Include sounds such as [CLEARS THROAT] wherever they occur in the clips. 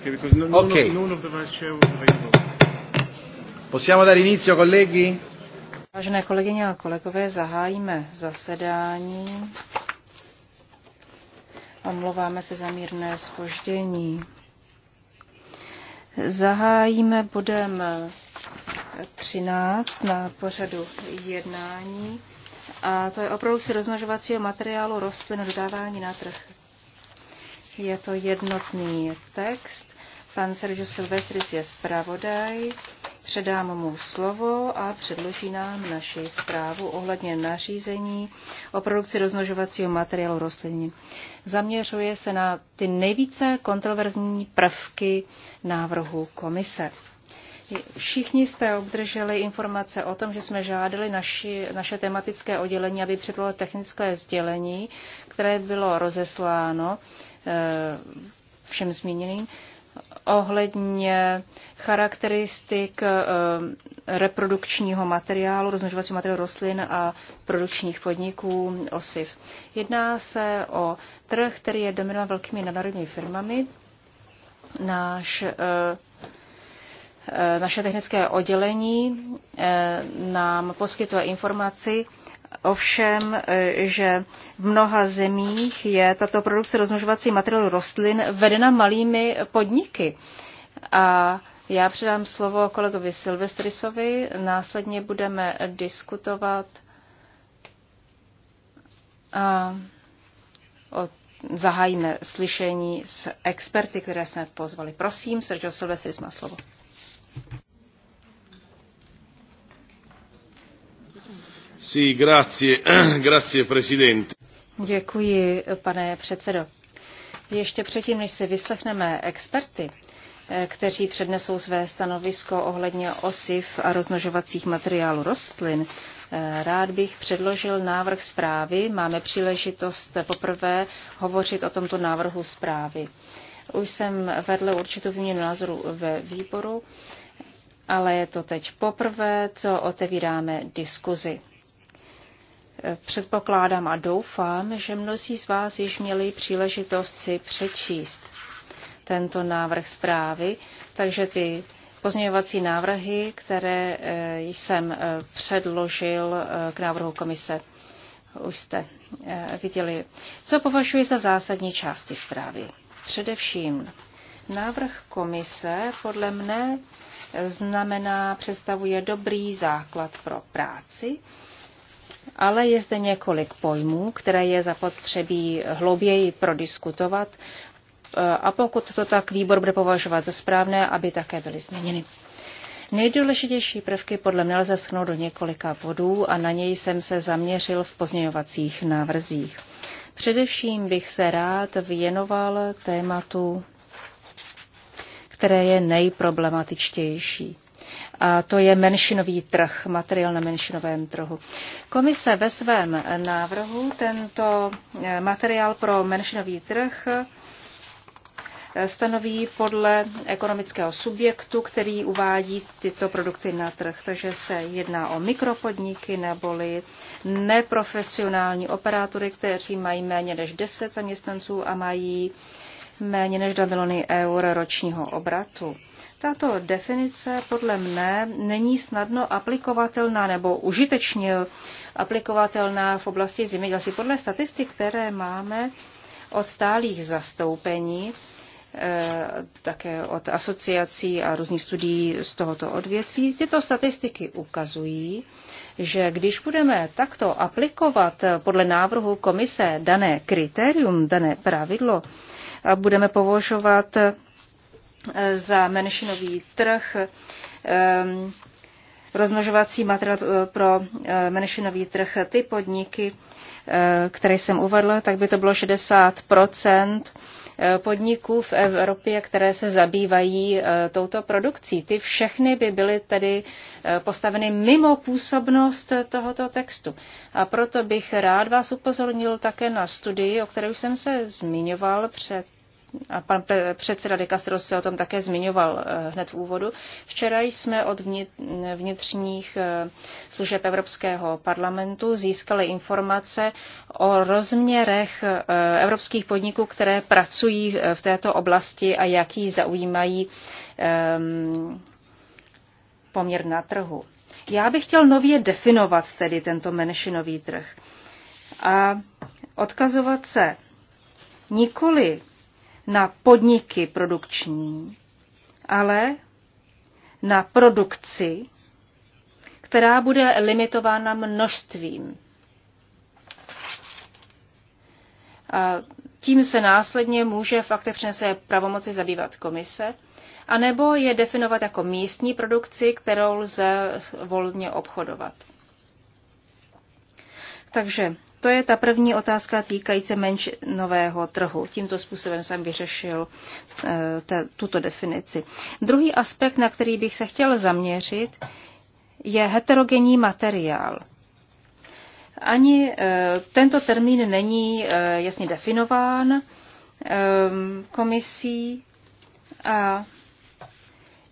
Okay, because no, none, okay. None of the vice chair was available. Possiamo dare inizio, colleghi? Vážené kolegyně a kolegové, zahájíme zasedání. Omlouváme se za mírné spoždění. Zahájíme bodem 13 na pořadu jednání. A to je opravdu si rozmnožovacího materiálu rostlin dodávání na trh. Je to jednotný text. Pan Sergio Silvestris je zpravodaj. Předám mu slovo a předloží nám naši zprávu ohledně nařízení o produkci rozmnožovacího materiálu rostlin. Zaměřuje se na ty nejvíce kontroverzní prvky návrhu komise. Všichni jste obdrželi informace o tom, že jsme žádali naši, naše tematické oddělení, aby připravilo technické sdělení, které bylo rozesláno Eh, všem zmíněným ohledně charakteristik eh, reprodukčního materiálu, rozmnožovacího materiálu rostlin a produkčních podniků osiv. Jedná se o trh, který je dominován velkými nadnárodními firmami. Náš, eh, naše technické oddělení nám poskytuje informaci ovšem, e, že v mnoha zemích je tato produkce rozmnožovací materiálu rostlin vedena malými podniky. A já předám slovo kolegovi Silvestrisovi, následně budeme diskutovat a o, zahájíme slyšení s experty, které jsme pozvali. Prosím, Sergio Silvestris má slovo. grazie, [CLEARS THROAT] grazie, presidente. Děkuji, pane předsedo. Ještě předtím, než si vyslechneme experty, eh, kteří přednesou své stanovisko ohledně osiv a rozmnožovacích materiálů rostlin. Eh, rád bych předložil návrh zprávy. Máme příležitost poprvé hovořit o tomto návrhu zprávy. Už jsem vedl určitou výměnu názoru ve výboru, ale je to teď poprvé, co otevíráme diskuzi. Předpokládám a doufám, že mnozí z vás již měli příležitost si přečíst tento návrh zprávy, takže ty pozměňovací návrhy, které eh, jsem eh, předložil eh, k návrhu komise, už jste viděli. Co považuji za zásadní části zprávy? Především návrh komise podle mne znamená, představuje dobrý základ pro práci, ale je zde několik pojmů, které je zapotřebí hlouběji prodiskutovat eh, a pokud to tak výbor bude považovat za správné, aby také byly změněny. Nejdůležitější prvky podle mě lze schnout do několika bodů a na něj jsem se zaměřil v pozměňovacích návrzích. Především bych se rád věnoval tématu, které je nejproblematičtější a to je menšinový trh, materiál na menšinovém trhu. Komise ve svém návrhu tento eh, materiál pro menšinový trh eh, stanoví podle ekonomického subjektu, který uvádí tyto produkty na trh. Takže se jedná o mikropodniky neboli neprofesionální operátory, kteří mají méně než 10 zaměstnanců a mají méně než 2 miliony eur ročního obratu. Tato definice podle mne není snadno aplikovatelná nebo užitečně aplikovatelná v oblasti zemědělství. Podle statistik, které máme od stálých zastoupení, eh, také od asociací a různých studií z tohoto odvětví. Tyto statistiky ukazují, že když budeme takto aplikovat podle návrhu komise dané kritérium, dané pravidlo, a budeme považovat za menšinový trh, ehm, rozmnožovací materiál pro eh, menšinový trh, ty podniky, eh, které jsem uvedla, tak by to bylo 60 eh, podniků v Evropě, které se zabývají touto produkcí. Ty všechny by byly tedy postaveny mimo působnost tohoto textu. A proto bych rád vás upozornil také na studii, o které jsem se zmiňoval před a pan předseda De Castro se o tom také zmiňoval eh, hned v úvodu. Včera jsme od vnitřních eh, služeb Evropského parlamentu získali informace o rozměrech eh, evropských podniků, které pracují v této oblasti a jaký zaujímají ehm, poměr na trhu. Já bych chtěl nově definovat tedy tento menšinový trh a odkazovat se nikoli na podniky produkční, ale na produkci, která bude limitována množstvím. A tím se následně může v aktech přinese pravomoci zabývat komise, anebo je definovat jako místní produkci, kterou lze volně obchodovat. Takže to je ta první otázka týkající nového trhu. Tímto způsobem jsem vyřešil eh, te, tuto definici. Druhý aspekt, na který bych se chtěl zaměřit, je heterogenní materiál. Ani eh, tento termín není eh, jasně definován komisí a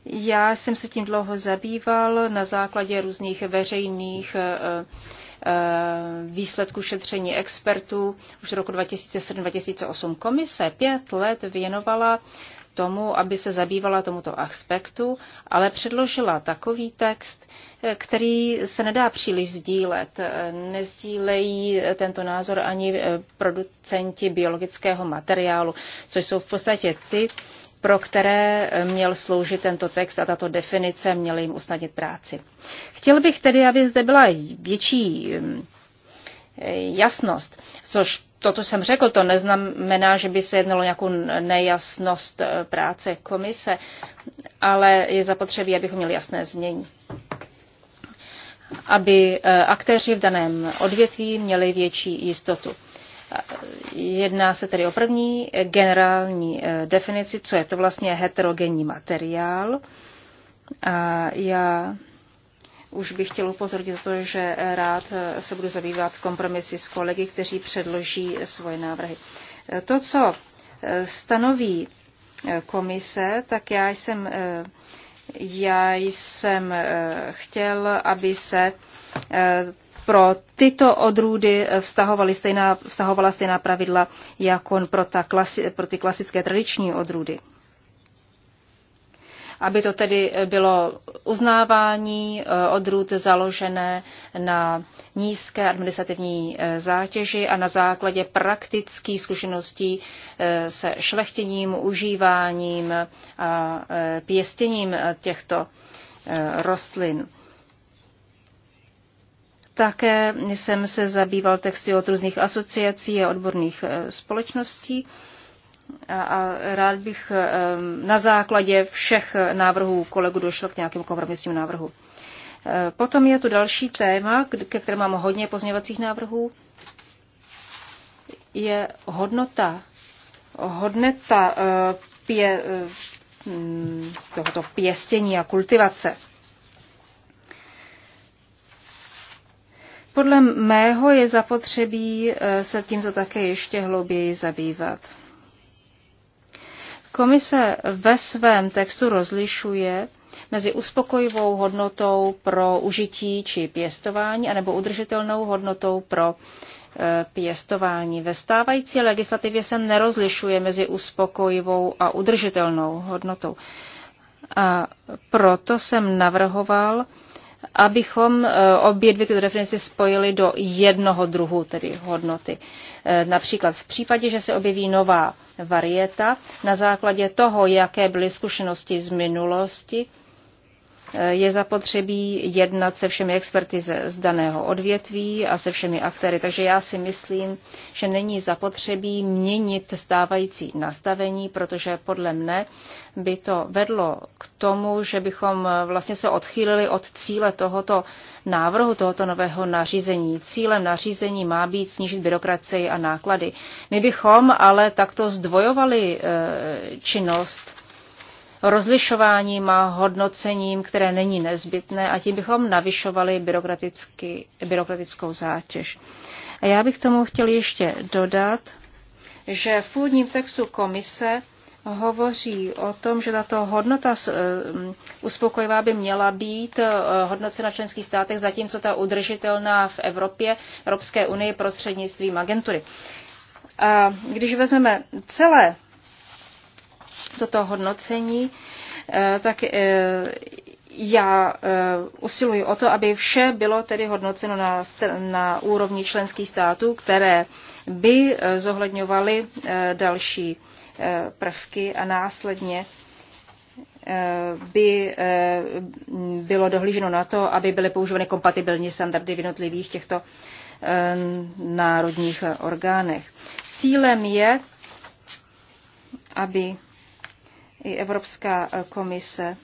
já jsem se tím dlouho zabýval na základě různých veřejných Eh, výsledku šetření expertů už roku 2007-2008. Komise pět let věnovala tomu, aby se zabývala tomuto aspektu, ale předložila takový text, eh, který se nedá příliš sdílet. Eh, nezdílejí tento názor ani producenti biologického materiálu, což jsou v podstatě ty, pro které měl sloužit tento text a tato definice měly jim usnadnit práci. Chtěl bych tedy, aby zde byla větší hm, jasnost, což to, co jsem řekl, to neznamená, že by se jednalo nějakou nejasnost eh, práce komise, ale je zapotřebí, abychom měli jasné znění. Aby eh, aktéři v daném odvětví měli větší jistotu. Jedná se tedy o první generální eh, definici, co je to vlastně heterogenní materiál. A já už bych chtěl upozornit na to, že rád eh, se budu zabývat kompromisy s kolegy, kteří předloží svoje návrhy. Eh, to, co stanoví komise, tak já jsem, já jsem chtěl, aby se pro tyto odrůdy eh, vztahovaly stejná, vztahovala stejná pravidla jako pro, ta klasi, pro ty klasické tradiční odrůdy. Aby to tedy eh, bylo uznávání eh, odrůd založené na nízké administrativní zátěži a na základě praktických zkušeností se šlechtěním, užíváním a pěstěním těchto rostlin. Také jsem se zabýval texty od různých asociací a odborných eh, společností a rád bych eh, na základě všech návrhů kolegů došel k nějakému kompromisnímu návrhu. Eh, potom je tu další téma, ke kterému mám hodně pozměňovacích návrhů, je hodnota, hodnota pě, mm, tohoto pěstění a kultivace. Podle mého je zapotřebí eh, se tímto také ještě hlouběji zabývat. Komise ve svém textu rozlišuje mezi uspokojivou hodnotou pro užití či pěstování anebo udržitelnou hodnotou pro eh, pěstování. Ve stávající legislativě se nerozlišuje mezi uspokojivou a udržitelnou hodnotou. A proto jsem navrhoval, abychom eh, obě dvě tyto definice spojili do jednoho druhu, tedy hodnoty. Eh, například v případě, že se objeví nová varieta, na základě toho, jaké byly zkušenosti z minulosti, je zapotřebí jednat se všemi experty z daného odvětví a se všemi aktéry. Takže já si myslím, že není zapotřebí měnit stávající nastavení, protože podle mne by to vedlo k tomu, že bychom vlastně se odchýlili od cíle tohoto návrhu, tohoto nového nařízení. Cílem nařízení má být snížit byrokracii a náklady. My bychom ale takto zdvojovali eh, činnost rozlišováním a hodnocením, které není nezbytné a tím bychom navyšovali byrokratickou zátěž. A já bych tomu chtěl ještě dodat, že v původním textu komise hovoří o tom, že tato hodnota eh, uspokojivá by měla být eh, hodnocena v členských státech, zatímco ta udržitelná v Evropě, Evropské unii prostřednictvím agentury. A když vezmeme celé toto hodnocení, eh, tak eh, já eh, usiluji o to, aby vše bylo tedy hodnoceno na, na úrovni členských států, které by zohledňovaly další prvky a následně by bylo dohlíženo na to, aby byly používány kompatibilní standardy v jednotlivých těchto národních orgánech. Cílem je, aby i Evropská eh, komise,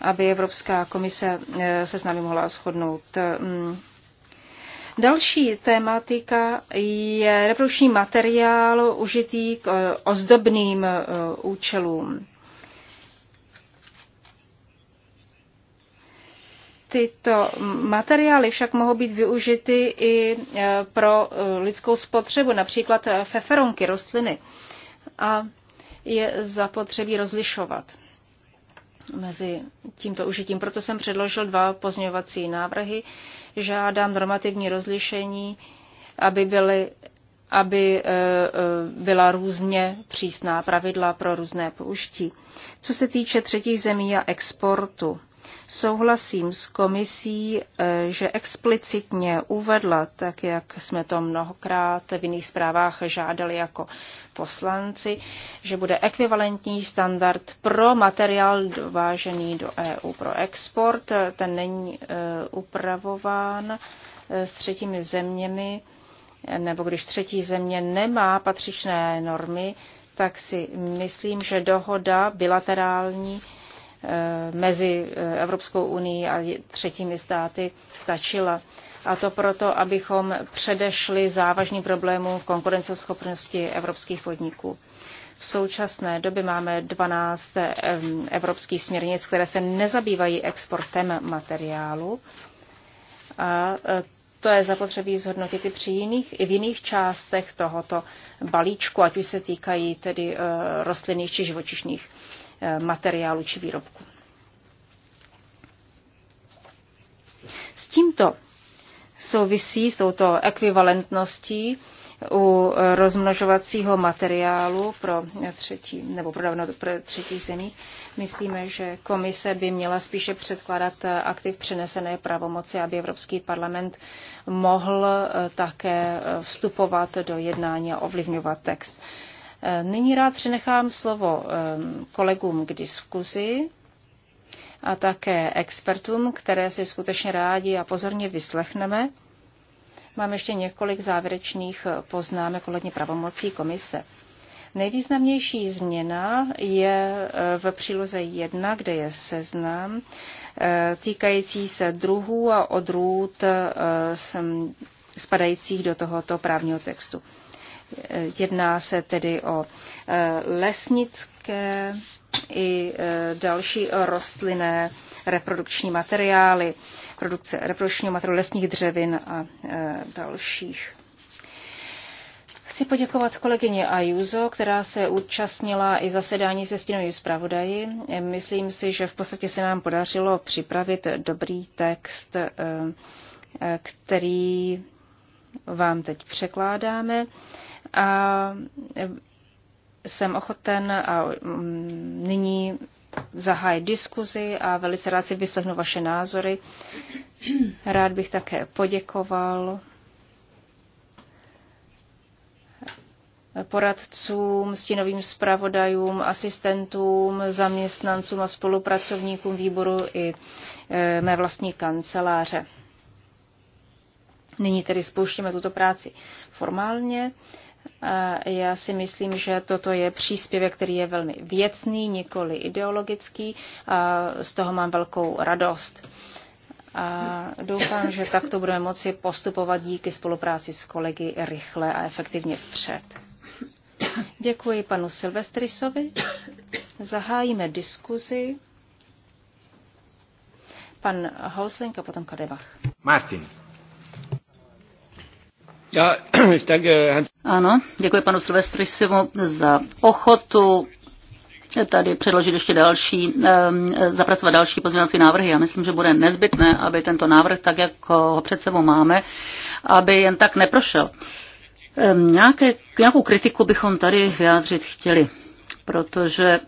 aby Evropská komise eh, se s námi mohla shodnout. Mm. Další tématika je reprodukční materiál užitý k eh, ozdobným účelům. Tyto materiály však mohou být využity i pro lidskou spotřebu, například feferonky, rostliny a je zapotřebí rozlišovat mezi tímto užitím. Proto jsem předložil dva pozměňovací návrhy. Žádám normativní rozlišení, aby, byly, aby e, e, byla různě přísná pravidla pro různé použití. Co se týče třetích zemí a exportu, Souhlasím s komisí, eh, že explicitně uvedla, tak jak jsme to mnohokrát v jiných zprávách žádali jako poslanci, že bude ekvivalentní standard pro materiál dovážený do EU pro export. Ten není eh, upravován eh, s třetími zeměmi, nebo když třetí země nemá patřičné normy, tak si myslím, že dohoda bilaterální Eh, mezi eh, Evropskou unii a třetími státy stačila. A to proto, abychom předešli závažným problémům v konkurenceschopnosti evropských podniků. V současné době máme 12 eh, evropských směrnic, které se nezabývají exportem materiálu. A to je zapotřebí zhodnotit i, při jiných, i v jiných částech tohoto balíčku, ať už se týkají tedy rostlinných či živočišných Eh, materiálu či výrobku. S tímto souvisí, jsou to ekvivalentností u rozmnožovacího materiálu pro třetí, nebo dávno pro třetí zemí. Myslíme, že komise by měla spíše předkládat aktiv přenesené pravomoci, aby Evropský parlament mohl eh, také vstupovat do jednání a ovlivňovat text. Eh, nyní rád přenechám slovo ehm, kolegům k diskuzi a také expertům, které si skutečně rádi a pozorně vyslechneme. Mám ještě několik závěrečných eh, poznámek ohledně pravomocí komise. Nejvýznamnější změna je eh, v příloze 1, kde je seznam týkající se druhů a odrůd spadajících do tohoto právního textu. Jedná se tedy o eh, lesnické i eh, další rostlinné reprodukční materiály, produkce reprodukčního materiálu lesních dřevin a eh, dalších. Chci poděkovat kolegyně Ajuzo, která se účastnila i zasedání se stínovým zpravodaji. Myslím si, že v podstatě se nám podařilo připravit dobrý text, který vám teď překládáme. A eh, jsem ochoten a mm, nyní zahájit diskuzi a velice rád si vyslechnu vaše názory. Rád bych také poděkoval poradcům, stínovým zpravodajům, asistentům, zaměstnancům a spolupracovníkům výboru i eh, mé vlastní kanceláře. Nyní tedy spouštíme tuto práci formálně já si myslím, že toto je příspěvek, který je velmi věcný, nikoli ideologický a z toho mám velkou radost. A doufám, že takto budeme moci postupovat díky spolupráci s kolegy rychle a efektivně vpřed. Děkuji panu Silvestrisovi. Zahájíme diskuzi. Pan Hausling a potom Kadevach. Martin. Já, tak, Hans ano, děkuji panu Silvestrisimu za ochotu tady předložit ještě další, zapracovat další pozměňovací návrhy. Já myslím, že bude nezbytné, aby tento návrh, tak jak ho před sebou máme, aby jen tak neprošel. Nějaké, nějakou kritiku bychom tady vyjádřit chtěli, protože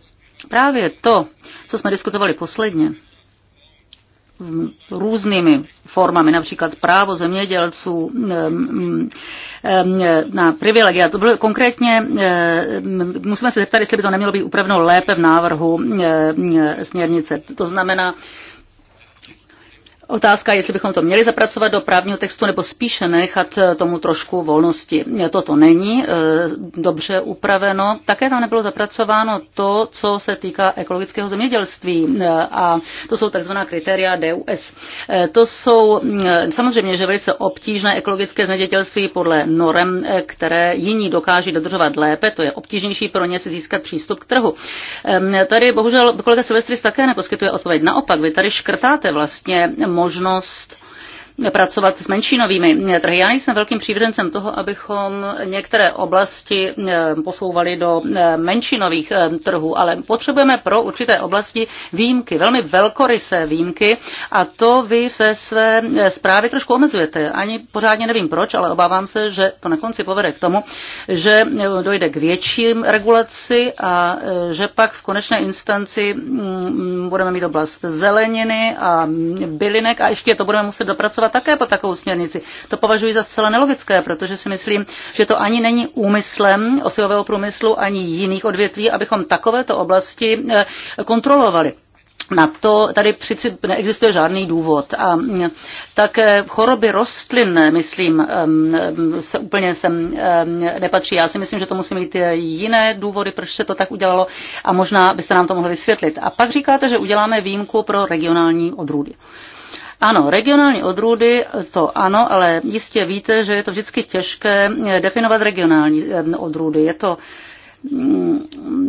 právě to, co jsme diskutovali posledně, Mm, různými formami, například právo zemědělců mm, mm, na privilegia. To bylo konkrétně, musíme se zeptat, jestli by to nemělo být upraveno lépe v návrhu směrnice. To znamená, Otázka, jestli bychom to měli zapracovat do právního textu nebo spíše nechat eh, tomu trošku volnosti. Toto není eh, dobře upraveno. Také tam nebylo zapracováno to, co se týká ekologického zemědělství eh, a to jsou takzvaná kritéria DUS. To jsou mm, samozřejmě, že velice obtížné ekologické zemědělství podle norem, které jiní dokáží dodržovat lépe, to je obtížnější pro ně si získat přístup k trhu. Ehm, tady bohužel kolega Silvestris také neposkytuje odpověď. Naopak, vy tady škrtáte vlastně možnost pracovat s menšinovými trhy. Já nejsem velkým přívržencem toho, abychom některé oblasti eh, posouvali do eh, menšinových eh, trhů, ale potřebujeme pro určité oblasti výjimky, velmi velkorysé výjimky a to vy ve své zprávě trošku omezujete. Ani pořádně nevím proč, ale obávám se, že to na konci povede k tomu, že dojde k větším regulaci a že pak v konečné instanci mm, budeme mít oblast zeleniny a mm, bylinek a ještě to budeme muset dopracovat hlasovat také po takovou směrnici. To považuji za zcela nelogické, protože si myslím, že to ani není úmyslem osilového průmyslu ani jiných odvětví, abychom takovéto oblasti eh, kontrolovali. Na to tady přeci neexistuje žádný důvod. A mm, tak eh, choroby rostlin, myslím, ehm, se úplně sem ehm, nepatří. Já si myslím, že to musí mít eh, jiné důvody, proč se to tak udělalo a možná byste nám to mohli vysvětlit. A pak říkáte, že uděláme výjimku pro regionální odrůdy. Ano, regionální odrůdy, to ano, ale jistě víte, že je to vždycky těžké eh, definovat regionální eh, odrůdy. Je to mm,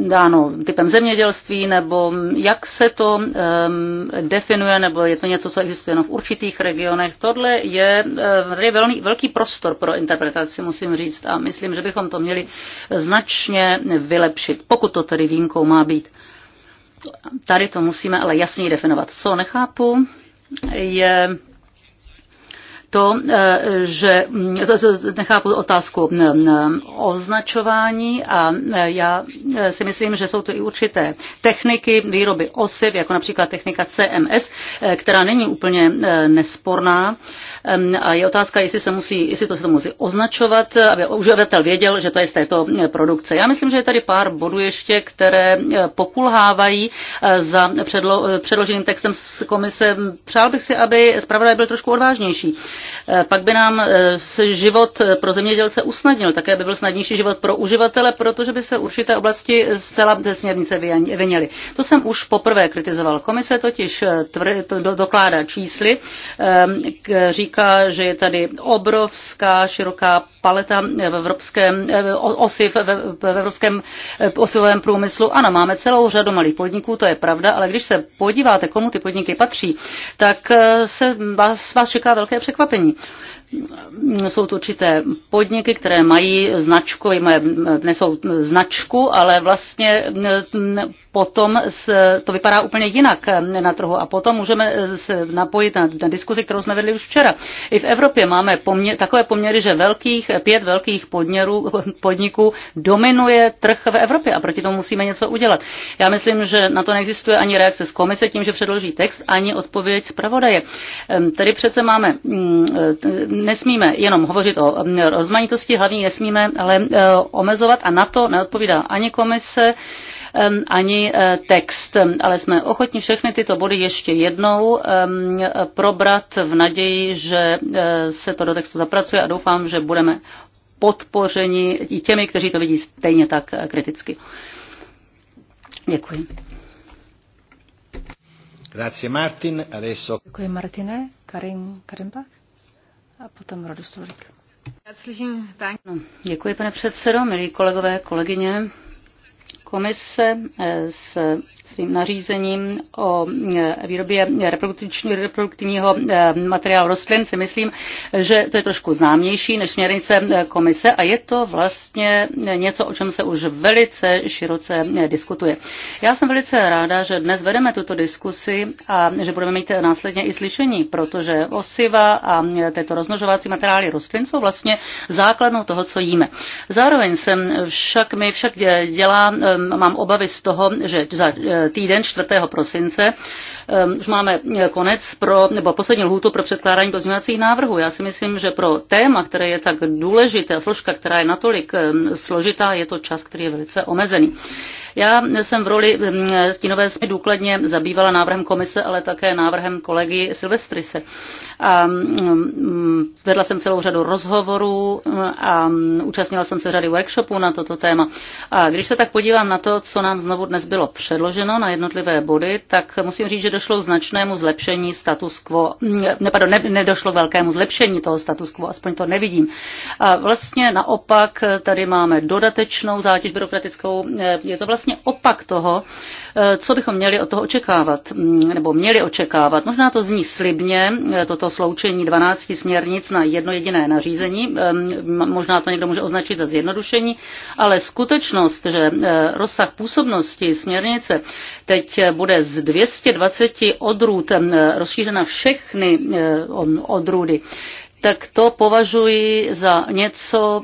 dáno typem zemědělství, nebo jak se to um, definuje, nebo je to něco, co existuje jenom v určitých regionech. Tohle je, eh, je velmi, velký prostor pro interpretaci, musím říct, a myslím, že bychom to měli značně vylepšit, pokud to tedy výjimkou má být. Tady to musíme ale jasně definovat. Co nechápu, je to, eh, že mm, nechápu otázku mm, mm, označování a eh, já eh, si myslím, že jsou to i určité techniky výroby osiv, jako například technika CMS, která není úplně nesporná a je otázka, jestli se musí, jestli to se to musí označovat, aby uživatel věděl, že to je z této produkce. Já myslím, že je tady pár bodů ještě, které pokulhávají za předlo, předloženým textem z komise. Přál bych si, aby zpravodaj byl trošku odvážnější Eh, pak by nám eh, se život eh, pro zemědělce usnadnil, také by byl snadnější život pro uživatele, protože by se určité oblasti zcela té směrnice vyněly. To jsem už poprvé kritizoval. Komise totiž tvr, to dokládá čísly, ehm, říká, že je tady obrovská, široká paleta v evropském, osiv v evropském osivovém průmyslu. Ano, máme celou řadu malých podniků, to je pravda, ale když se podíváte, komu ty podniky patří, tak se vás, vás čeká velké překvapení překvapení. Jsou to určité podniky, které mají značku, nesou značku, ale vlastně potom to vypadá úplně jinak eh, na trhu a potom můžeme eh, se napojit na, na diskuzi, kterou jsme vedli už včera. I v Evropě máme poměr, takové poměry, že velkých, eh, pět velkých podměrů, [LAUGHS] podniků dominuje trh v Evropě a proti tomu musíme něco udělat. Já myslím, že na to neexistuje ani reakce z komise tím, že předloží text, ani odpověď zpravodaje. Ehm, tady přece máme, mm, nesmíme jenom hovořit o mm, rozmanitosti, hlavně nesmíme ale omezovat a na to neodpovídá ani komise, ani e, text, ale jsme ochotni všechny tyto body ještě jednou probrat v naději, že e, se to do textu zapracuje a doufám, že budeme podpořeni i těmi, kteří to vidí stejně tak e, kriticky. Děkuji. Grazie Martin. Adesso... Děkuji Martine, Karim Karimbach a potom Rodu Sulik. No, děkuji, pane předsedo, milí kolegové, kolegyně. Komise eh, s svým nařízením o eh, výrobě reproduktivního eh, materiálu rostlin si myslím, že to je trošku známější než směrnice eh, komise a je to vlastně něco, o čem se už velice široce diskutuje. Já jsem velice ráda, že dnes vedeme tuto diskusi a že budeme mít následně i slyšení, protože osiva a této rozmnožovací materiály rostlin jsou vlastně základnou toho, co jíme. Zároveň jsem však mi však dělá, mám obavy z toho, že za týden 4. prosince Ehm, už máme eh, konec pro, nebo poslední lhůtu pro předkládání pozměňovacích návrhů. Já si myslím, že pro téma, které je tak důležité, a složka, která je natolik ehm, složitá, je to čas, který je velice omezený. Já jsem v roli ehm, stínové jsme důkladně zabývala návrhem komise, ale také návrhem kolegy Silvestrise. A vedla jsem celou řadu rozhovorů a účastnila jsem se řady workshopů na toto téma. A když se tak podívám na to, co nám znovu dnes bylo předloženo na jednotlivé body, tak musím říct, že došlo k značnému zlepšení status quo, mm, ne, pardon, ne, nedošlo k velkému zlepšení toho status quo, aspoň to nevidím. A vlastně naopak eh, tady máme dodatečnou zátěž byrokratickou, eh, je to vlastně opak toho, Eh, co bychom měli od toho očekávat, mm, nebo měli očekávat. Možná to zní slibně, eh, toto sloučení 12 směrnic na jedno jediné nařízení, možná to někdo může označit za zjednodušení, ale skutečnost, že eh, rozsah působnosti směrnice teď bude z 220 odrůd rozšířena všechny odrůdy, tak to považuji za něco,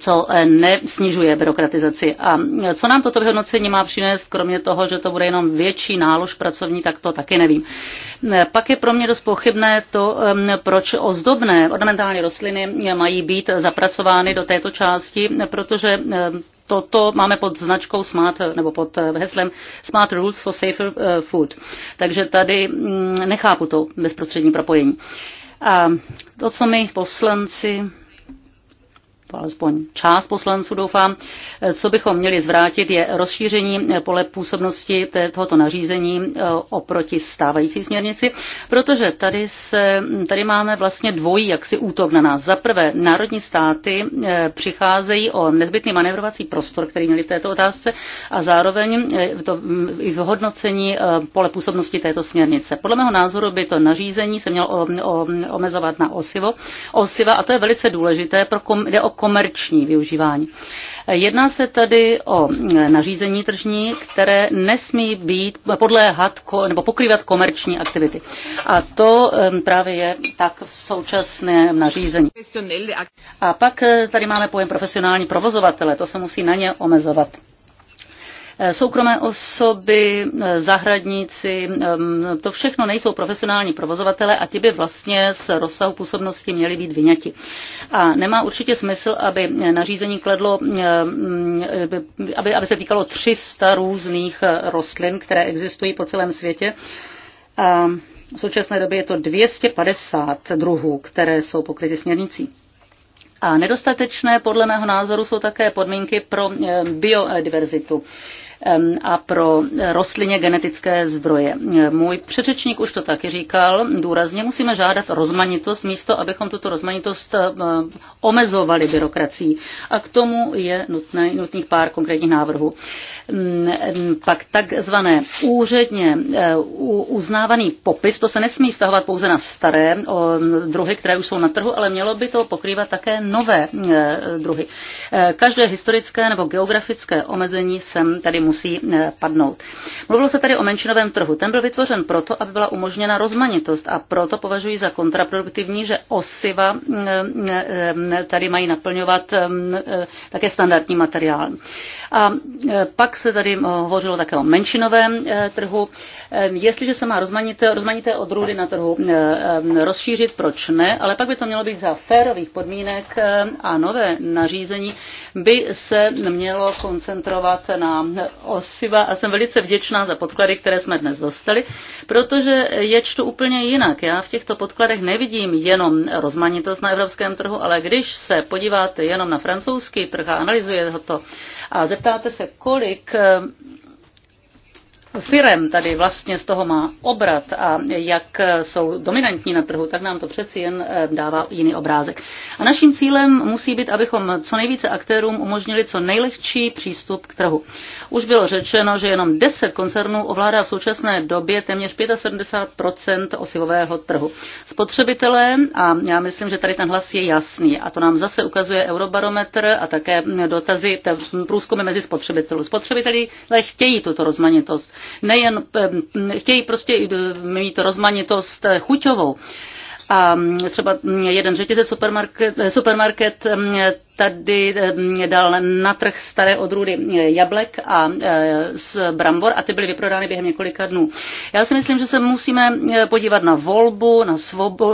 co eh, nesnižuje byrokratizaci. A eh, co nám toto vyhodnocení má přinést, kromě toho, že to bude jenom větší nálož pracovní, tak to taky nevím. Eh, pak je pro mě dost pochybné to, ehm, proč ozdobné ornamentální rostliny mají být zapracovány do této části, protože ehm, toto máme pod značkou Smart, nebo pod heslem Smart Rules for Safer Food. Takže tady mm, nechápu to bezprostřední propojení. A to, co my poslanci alespoň část poslanců doufám, co bychom měli zvrátit, je rozšíření pole působnosti tohoto nařízení eh, oproti stávající směrnici, protože tady, se, tady máme vlastně dvojí jaksi útok na nás. Za prvé, národní státy eh, přicházejí o nezbytný manevrovací prostor, který měli v této otázce a zároveň eh, to mm, i vyhodnocení pole působnosti této směrnice. Podle mého názoru by to nařízení se mělo omezovat na osivo, osiva a to je velice důležité pro kom, jde o komerční využívání. Jedná se tady o nařízení tržní, které nesmí být podléhat nebo pokrývat komerční aktivity. A to právě je tak v současném nařízení. A pak eh, tady máme pojem profesionální provozovatele, to se musí na ně omezovat. Eh, soukromé osoby, eh, zahradníci, to všechno nejsou profesionální provozovatele a ti by vlastně z rozsahu působnosti měli být vyňati. A nemá určitě smysl, aby nařízení kledlo, eh, aby, aby se týkalo 300 různých rostlin, které existují po celém světě. A v současné době je to 250 druhů, které jsou pokryty směrnicí. A nedostatečné podle mého názoru jsou také podmínky pro biodiverzitu a pro rostlině genetické zdroje. Můj předřečník už to taky říkal, důrazně musíme žádat rozmanitost místo, abychom tuto rozmanitost omezovali byrokracií. A k tomu je nutné, nutných pár konkrétních návrhů. Pak takzvané úředně e, uznávaný popis, to se nesmí vztahovat pouze na staré druhy, které už jsou na trhu, ale mělo by to pokrývat také nové e, druhy. E, každé historické nebo geografické omezení jsem tady musí eh, padnout. Mluvilo se tady o menšinovém trhu. Ten byl vytvořen proto, aby byla umožněna rozmanitost a proto považuji za kontraproduktivní, že osiva eh, eh, tady mají naplňovat také standardní materiál. A e, pak se tady e, hovořilo také o menšinovém e, trhu. Jestliže se má rozmanité, rozmanité odrůdy na trhu rozšířit, proč ne? Ale pak by to mělo být za férových podmínek a nové nařízení by se mělo koncentrovat na osiva. A jsem velice vděčná za podklady, které jsme dnes dostali, protože je čtu úplně jinak. Já v těchto podkladech nevidím jenom rozmanitost na evropském trhu, ale když se podíváte jenom na francouzský trh a analyzuje ho to a Zeptáte se, kolik eh, firem tady vlastně z toho má obrat a jak eh, jsou dominantní na trhu, tak nám to přeci jen eh, dává jiný obrázek. A naším cílem musí být, abychom co nejvíce aktérům umožnili co nejlehčí přístup k trhu. Už bylo řečeno, že jenom 10 koncernů ovládá v současné době téměř 75 osivového trhu. Spotřebitelé, a já myslím, že tady ten hlas je jasný, a to nám zase ukazuje Eurobarometr a také dotazy, průzkumy mezi spotřebitelů. Spotřebitelé chtějí tuto rozmanitost. Nejen eh, chtějí prostě mít rozmanitost eh, chuťovou a mm, třeba jeden řetězec supermarket, eh, supermarket mm, tady dal na trh staré odrůdy eh, jablek a z eh, brambor a ty byly vyprodány během několika dnů. Já si myslím, že se musíme eh, podívat na volbu, na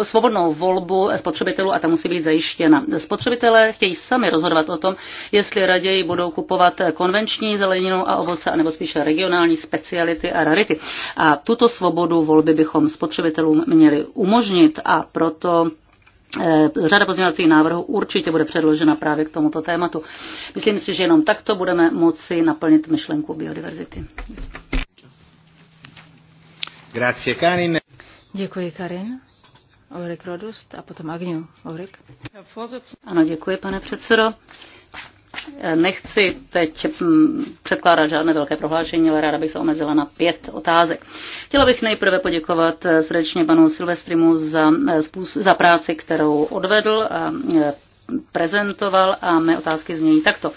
svobodnou volbu spotřebitelů a ta musí být zajištěna. Spotřebitelé chtějí sami rozhodovat o tom, jestli raději budou kupovat konvenční zeleninu a ovoce, anebo spíše regionální speciality a rarity. A tuto svobodu volby bychom spotřebitelům měli umožnit a proto Eh, řada pozměňovacích návrhů určitě bude předložena právě k tomuto tématu. Myslím si, že jenom takto budeme moci naplnit myšlenku biodiverzity. Grazie, Karin. Děkuji, Karin. Ulrik Rodust a potom Agňu. Ulrik. Ano, děkuji, pane předsedo. Nechci teď mm, předkládat žádné velké prohlášení, ale ráda bych se omezila na pět otázek. Chtěla bych nejprve poděkovat eh, srdečně panu Silvestrimu za, eh, za práci, kterou odvedl a eh, prezentoval a mé otázky znějí takto.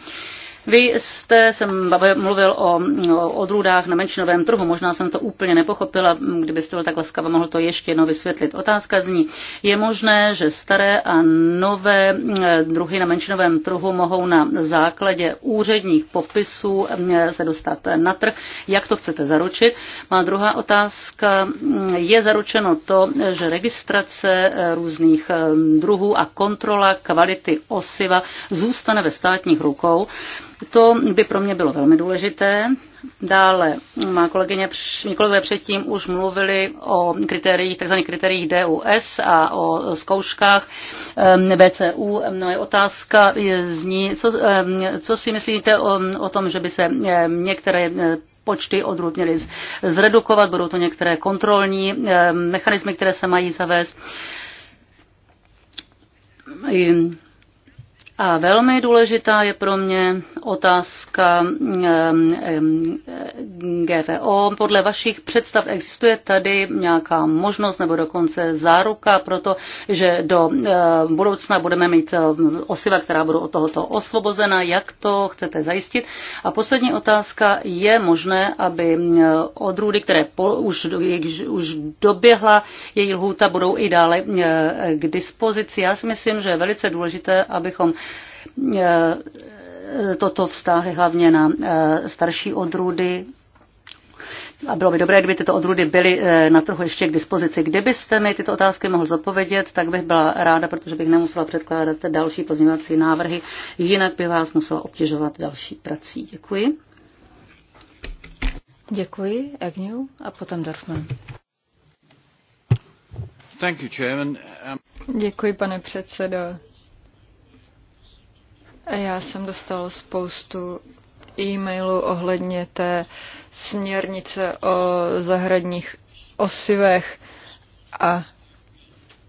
Vy jste, jsem mluvil o, o odrůdách na menšinovém trhu, možná jsem to úplně nepochopila, kdybyste byl tak laskavý, mohl to ještě jednou vysvětlit. Otázka zní, je možné, že staré a nové eh, druhy na menšinovém trhu mohou na základě úředních popisů eh, se dostat na trh. Jak to chcete zaručit? Má druhá otázka, mm, je zaručeno to, že registrace eh, různých druhů a kontrola kvality osiva zůstane ve státních rukou. To by pro mě bylo velmi důležité. Dále má kolegyně, mý kolegové předtím už mluvili o kritériích, tzv. kritériích DUS a o zkouškách BCU. Moje otázka zní, co, co si myslíte o, o tom, že by se některé počty odrůd měly zredukovat, budou to některé kontrolní mechanismy, které se mají zavést a velmi důležitá je pro mě otázka GVO. Podle vašich představ existuje tady nějaká možnost nebo dokonce záruka pro to, že do eh, budoucna budeme mít eh, osiva, která budou od tohoto osvobozena. Jak to chcete zajistit? A poslední otázka. Je možné, aby eh, odrůdy, které po, už, už doběhla její lhůta, budou i dále k dispozici? Já si myslím, že je velice důležité, abychom Eh, toto vztahy hlavně na eh, starší odrůdy, a bylo by dobré, kdyby tyto odrůdy byly eh, na trhu ještě k dispozici. Kdybyste mi tyto otázky mohl zodpovědět, tak bych byla ráda, protože bych nemusela předkládat další pozměňovací návrhy, jinak by vás musela obtěžovat další prací. Děkuji. Děkuji, Agnew a potom Dorfman. Thank you, um, Děkuji, pane předsedo. Já jsem dostal spoustu e-mailů ohledně té směrnice o zahradních osivech a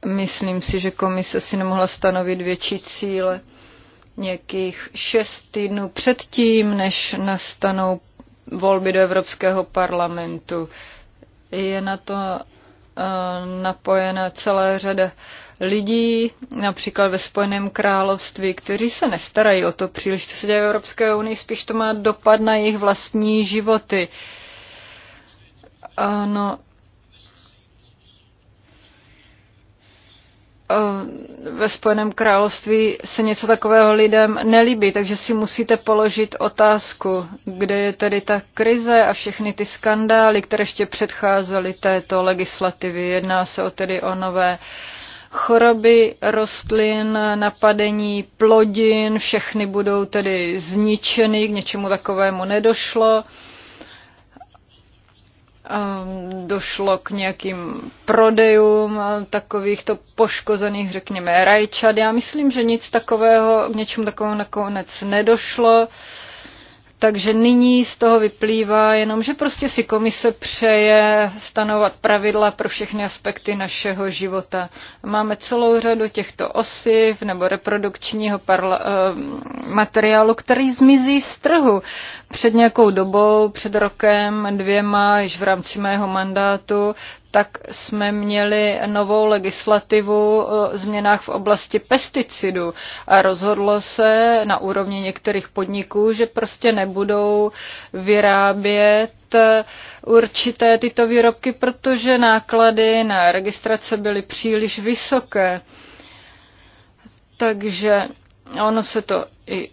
myslím si, že komise si nemohla stanovit větší cíle nějakých šest týdnů předtím, než nastanou volby do Evropského parlamentu. Je na to eh, napojena celá řada lidí, například ve Spojeném království, kteří se nestarají o to příliš, co se děje v Evropské unii, spíš to má dopad na jejich vlastní životy. Ano, ve Spojeném království se něco takového lidem nelíbí, takže si musíte položit otázku, kde je tedy ta krize a všechny ty skandály, které ještě předcházely této legislativy. Jedná se o tedy o nové uh, choroby rostlin, napadení plodin, všechny budou tedy zničeny, k něčemu takovému nedošlo. Ehm, došlo k nějakým prodejům takovýchto poškozených, řekněme, rajčat. Já myslím, že nic takového, k něčemu takovému nakonec nedošlo. Takže nyní z toho vyplývá jenom, že prostě si komise přeje stanovat pravidla pro všechny aspekty našeho života. Máme celou řadu těchto osiv nebo reprodukčního parla- eh, materiálu, který zmizí z trhu. Před nějakou dobou, před rokem, dvěma, již v rámci mého mandátu, tak jsme měli novou legislativu o změnách v oblasti pesticidů a rozhodlo se na úrovni některých podniků, že prostě nebudou vyrábět eh, určité tyto výrobky, protože náklady na registrace byly příliš vysoké. Takže ono se to i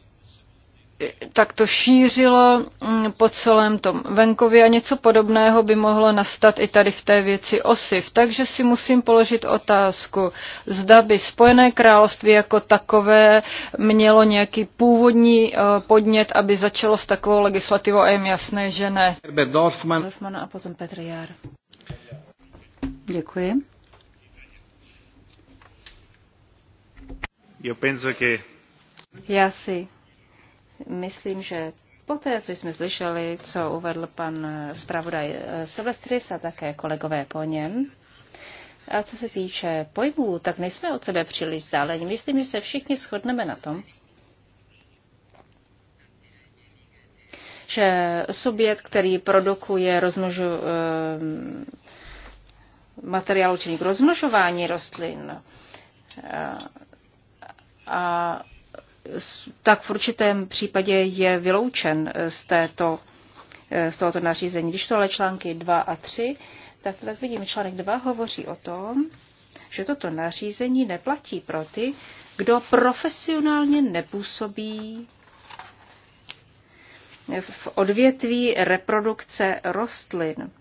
tak to šířilo mm, po celém tom venkově a něco podobného by mohlo nastat i tady v té věci osiv. Takže si musím položit otázku, zda by Spojené království jako takové mělo nějaký původní eh, podnět, aby začalo s takovou legislativou a je jasné, že ne. Herbert Dorfman. Dorfman a potom Petr Jár. Děkuji. Já si Myslím, že poté, co jsme slyšeli, co uvedl pan zpravodaj eh, Silvestris a také kolegové po něm, a co se týče pojmů, tak nejsme od sebe příliš vzdáleni. Myslím, že se všichni shodneme na tom, že subjekt, který produkuje rozmnožu, eh, materiál určený k rozmnožování rostlin eh, a tak v určitém případě je vyloučen z, této, eh, z tohoto nařízení. Když to ale články 2 a 3, tak, tak vidím, článek 2 hovoří o tom, že toto nařízení neplatí pro ty, kdo profesionálně nepůsobí v odvětví reprodukce rostlin.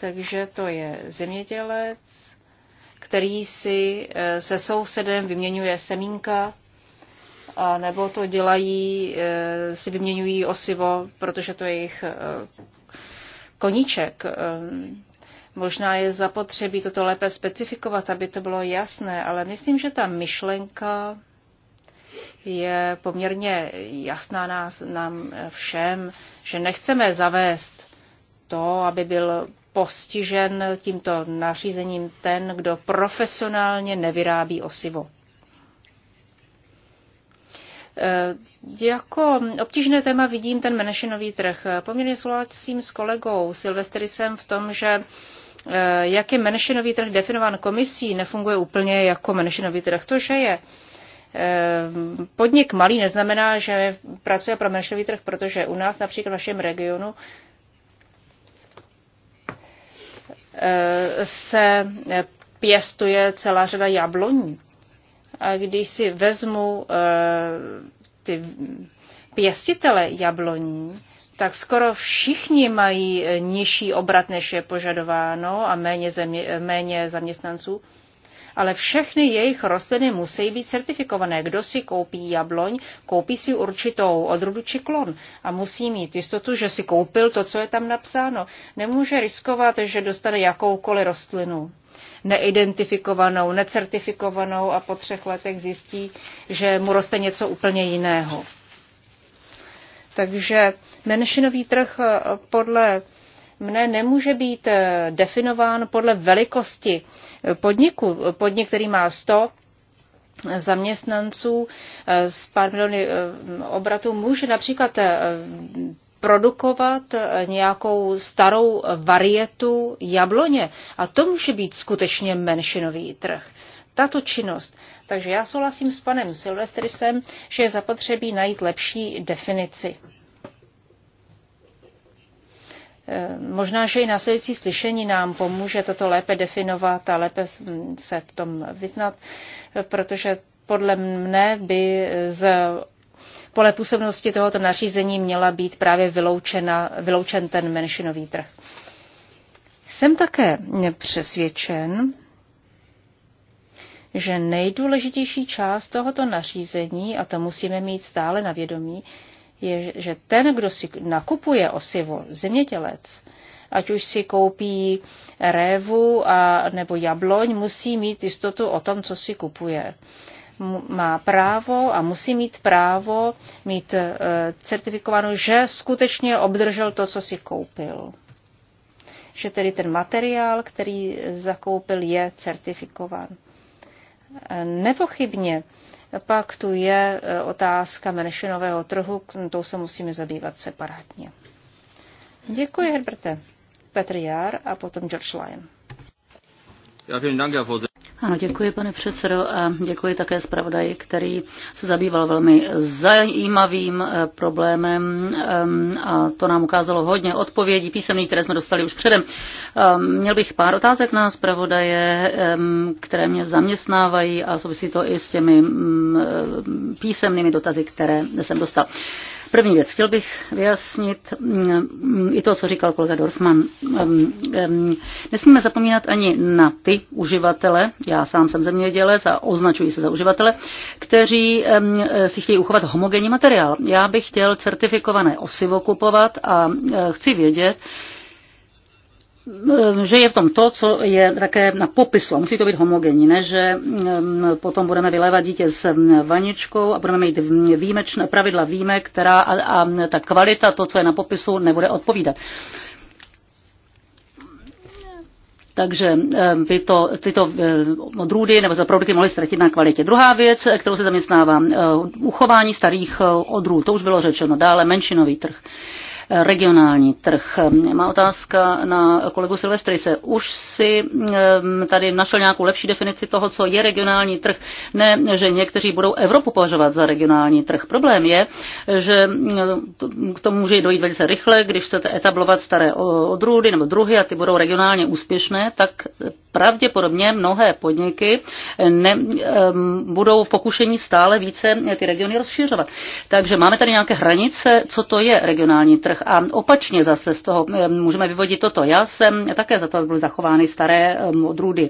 Takže to je zemědělec, který si eh, se sousedem vyměňuje semínka a nebo to dělají, e, si vyměňují osivo, protože to je jejich e, koníček. E, možná je zapotřebí toto lépe specifikovat, aby to bylo jasné, ale myslím, že ta myšlenka je poměrně jasná nás, nám všem, že nechceme zavést to, aby byl postižen tímto nařízením ten, kdo profesionálně nevyrábí osivo. Eh, jako obtížné téma vidím ten menšinový trh. Poměrně souhlasím s kolegou Silvestrisem v tom, že eh, jak je menšinový trh definován komisí, nefunguje úplně jako menšinový trh. To, že je eh, podnik malý, neznamená, že pracuje pro menšinový trh, protože u nás například v našem regionu se pěstuje celá řada jabloní. A když si vezmu eh, ty pěstitele jabloní, tak skoro všichni mají eh, nižší obrat, než je požadováno a méně, země, eh, méně zaměstnanců. Ale všechny jejich rostliny musí být certifikované. Kdo si koupí jabloň, koupí si určitou odrůdu či klon a musí mít jistotu, že si koupil to, co je tam napsáno. Nemůže riskovat, že dostane jakoukoliv rostlinu neidentifikovanou, necertifikovanou a po třech letech zjistí, že mu roste něco úplně jiného. Takže menšinový trh eh, podle mne nemůže být eh, definován podle velikosti eh, podniku. Podnik, který má 100 zaměstnanců s pár miliony obratů, může například produkovat nějakou starou varietu jabloně. A to může být skutečně menšinový trh. Tato činnost. Takže já souhlasím s panem Silvestrisem, že je zapotřebí najít lepší definici. Eh, možná, že i následující slyšení nám pomůže toto lépe definovat a lépe se v tom vyznat, eh, protože podle mne by z pole působnosti tohoto nařízení měla být právě vyloučena, vyloučen ten menšinový trh. Jsem také přesvědčen, že nejdůležitější část tohoto nařízení, a to musíme mít stále na vědomí, je, že ten, kdo si nakupuje osivo, zemědělec, ať už si koupí révu a, nebo jabloň, musí mít jistotu o tom, co si kupuje má právo a musí mít právo mít eh, certifikovanou, že skutečně obdržel to, co si koupil. Že tedy ten materiál, který zakoupil, je certifikován. Eh, nepochybně pak tu je eh, otázka menšinového trhu, tou se musíme zabývat separátně. Děkuji, Herberte. Petr Jár a potom George Lyon. Ano, děkuji, pane předsedo, a děkuji také zpravodaji, který se zabýval velmi zajímavým eh, problémem ehm, a to nám ukázalo hodně odpovědí písemných, které jsme dostali už předem. Ehm, měl bych pár otázek na zpravodaje, ehm, které mě zaměstnávají a souvisí to i s těmi mm, eh, písemnými dotazy, které jsem dostal. První věc, chtěl bych vyjasnit mm, i to, co říkal kolega Dorfman. Mm, mm, nesmíme zapomínat ani na ty uživatele, já sám jsem zemědělec a označuji se za uživatele, kteří si chtějí uchovat homogenní materiál. Já bych chtěl certifikované osivo kupovat a chci vědět, Ehm, že je v tom to, co je také na popisu, Musí to být homogenní, ne? že ehm, potom budeme vylévat dítě s ehm, vaničkou a budeme mít výjimečné pravidla výjimek, která a, a ta kvalita, to, co je na popisu, nebude odpovídat. Takže by to, tyto odrůdy nebo tyto produkty mohly ztratit na kvalitě. Druhá věc, kterou se zaměstnává, eh, uchování starých eh, odrůd, to už bylo řečeno, dále menšinový trh regionální trh. Má otázka na kolegu se. Už si tady našel nějakou lepší definici toho, co je regionální trh? Ne, že někteří budou Evropu považovat za regionální trh. Problém je, že k tomu může dojít velice rychle, když chcete etablovat staré odrůdy nebo druhy a ty budou regionálně úspěšné, tak pravděpodobně mnohé podniky ne, budou v pokušení stále více ty regiony rozšiřovat. Takže máme tady nějaké hranice, co to je regionální trh a opačně zase z toho eh, můžeme vyvodit toto. Já jsem také za to, aby byly zachovány staré eh, odrůdy.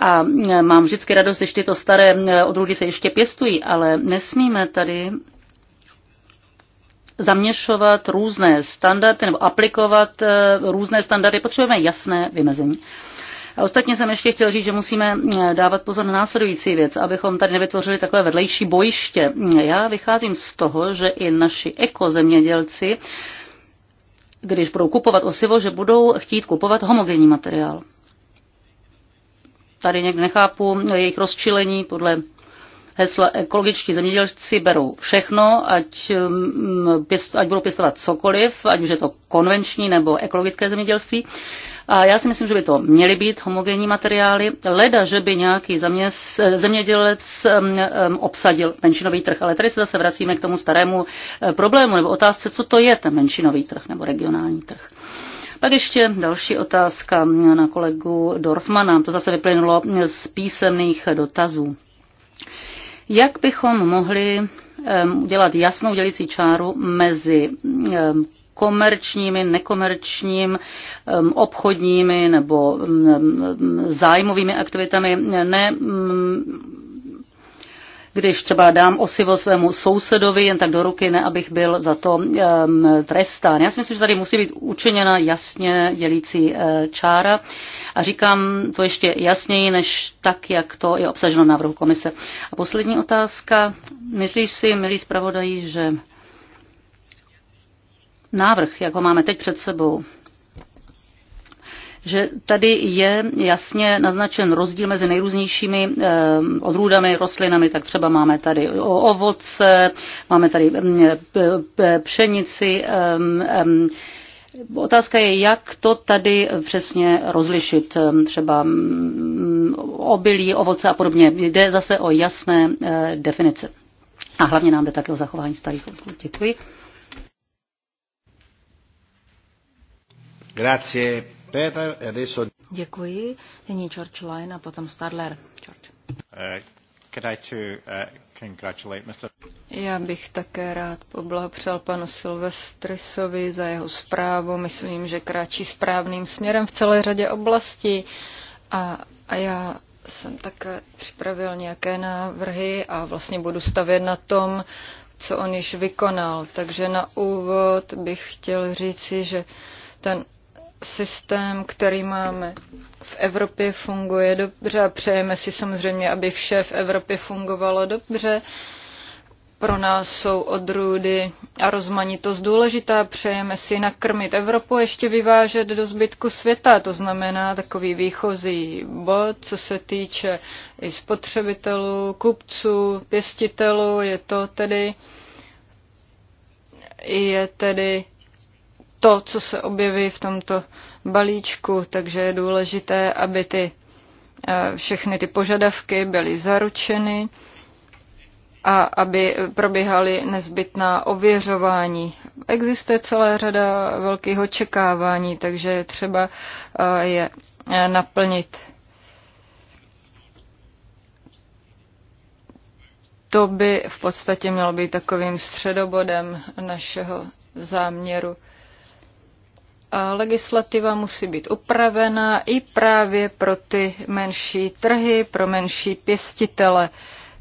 A eh, mám vždycky radost, když tyto staré odrůdy se ještě pěstují, ale nesmíme tady zaměšovat různé standardy nebo aplikovat různé standardy. Potřebujeme jasné vymezení. A ostatně jsem ještě chtěl říct, že musíme dávat pozor na následující věc, abychom tady nevytvořili takové vedlejší bojiště. Já vycházím z toho, že i naši ekozemědělci když budou kupovat osivo, že budou chtít kupovat homogenní materiál. Tady někdo nechápu jejich rozčilení podle hesla ekologičtí zemědělci berou všechno, ať, mm, ať budou pěstovat cokoliv, ať už je to konvenční nebo ekologické zemědělství. A já si myslím, že by to měly být homogenní materiály, leda, že by nějaký zaměst, zemědělec obsadil menšinový trh. Ale tady se zase vracíme k tomu starému eh, problému nebo otázce, co to je ten menšinový trh nebo regionální trh. Pak ještě další otázka na kolegu Dorfmana. To zase vyplynulo z písemných dotazů. Jak bychom mohli udělat jasnou dělící čáru mezi komerčními, nekomerčním, obchodními nebo zájmovými aktivitami. Ne, když třeba dám osivo svému sousedovi jen tak do ruky, ne abych byl za to um, trestán. Já si myslím, že tady musí být učiněna jasně dělící uh, čára a říkám to ještě jasněji, než tak, jak to je obsaženo v návrhu komise. A poslední otázka. Myslíš si, milý zpravodají, že návrh, jak ho máme teď před sebou, že tady je jasně naznačen rozdíl mezi nejrůznějšími eh, odrůdami, rostlinami, tak třeba máme tady ovoce, máme tady mm, eh, pšenici. Ehm, ehm. Otázka je, jak to tady přesně rozlišit, ehm, třeba mm, obilí, ovoce a podobně. Jde zase o jasné eh, definice. A hlavně nám jde také o zachování starých obchodů. Děkuji. Grazie, Peter. E adesso... Děkuji. Nyní George Lyon a potom Stadler. George. Eh, eh, já bych také rád poblahopřál panu Silvestrisovi za jeho zprávu. Myslím, že kráčí správným směrem v celé řadě oblastí. A, a já jsem také připravil nějaké návrhy a vlastně budu stavět na tom, co on již vykonal. Takže na úvod bych chtěl říci, že ten systém, který máme v Evropě, funguje dobře a přejeme si samozřejmě, aby vše v Evropě fungovalo dobře. Pro nás jsou odrůdy a rozmanitost důležitá. Přejeme si nakrmit Evropu a ještě vyvážet do zbytku světa. To znamená takový výchozí bod, co se týče i spotřebitelů, kupců, pěstitelů. Je to tedy, je tedy to, co se objeví v tomto balíčku, takže je důležité, aby ty, eh, všechny ty požadavky byly zaručeny a aby probíhaly nezbytná ověřování. Existuje celá řada velkých očekávání, takže je třeba eh, je eh, naplnit. To by v podstatě mělo být takovým středobodem našeho záměru legislativa musí být upravena i právě pro ty menší trhy, pro menší pěstitele.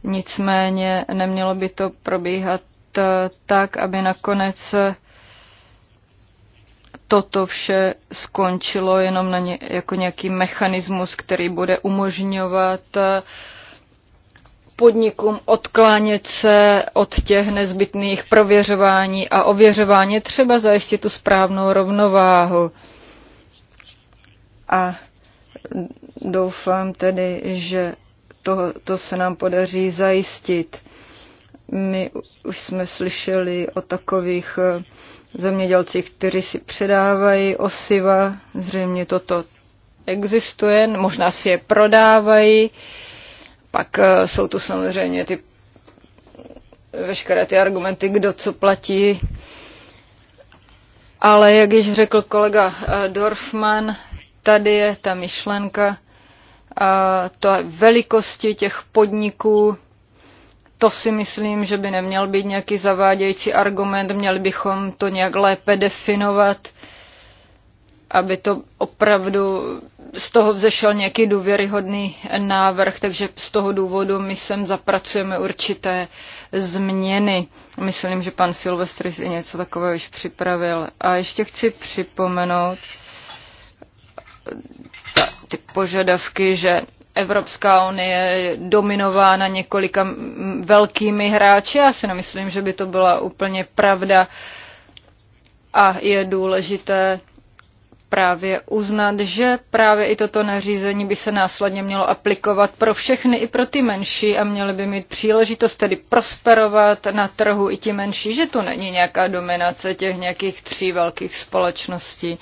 Nicméně nemělo by to probíhat eh, tak, aby nakonec eh, toto vše skončilo jenom na ně, jako nějaký mechanismus, který bude umožňovat eh, podnikům odklánět se od těch nezbytných prověřování a ověřování, třeba zajistit tu správnou rovnováhu. A doufám tedy, že to, to se nám podaří zajistit. My už jsme slyšeli o takových eh, zemědělcích, kteří si předávají osiva, zřejmě toto existuje, možná si je prodávají. Uh, pak eh, jsou tu samozřejmě ty veškeré ty argumenty, kdo co platí. Ale jak již řekl kolega eh, Dorfman, tady je ta myšlenka eh, to je velikosti těch podniků. To si myslím, že by neměl být nějaký zavádějící argument, měli bychom to nějak lépe definovat aby to opravdu z toho vzešel nějaký důvěryhodný návrh, takže z toho důvodu my sem zapracujeme určité změny. Myslím, že pan Silvestri si něco takového už připravil. A ještě chci připomenout ta, ty požadavky, že Evropská unie je dominována několika velkými hráči. Já si nemyslím, že by to byla úplně pravda. A je důležité právě uznat, že právě i toto nařízení by se následně mělo aplikovat pro všechny, i pro ty menší a měly by mít příležitost tedy prosperovat na trhu i ti menší, že to není nějaká dominace těch nějakých tří velkých společností.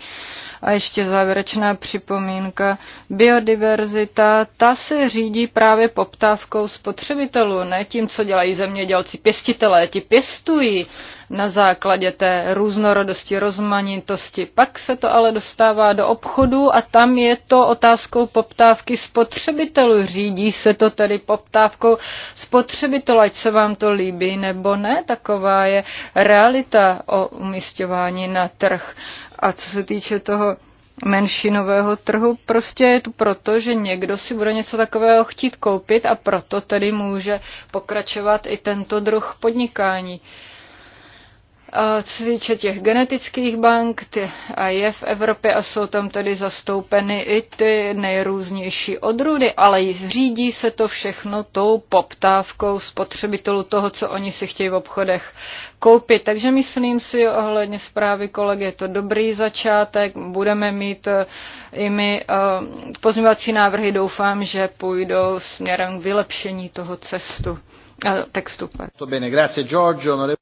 A ještě závěrečná připomínka. Biodiverzita, ta se řídí právě poptávkou spotřebitelů, ne tím, co dělají zemědělci pěstitelé, ti pěstují na základě té různorodosti, rozmanitosti. Pak se to ale dostává do obchodu a tam je to otázkou poptávky spotřebitelů. Řídí se to tedy poptávkou spotřebitelů, ať se vám to líbí nebo ne. Taková je realita o umístěvání na trh. A co se týče toho menšinového trhu. Prostě je to proto, že někdo si bude něco takového chtít koupit a proto tedy může pokračovat i tento druh podnikání. Co se týče těch genetických bank, ty je v Evropě a jsou tam tedy zastoupeny i ty nejrůznější odrůdy, ale řídí se to všechno tou poptávkou spotřebitelů toho, co oni si chtějí v obchodech koupit. Takže myslím si ohledně zprávy kolegy, je to dobrý začátek, budeme mít eh, i my eh, pozměvací návrhy, doufám, že půjdou směrem k vylepšení toho cestu textu. To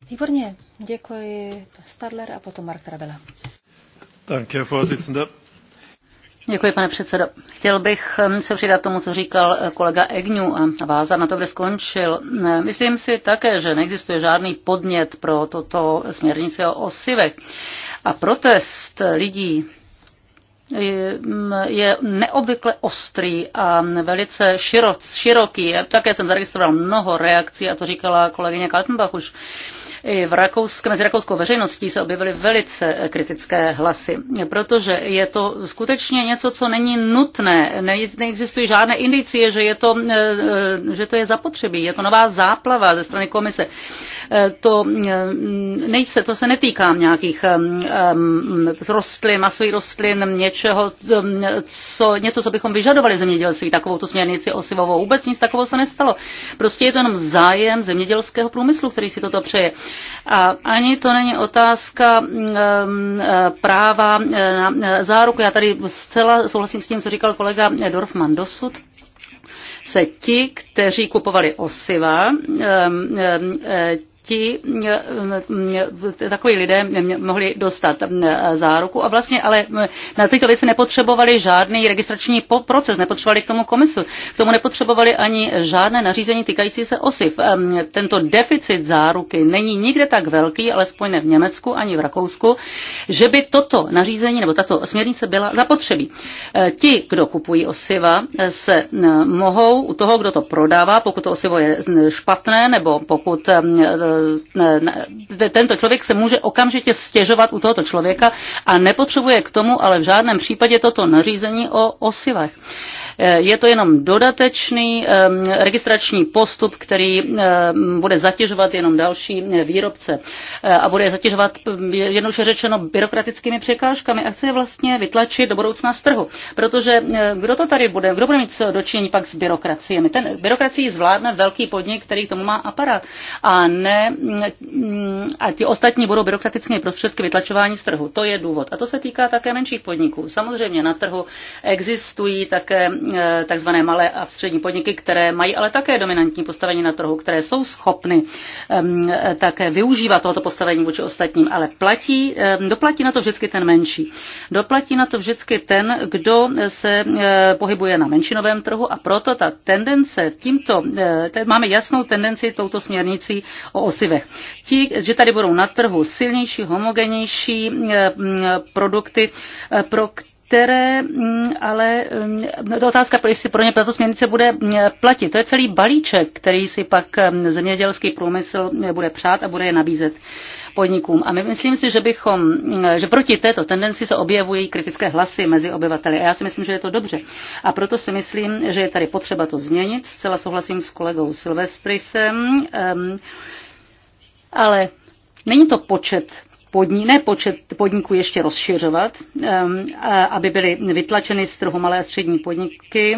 Výborně, děkuji Stadler a potom Mark Trabela. Děkuji, pane předsedo. Chtěl bych hm, se přidat tomu, co říkal eh, kolega Egnu a vázat na to, kde skončil. Eh, myslím si také, že neexistuje žádný podnět pro toto směrnice o osivech. A protest lidí je neobvykle ostrý a velice široký. Také jsem zaregistroval mnoho reakcí, a to říkala kolegyně Kaltenbach už i v Rakousk, mezi rakouskou veřejností se objevily velice kritické hlasy, protože je to skutečně něco, co není nutné. Ne, neexistují žádné indicie, že, je to, eh, že to je zapotřebí. Je to nová záplava ze strany komise. Eh, to, eh, nejse, to se netýká nějakých rostlin, masových rostlin, něčeho, co, něco, co bychom vyžadovali zemědělství, takovou tu směrnici osivovou. Vůbec nic takového se nestalo. Prostě je to jenom zájem zemědělského průmyslu, který si toto přeje. A ani to není otázka mm, mm, práva e, na e, záruku. Já tady zcela souhlasím s tím, co říkal kolega Dorfman dosud se ti, kteří kupovali osiva, e, ti eh, takový lidé mohli dostat eh, záruku a vlastně ale eh, na tyto věci nepotřebovali žádný registrační proces, nepotřebovali k tomu komisu, k tomu nepotřebovali ani žádné nařízení týkající se OSIF. Ehm, tento deficit záruky není nikde tak velký, alespoň ne v Německu ani v Rakousku, že by toto nařízení nebo tato směrnice byla zapotřebí. Ti, kdo kupují osiva, se mohou u toho, kdo to prodává, pokud to osivo je hm, špatné nebo pokud ehm, tento člověk se může okamžitě stěžovat u tohoto člověka a nepotřebuje k tomu ale v žádném případě toto nařízení o osivech. Eh, je to jenom dodatečný ehm, registrační postup, který ehm, bude zatěžovat jenom další eh, výrobce eh, a bude zatěžovat jednoduše řečeno byrokratickými překážkami a chce je vlastně vytlačit do budoucna z trhu. Protože kdo to tady bude, kdo bude mít dočinění pak s byrokraciemi? Ten byrokracii zvládne velký podnik, který k tomu má aparát a ne mm, a ti ostatní budou byrokratickými prostředky vytlačování z trhu. To je důvod. A to se týká také menších podniků. Samozřejmě na trhu existují také Eh, takzvané malé a střední podniky, které mají ale také dominantní postavení na trhu, které jsou schopny také využívat tohoto postavení vůči ostatním, ale platí, doplatí na to vždycky ten menší. Doplatí na to vždycky ten, kdo se eh, pohybuje na menšinovém trhu a proto ta tendence tímto, eh, máme jasnou tendenci touto směrnicí o osivech. Ti, že tady budou na trhu silnější, homogenější produkty, pro které které, mm, ale mm, no, to otázka, jestli pro ně tato směrnice bude mm, platit. To je celý balíček, který si pak zemědělský průmysl bude přát a bude je nabízet podnikům. A my myslím si, že bychom, že proti této tendenci se objevují kritické hlasy mezi obyvateli. A já si myslím, že je to dobře. A proto si myslím, že je tady potřeba to změnit. Zcela souhlasím s kolegou Silvestrisem. Um, ale není to počet podní, ne počet podniků ještě rozšiřovat, ehm, aby byly vytlačeny z trhu malé a střední podniky,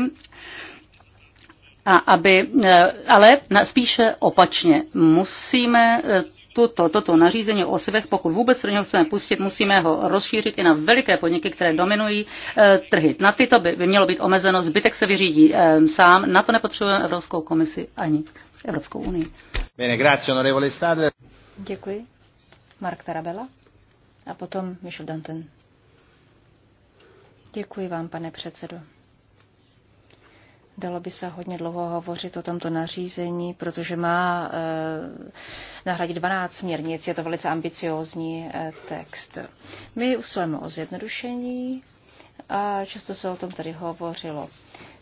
a aby, e, ale spíše opačně. Musíme e, tuto, toto nařízení o osivech, pokud vůbec do něho chceme pustit, musíme ho rozšířit i na veliké podniky, které dominují e, trhy. Na tyto by, by mělo být omezeno, zbytek se vyřídí e, sám, na to nepotřebujeme Evropskou komisi ani Evropskou unii. Bene, grazie, Děkuji. Mark Tarabella a potom Michel Danton. Děkuji vám, pane předsedo. Dalo by se hodně dlouho hovořit o tomto nařízení, protože má e, nahradit 12 směrnic. Je to velice ambiciózní e, text. My usilujeme o zjednodušení a často se o tom tady hovořilo.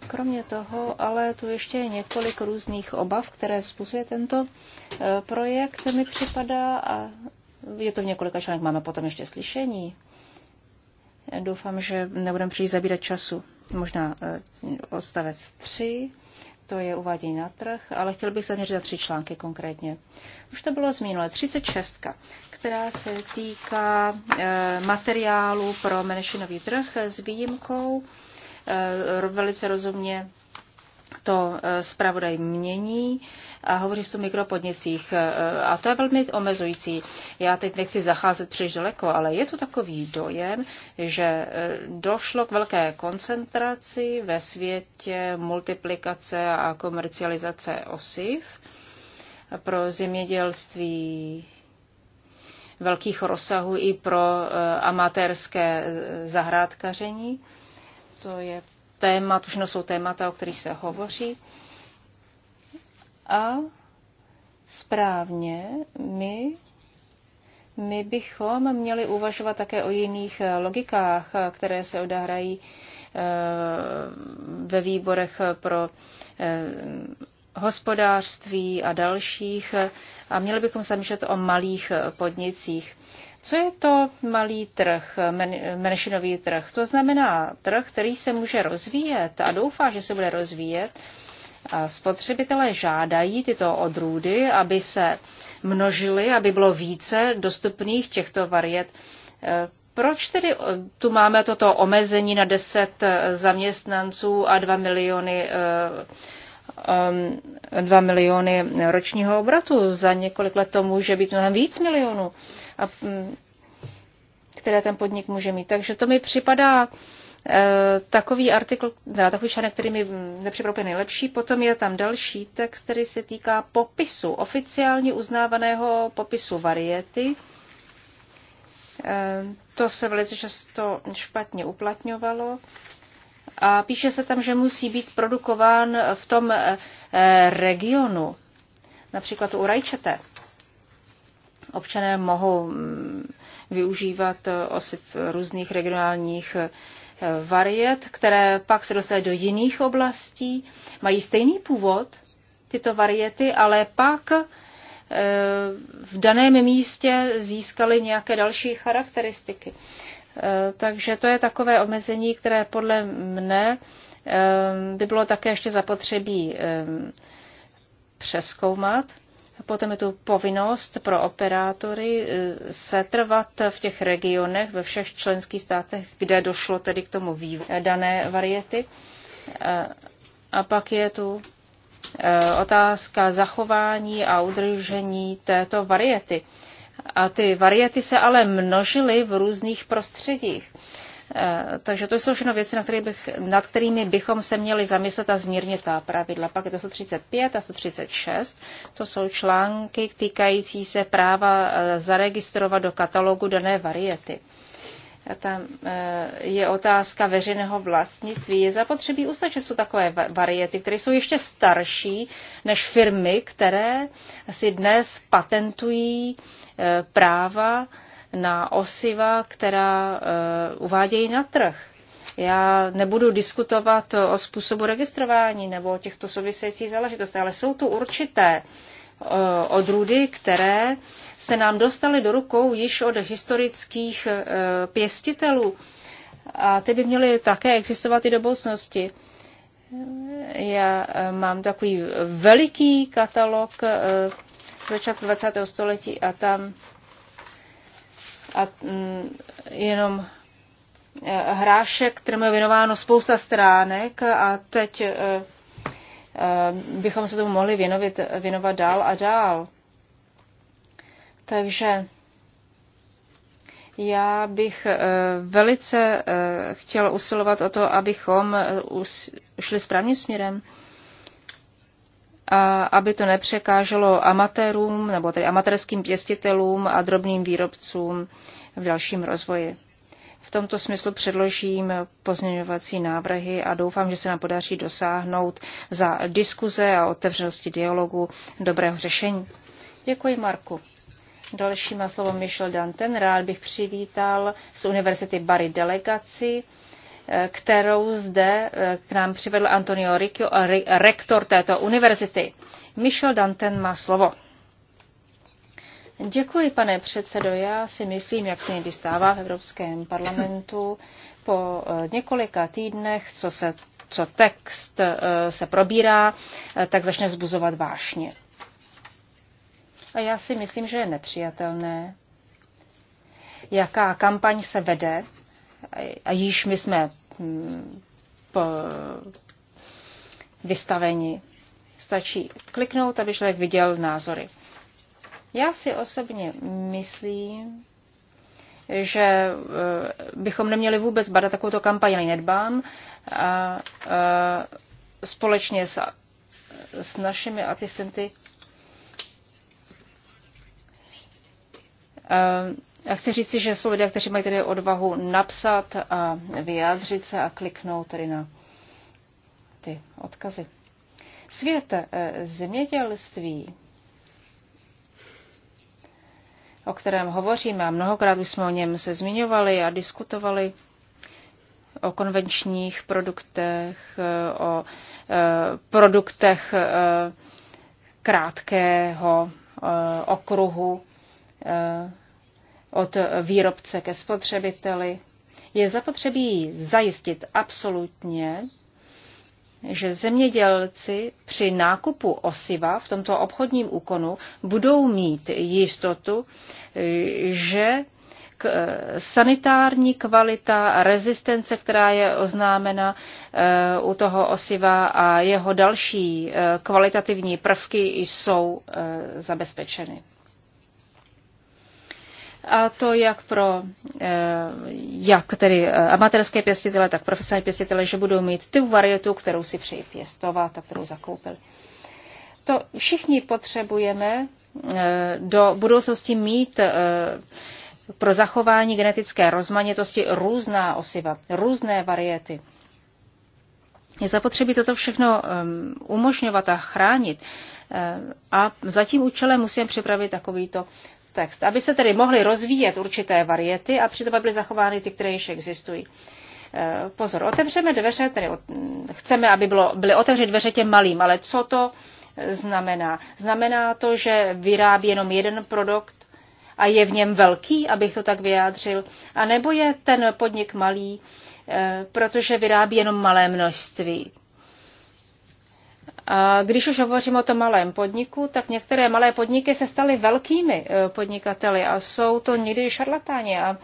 Kromě toho, ale tu ještě je několik různých obav, které vzbuzuje tento eh, projekt, mi připadá a je to v několika článek, máme potom ještě slyšení. Doufám, že nebudeme příliš zabírat času. Možná eh, odstavec 3, to je uvádění na trh, ale chtěl bych zaměřit na tři články konkrétně. Už to bylo zmíněno, 36, která se týká eh, materiálu pro menšinový trh s výjimkou eh, velice rozumně to eh, zpravodaj mění a hovoří se o mikropodnicích. Eh, a to je velmi omezující. Já teď nechci zacházet příliš daleko, ale je tu takový dojem, že eh, došlo k velké koncentraci ve světě multiplikace a komercializace osiv pro zemědělství velkých rozsahů i pro amatérské zahrádkaření. To je témat, už jsou témata, o kterých se hovoří. A správně my, my bychom měli uvažovat také o jiných eh, logikách, eh, které se odehrají eh, ve výborech pro hospodářství a dalších a měli bychom zamýšlet o malých podnicích. Co je to malý trh, men, menšinový trh? To znamená trh, který se může rozvíjet a doufá, že se bude rozvíjet. A spotřebitelé žádají tyto odrůdy, aby se množily, aby bylo více dostupných těchto variet. E, proč tedy e, tu máme toto omezení na 10 zaměstnanců a 2 miliony e, 2 um, miliony ročního obratu. Za několik let to může být mnohem víc milionů, mm, které ten podnik může mít. Takže to mi připadá uh, takový artikl, takový článek, který mi mm, nepřipravuje nejlepší. Potom je tam další text, který se týká popisu, oficiálně uznávaného popisu variety. Eh, to se velice často špatně uplatňovalo. A píše se tam, že musí být produkován v tom eh, eh, regionu, například u rajčete. Občané mohou mm, využívat eh, osiv různých regionálních variet, které pak se dostaly do jiných oblastí, mají stejný původ, tyto variety, ale pak v daném místě získaly nějaké další charakteristiky. Eh, takže to je takové omezení, které podle mne eh, by bylo také ještě zapotřebí eh, přeskoumat. Potom je tu povinnost pro operátory setrvat v těch regionech, ve všech členských státech, kde došlo tedy k tomu vývoji dané variety. A pak je tu otázka zachování a udržení této variety. A ty variety se ale množily v různých prostředích. Eh, takže to jsou všechno věci, na kterých bych, nad kterými bychom se měli zamyslet a zmírnit ta pravidla. Pak je to 135 a 136. To jsou články týkající se práva eh, zaregistrovat do katalogu dané variety tam e, je otázka veřejného vlastnictví. Je zapotřebí uznat, že jsou takové variety, které jsou ještě starší než firmy, které si dnes patentují e, práva na osiva, která e, uvádějí na trh. Já nebudu diskutovat o způsobu registrování nebo o těchto souvisejících záležitostech, ale jsou tu určité uh, Eh, odrůdy, které se nám dostaly do rukou již od historických eh, pěstitelů. A ty by měly také existovat i do budoucnosti. Já eh, mám takový veliký katalog začátku 20. století a tam a mm, jenom hrášek, kterému je věnováno spousta stránek a teď Eh, bychom se tomu mohli věnovit, věnovat dál a dál. Takže já bych eh, velice eh, chtěla usilovat o to, abychom šli správným směrem, a aby to nepřekáželo amatérům, nebo tedy amatérským pěstitelům a drobným výrobcům v dalším rozvoji. V tomto smyslu předložím pozměňovací návrhy a doufám, že se nám podaří dosáhnout za diskuze a otevřenosti dialogu dobrého řešení. Děkuji, Marku. Další má slovo Michel Danten. Rád bych přivítal z Univerzity Bari delegaci, kterou zde eh, k nám přivedl Antonio Riccio, eh, rektor této univerzity. Michel Danten má slovo. Děkuji, pane předsedo. Já si myslím, jak se někdy stává v Evropském parlamentu, po eh, několika týdnech, co, se, co text eh, se probírá, eh, tak začne vzbuzovat vášně. A já si myslím, že je nepřijatelné, jaká kampaň se vede, a již my jsme hm, vystaveni. Stačí kliknout, aby člověk viděl názory. Já si osobně myslím, že eh, bychom neměli vůbec badat takovouto kampaň, ani nedbám. A, a eh, společně s, s našimi asistenty Já eh, chci říci, že jsou lidé, kteří mají tedy odvahu napsat a vyjádřit se a kliknout tedy na ty odkazy. Svět zemědělství o kterém hovoříme, a mnohokrát už jsme o něm se zmiňovali a diskutovali, o konvenčních produktech, o e, produktech e, krátkého e, okruhu od výrobce ke spotřebiteli. Je zapotřebí zajistit absolutně že zemědělci při nákupu osiva v tomto obchodním úkonu budou mít jistotu, že eh, sanitární kvalita, rezistence, která je oznámena eh, u toho osiva a jeho další eh, kvalitativní prvky jsou zabezpečeny a to jak pro eh, jak tedy eh, amatérské pěstitele, tak profesionální pěstitele, že budou mít tu varietu, kterou si přeji pěstovat a kterou zakoupili. To všichni potřebujeme eh, do budoucnosti mít pro zachování genetické rozmanitosti různá osiva, různé variety. Je zapotřebí toto všechno ehm, umožňovat a chránit. A za tím účelem musíme připravit takovýto text, aby se tedy mohly rozvíjet určité variety a přitom byly zachovány ty, které již existují. E, pozor, otevřeme dveře, tedy chceme, aby bylo, byly otevřeny dveře těm malým, ale co to znamená? Znamená to, že vyrábí jenom jeden produkt a je v něm velký, abych to tak vyjádřil, a nebo je ten podnik malý, e, protože vyrábí jenom malé množství. A když už hovořím o tom malém podniku, tak některé malé podniky se staly velkými e, podnikateli a jsou to někdy šarlatáni. A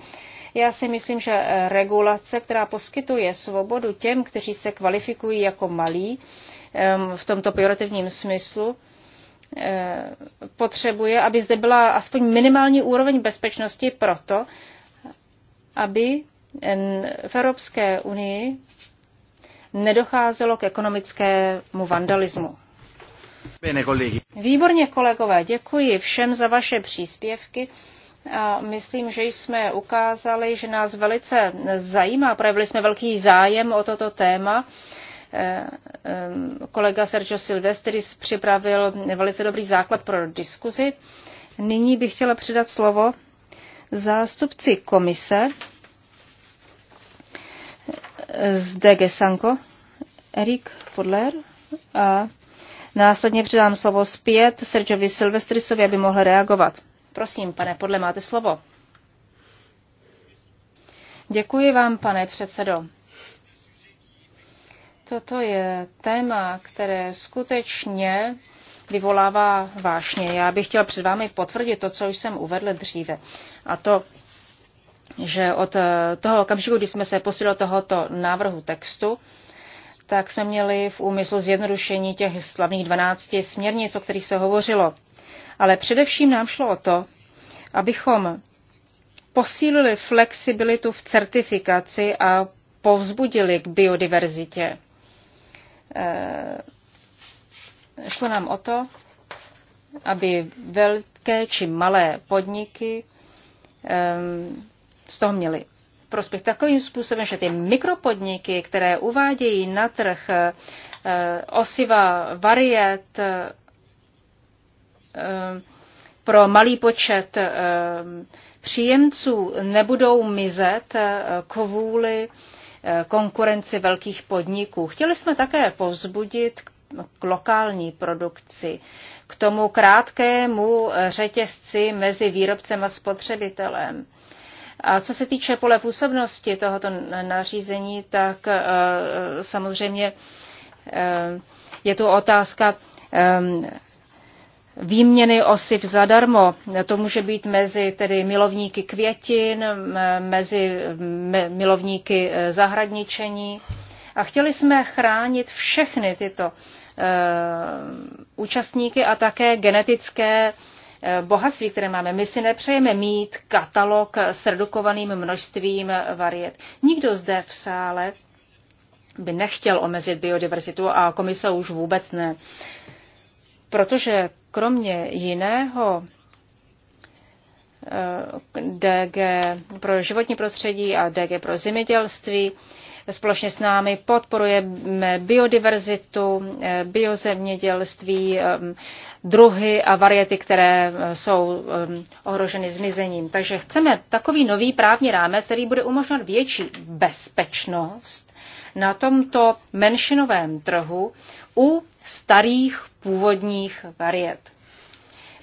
já si myslím, že e, regulace, která poskytuje svobodu těm, kteří se kvalifikují jako malí, e, v tomto pejorativním smyslu, potřebuje, aby zde byla aspoň minimální úroveň bezpečnosti proto, aby v Evropské unii nedocházelo k ekonomickému vandalismu. Výborně, kolegové, děkuji všem za vaše příspěvky. A myslím, že jsme ukázali, že nás velice zajímá, projevili jsme velký zájem o toto téma. E, e, kolega Sergio Silvestri připravil velice dobrý základ pro diskuzi. Nyní bych chtěla předat slovo zástupci komise. Zde Gesanko, Erik Podler a následně předám slovo zpět Sergiovi Silvestrisovi, aby mohl reagovat. Prosím, pane Podle, máte slovo. Děkuji vám, pane předsedo. Toto je téma, které skutečně vyvolává vášně. Já bych chtěl před vámi potvrdit to, co už jsem uvedl dříve. A to, že od eh, toho okamžiku, kdy jsme se posílili tohoto návrhu textu, tak jsme měli v úmyslu zjednodušení těch slavných 12 směrnic, o kterých se hovořilo. Ale především nám šlo o to, abychom posílili flexibilitu v certifikaci a povzbudili k biodiverzitě. E, šlo nám o to, aby velké či malé podniky e, z toho měli prospěch takovým způsobem, že ty mikropodniky, které uvádějí na trh eh, osiva variet eh, pro malý počet eh, příjemců, nebudou mizet kvůli konkurenci velkých podniků. Chtěli jsme také povzbudit k lokální produkci, k tomu krátkému řetězci mezi výrobcem a spotřebitelem a co se týče pole působnosti tohoto nařízení, tak eh, samozřejmě eh, je tu otázka eh, výměny osiv zadarmo. To může být mezi tedy milovníky květin, mezi milovníky zahradničení. A chtěli jsme chránit všechny tyto účastníky a také genetické Eh, bohatství, které máme. My si nepřejeme mít katalog s redukovaným množstvím variet. Nikdo zde v sále by nechtěl omezit biodiverzitu a komise už vůbec ne. Protože kromě jiného eh, DG pro životní prostředí a DG pro zemědělství společně s námi podporuje biodiverzitu, eh, biozemědělství, eh, druhy a variety, které eh, jsou ohroženy zmizením. Takže chceme takový nový právní rámec, který bude umožňovat větší bezpečnost na tomto menšinovém trhu u starých původních variet.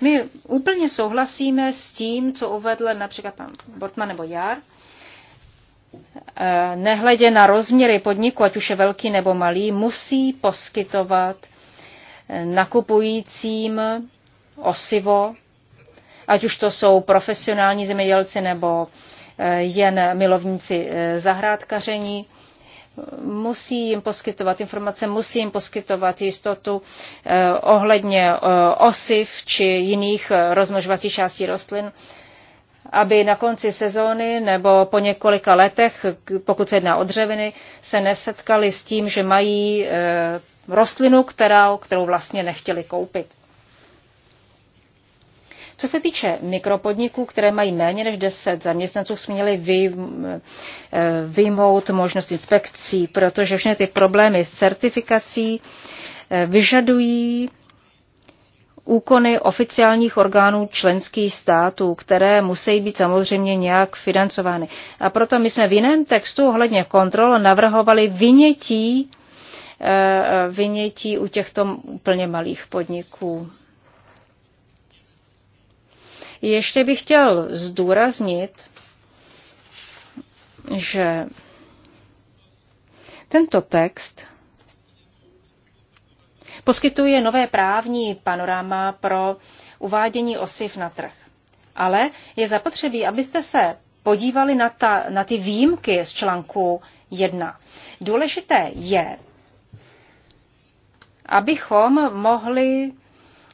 My úplně souhlasíme s tím, co uvedl například pan Bortman nebo Jar, Eh, nehledě na rozměry podniku, ať už je velký nebo malý, musí poskytovat eh, nakupujícím osivo, ať už to jsou profesionální zemědělci nebo eh, jen milovníci zahrádkaření, musí jim poskytovat informace, musí jim poskytovat jistotu ohledně osiv či jiných rozmnožovacích částí rostlin aby na konci sezóny nebo po několika letech, pokud se jedná o dřeviny, se nesetkali s tím, že mají eh, rostlinu, která, kterou vlastně nechtěli koupit. Co se týče mikropodniků, které mají méně než 10 zaměstnanců, jsme měli vy, eh, vyjmout možnost inspekcí, protože všechny ty problémy s certifikací eh, vyžadují úkony oficiálních orgánů členských států, které musí být samozřejmě nějak financovány. A proto my jsme v jiném textu ohledně kontrol navrhovali vynětí, eh, vynětí u těchto úplně malých podniků. Ještě bych chtěl zdůraznit, že tento text poskytuje nové právní panorama pro uvádění osiv na trh. Ale je zapotřebí, abyste se podívali na, ta, na ty výjimky z článku 1. Důležité je, abychom mohli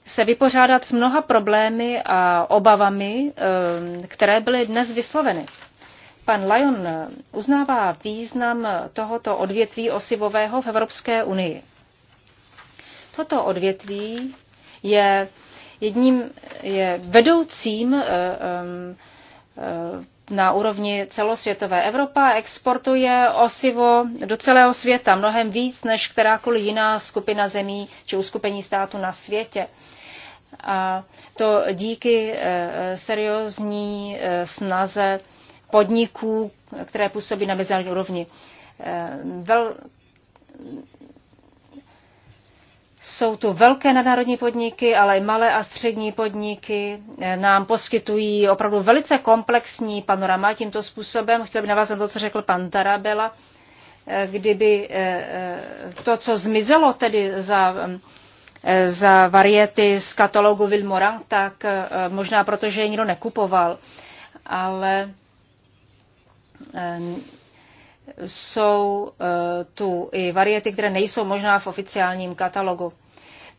se vypořádat s mnoha problémy a obavami, ehm, které byly dnes vysloveny. Pan Lyon uznává význam tohoto odvětví osivového v Evropské unii. Toto odvětví je jedním je vedoucím eh, eh, eh, na úrovni celosvětové. Evropa exportuje osivo do celého světa mnohem víc než kterákoliv jiná skupina zemí či uskupení státu na světě. A to díky seriózní snaze podniků, které působí na mezinárodní úrovni. Vel, jsou tu velké nadnárodní podniky, ale i malé a střední podniky eh, nám poskytují opravdu velice komplexní panorama tímto způsobem. Chtěl bych navázat to, co řekl pan Tarabela. Eh, kdyby eh, to, co zmizelo tedy za, za variety z katalogu Vilmora, tak možná protože je nikdo nekupoval, ale jsou eh, tu i variety, které nejsou možná v oficiálním katalogu.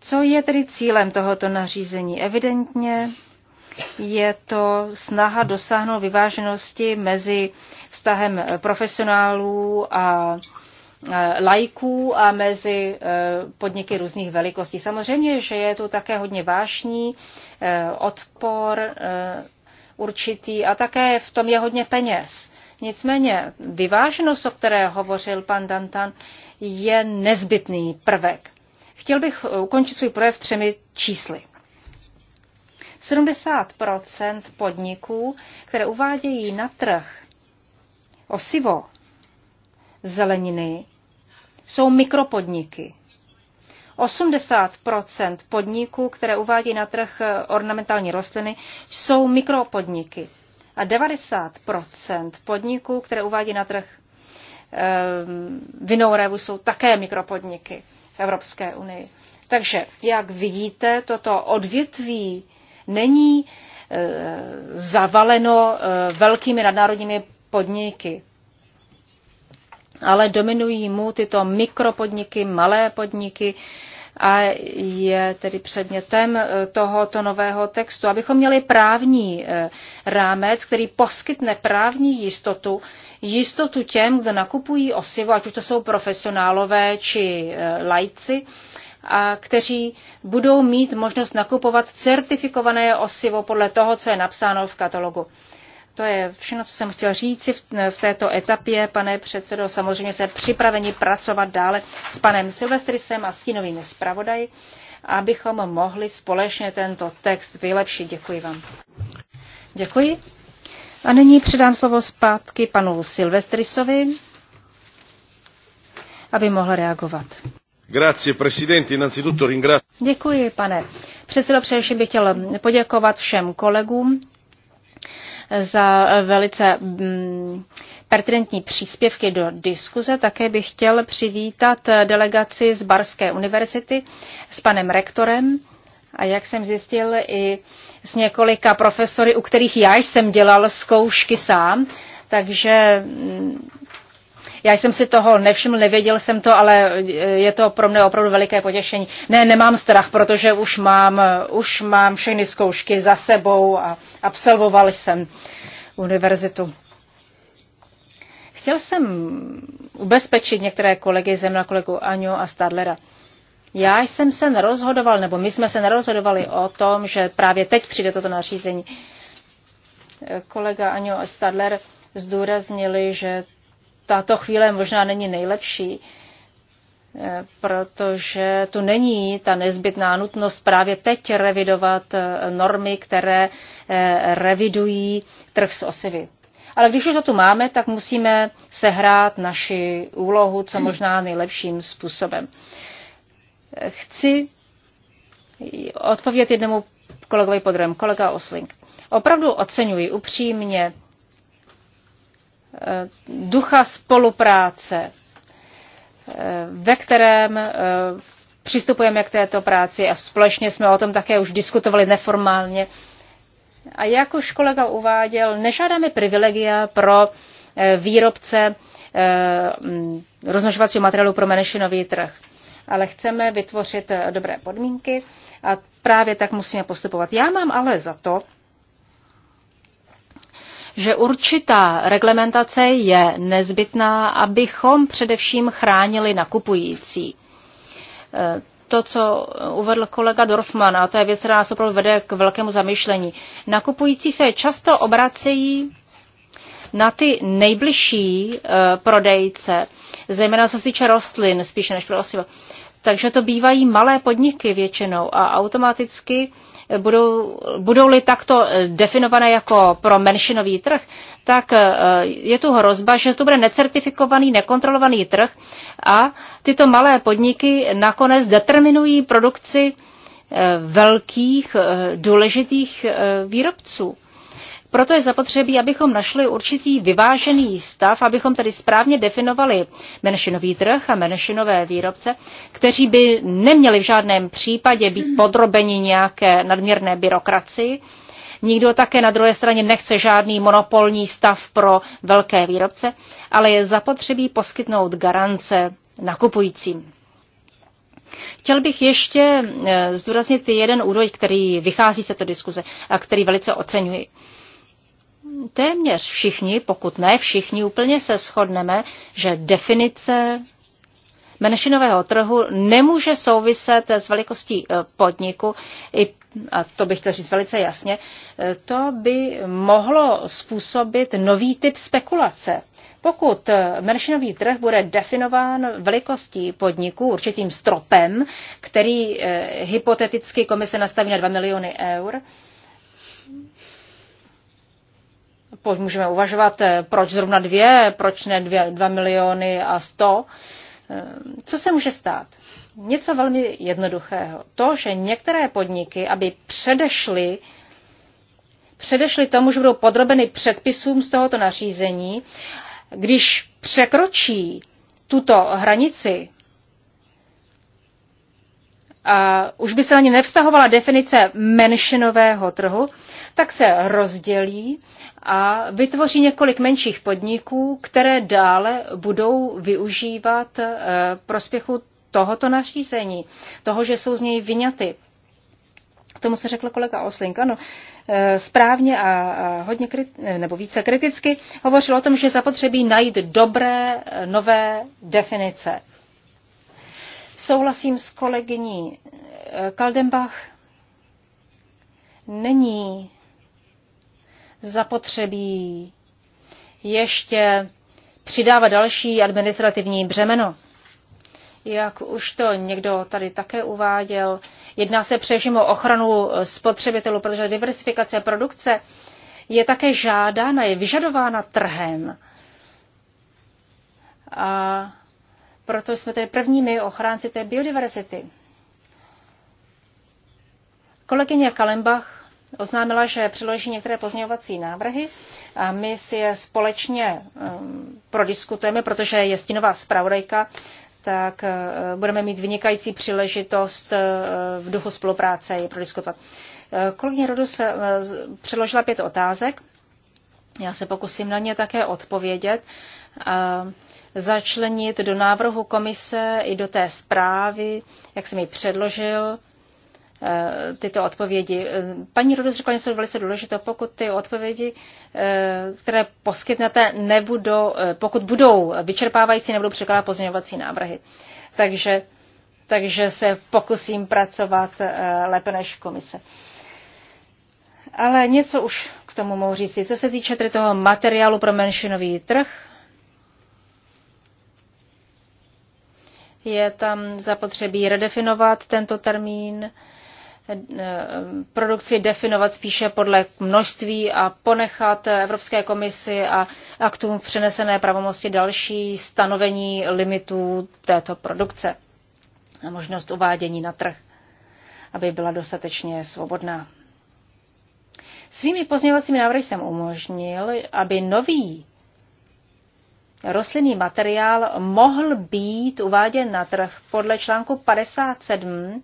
Co je tedy cílem tohoto nařízení? Evidentně je to snaha dosáhnout vyváženosti mezi vztahem profesionálů a eh, lajků a mezi eh, podniky různých velikostí. Samozřejmě, že je tu také hodně vášní, odpor určitý a také v tom je hodně peněz. Nicméně vyváženost, o které hovořil pan Dantan, je nezbytný prvek. Chtěl bych ukončit svůj projev třemi čísly. 70 podniků, které uvádějí na trh osivo zeleniny, jsou mikropodniky. 80 podniků, které uvádí na trh ornamentální rostliny, jsou mikropodniky a 90 podniků, které uvádí na trh ehm, vinou revu, jsou také mikropodniky v Evropské unii. Takže, jak vidíte, toto odvětví není e, zavaleno e, velkými nadnárodními podniky, ale dominují mu tyto mikropodniky, malé podniky, a je tedy předmětem eh, tohoto nového textu. Abychom měli právní eh, rámec, který poskytne právní jistotu, jistotu těm, kdo nakupují osivo, ať už to jsou profesionálové či eh, lajci, a kteří budou mít možnost nakupovat certifikované osivo podle toho, co je napsáno v katalogu. To je všechno, co jsem chtěl říct v, této etapě, pane předsedo. Samozřejmě se připraveni pracovat dále s panem Silvestrisem a stínovými zpravodaji, abychom mohli společně tento text vylepšit. Děkuji vám. Děkuji. A nyní předám slovo zpátky panu Silvestrisovi, aby mohl reagovat. Grazie, presidente. Děkuji, pane předsedo. Především bych chtěl poděkovat všem kolegům za velice mm, pertinentní příspěvky do diskuze. Také bych chtěl přivítat delegaci z Barské univerzity s panem rektorem a jak jsem zjistil i s několika profesory, u kterých já jsem dělal zkoušky sám, takže mm, já jsem si toho nevšiml, nevěděl jsem to, ale eh, je to pro mě opravdu veliké potěšení. Ne, nemám strach, protože už mám, eh, už mám všechny zkoušky za sebou a absolvoval jsem univerzitu. Chtěl jsem ubezpečit některé kolegy, zemna kolegu Aňu a Stadlera. Já jsem se nerozhodoval, nebo my jsme se nerozhodovali o tom, že právě teď přijde toto nařízení. Eh, kolega Aňo a Stadler zdůraznili, že tato chvíle možná není nejlepší, eh, protože tu není ta nezbytná nutnost právě teď revidovat eh, normy, které eh, revidují trh s osivy. Ale když už to tu máme, tak musíme sehrát naši úlohu co možná nejlepším způsobem. Chci odpovědět jednomu kolegovi podrem, kolega Osling. Opravdu oceňuji upřímně Eh, ducha spolupráce, eh, ve kterém eh, přistupujeme k této práci a společně jsme o tom také už diskutovali neformálně. A jak už kolega uváděl, nežádáme privilegia pro výrobce mm, rozmnožovacího materiálu pro menšinový trh, ale chceme vytvořit dobré podmínky a právě tak musíme postupovat. Já mám ale za to, že určitá reglementace je nezbytná, abychom především chránili nakupující. Eh, to, co uvedl kolega Dorfman, a to je věc, která nás opravdu vede k velkému zamyšlení. Nakupující se často obracejí na ty nejbližší eh, prodejce, zejména co se týče rostlin, spíše než pro osiva. Takže to bývají malé podniky většinou a automaticky budou, budou-li takto definované jako pro menšinový trh, tak eh, je tu hrozba, že to bude necertifikovaný, nekontrolovaný trh a tyto malé podniky nakonec determinují produkci eh, velkých eh, důležitých výrobců. Proto je zapotřebí, abychom našli určitý vyvážený stav, abychom tedy správně definovali menšinový trh a menšinové výrobce, kteří by neměli v žádném případě být mhm. podrobeni nějaké nadměrné byrokracii. Nikdo také na druhé straně nechce žádný monopolní stav pro velké výrobce, ale je zapotřebí poskytnout garance nakupujícím. Chtěl bych ještě eh, zdůraznit jeden údaj, který vychází z této diskuze a který velice oceňuji téměř všichni, pokud ne všichni, úplně se shodneme, že definice menšinového trhu nemůže souviset s velikostí eh, podniku, a to bych chtěl říct velice jasně, eh, to by mohlo způsobit nový typ spekulace. Pokud eh, menšinový trh bude definován velikostí podniku určitým stropem, který hypoteticky komise nastaví na 2 miliony eur, můžeme uvažovat, eh, proč zrovna dvě, proč ne dvě, dva miliony a sto. Eh, co se může stát? Něco velmi jednoduchého. To, že některé podniky, aby předešly předešli tomu, že budou podrobeny předpisům z tohoto nařízení, když překročí tuto hranici, už by se na ně nevztahovala definice menšinového trhu, tak se rozdělí a vytvoří několik menších podniků, které dále budou využívat eh, prospěchu tohoto nařízení, toho, že jsou z něj vyňaty. K tomu se řekl kolega Oslink. Ano, eh, správně a hodně kriti- eh, nebo více kriticky hovořil o tom, že zapotřebí najít dobré nové definice Souhlasím s kolegyní eh, Kaldenbach. Není zapotřebí ještě přidávat další administrativní břemeno. Jak už to někdo tady také uváděl, jedná se především o ochranu eh, spotřebitelů, protože diversifikace produkce je také žádána, je vyžadována trhem. A proto jsme tedy prvními ochránci té biodiverzity. Kolegyně Kalembach oznámila, že přiloží některé pozměňovací návrhy a my si je společně um, prodiskutujeme, protože je stinová zpravodajka, tak uh, budeme mít vynikající příležitost uh, v duchu spolupráce je prodiskutovat. Uh, kolegyně Rodus uh, přiložila pět otázek. Já se pokusím na ně také odpovědět. Uh, začlenit do návrhu komise i do té zprávy, jak jsem ji předložil, eh, tyto odpovědi. Eh, paní Rodos řekla něco velice důležité, pokud ty odpovědi, eh, které poskytnete, nebudou, pokud budou vyčerpávající, nebudou překládat pozměňovací návrhy. Takže, takže se pokusím pracovat lépe než komise. Ale něco už k tomu mohu říct. Co se týče tedy toho materiálu pro menšinový trh, je tam zapotřebí redefinovat tento termín, eh, produkci definovat spíše podle množství a ponechat Evropské komisi a aktům v přenesené pravomosti další stanovení limitů této produkce a možnost uvádění na trh, aby byla dostatečně svobodná. Svými pozměňovacími návrhy jsem umožnil, aby nový rostlinný materiál mohl být uváděn na trh podle článku 57,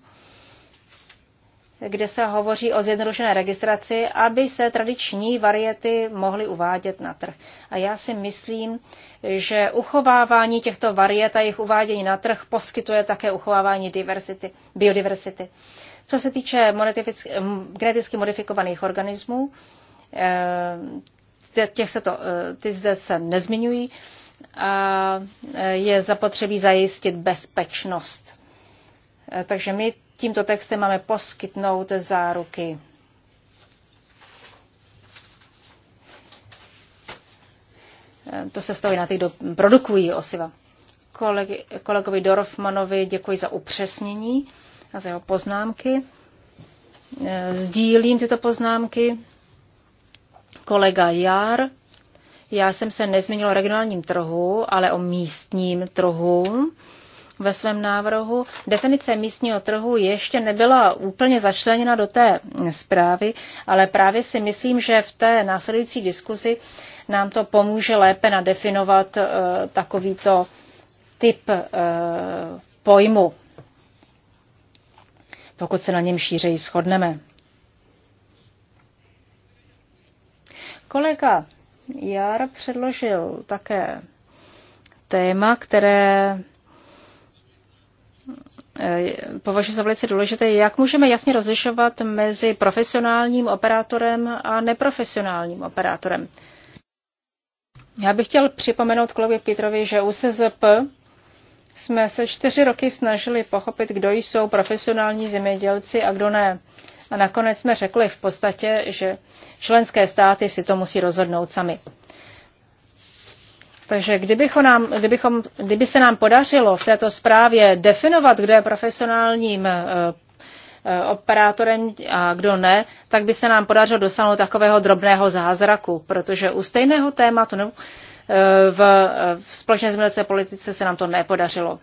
kde se hovoří o zjednodušené registraci, aby se tradiční variety mohly uvádět na trh. A já si myslím, že uchovávání těchto variet a jejich uvádění na trh poskytuje také uchovávání diversity, biodiversity. Co se týče geneticky modifikovaných organismů, eh, těch se to, eh, ty zde se nezmiňují a e, je zapotřebí zajistit bezpečnost. E, takže my tímto textem máme poskytnout záruky. E, to se stojí na ty, kdo produkují osiva. Kolegy, kolegovi Dorfmanovi děkuji za upřesnění a za jeho poznámky. Sdílím tyto poznámky. Kolega Jar já jsem se nezmínila o regionálním trhu, ale o místním trhu ve svém návrhu. Definice místního trhu ještě nebyla úplně začleněna do té zprávy, ale právě si myslím, že v té následující diskuzi nám to pomůže lépe nadefinovat eh, takovýto typ eh, pojmu, pokud se na něm šířeji shodneme. Kolega Jar předložil také téma, které eh, považuji za velice důležité, jak můžeme jasně rozlišovat mezi profesionálním operátorem a neprofesionálním operátorem. Já bych chtěl připomenout kolegovi Petrovi, že u SZP jsme se čtyři roky snažili pochopit, kdo jsou profesionální zemědělci a kdo ne. A nakonec jsme řekli v podstatě, že členské státy si to musí rozhodnout sami. Takže kdybychom nám, kdybychom, kdyby se nám podařilo v této zprávě definovat, kdo je profesionálním eh, eh, operátorem a kdo ne, tak by se nám podařilo dosáhnout takového drobného zázraku, protože u stejného tématu no, v, v společné zemědělské politice se nám to nepodařilo.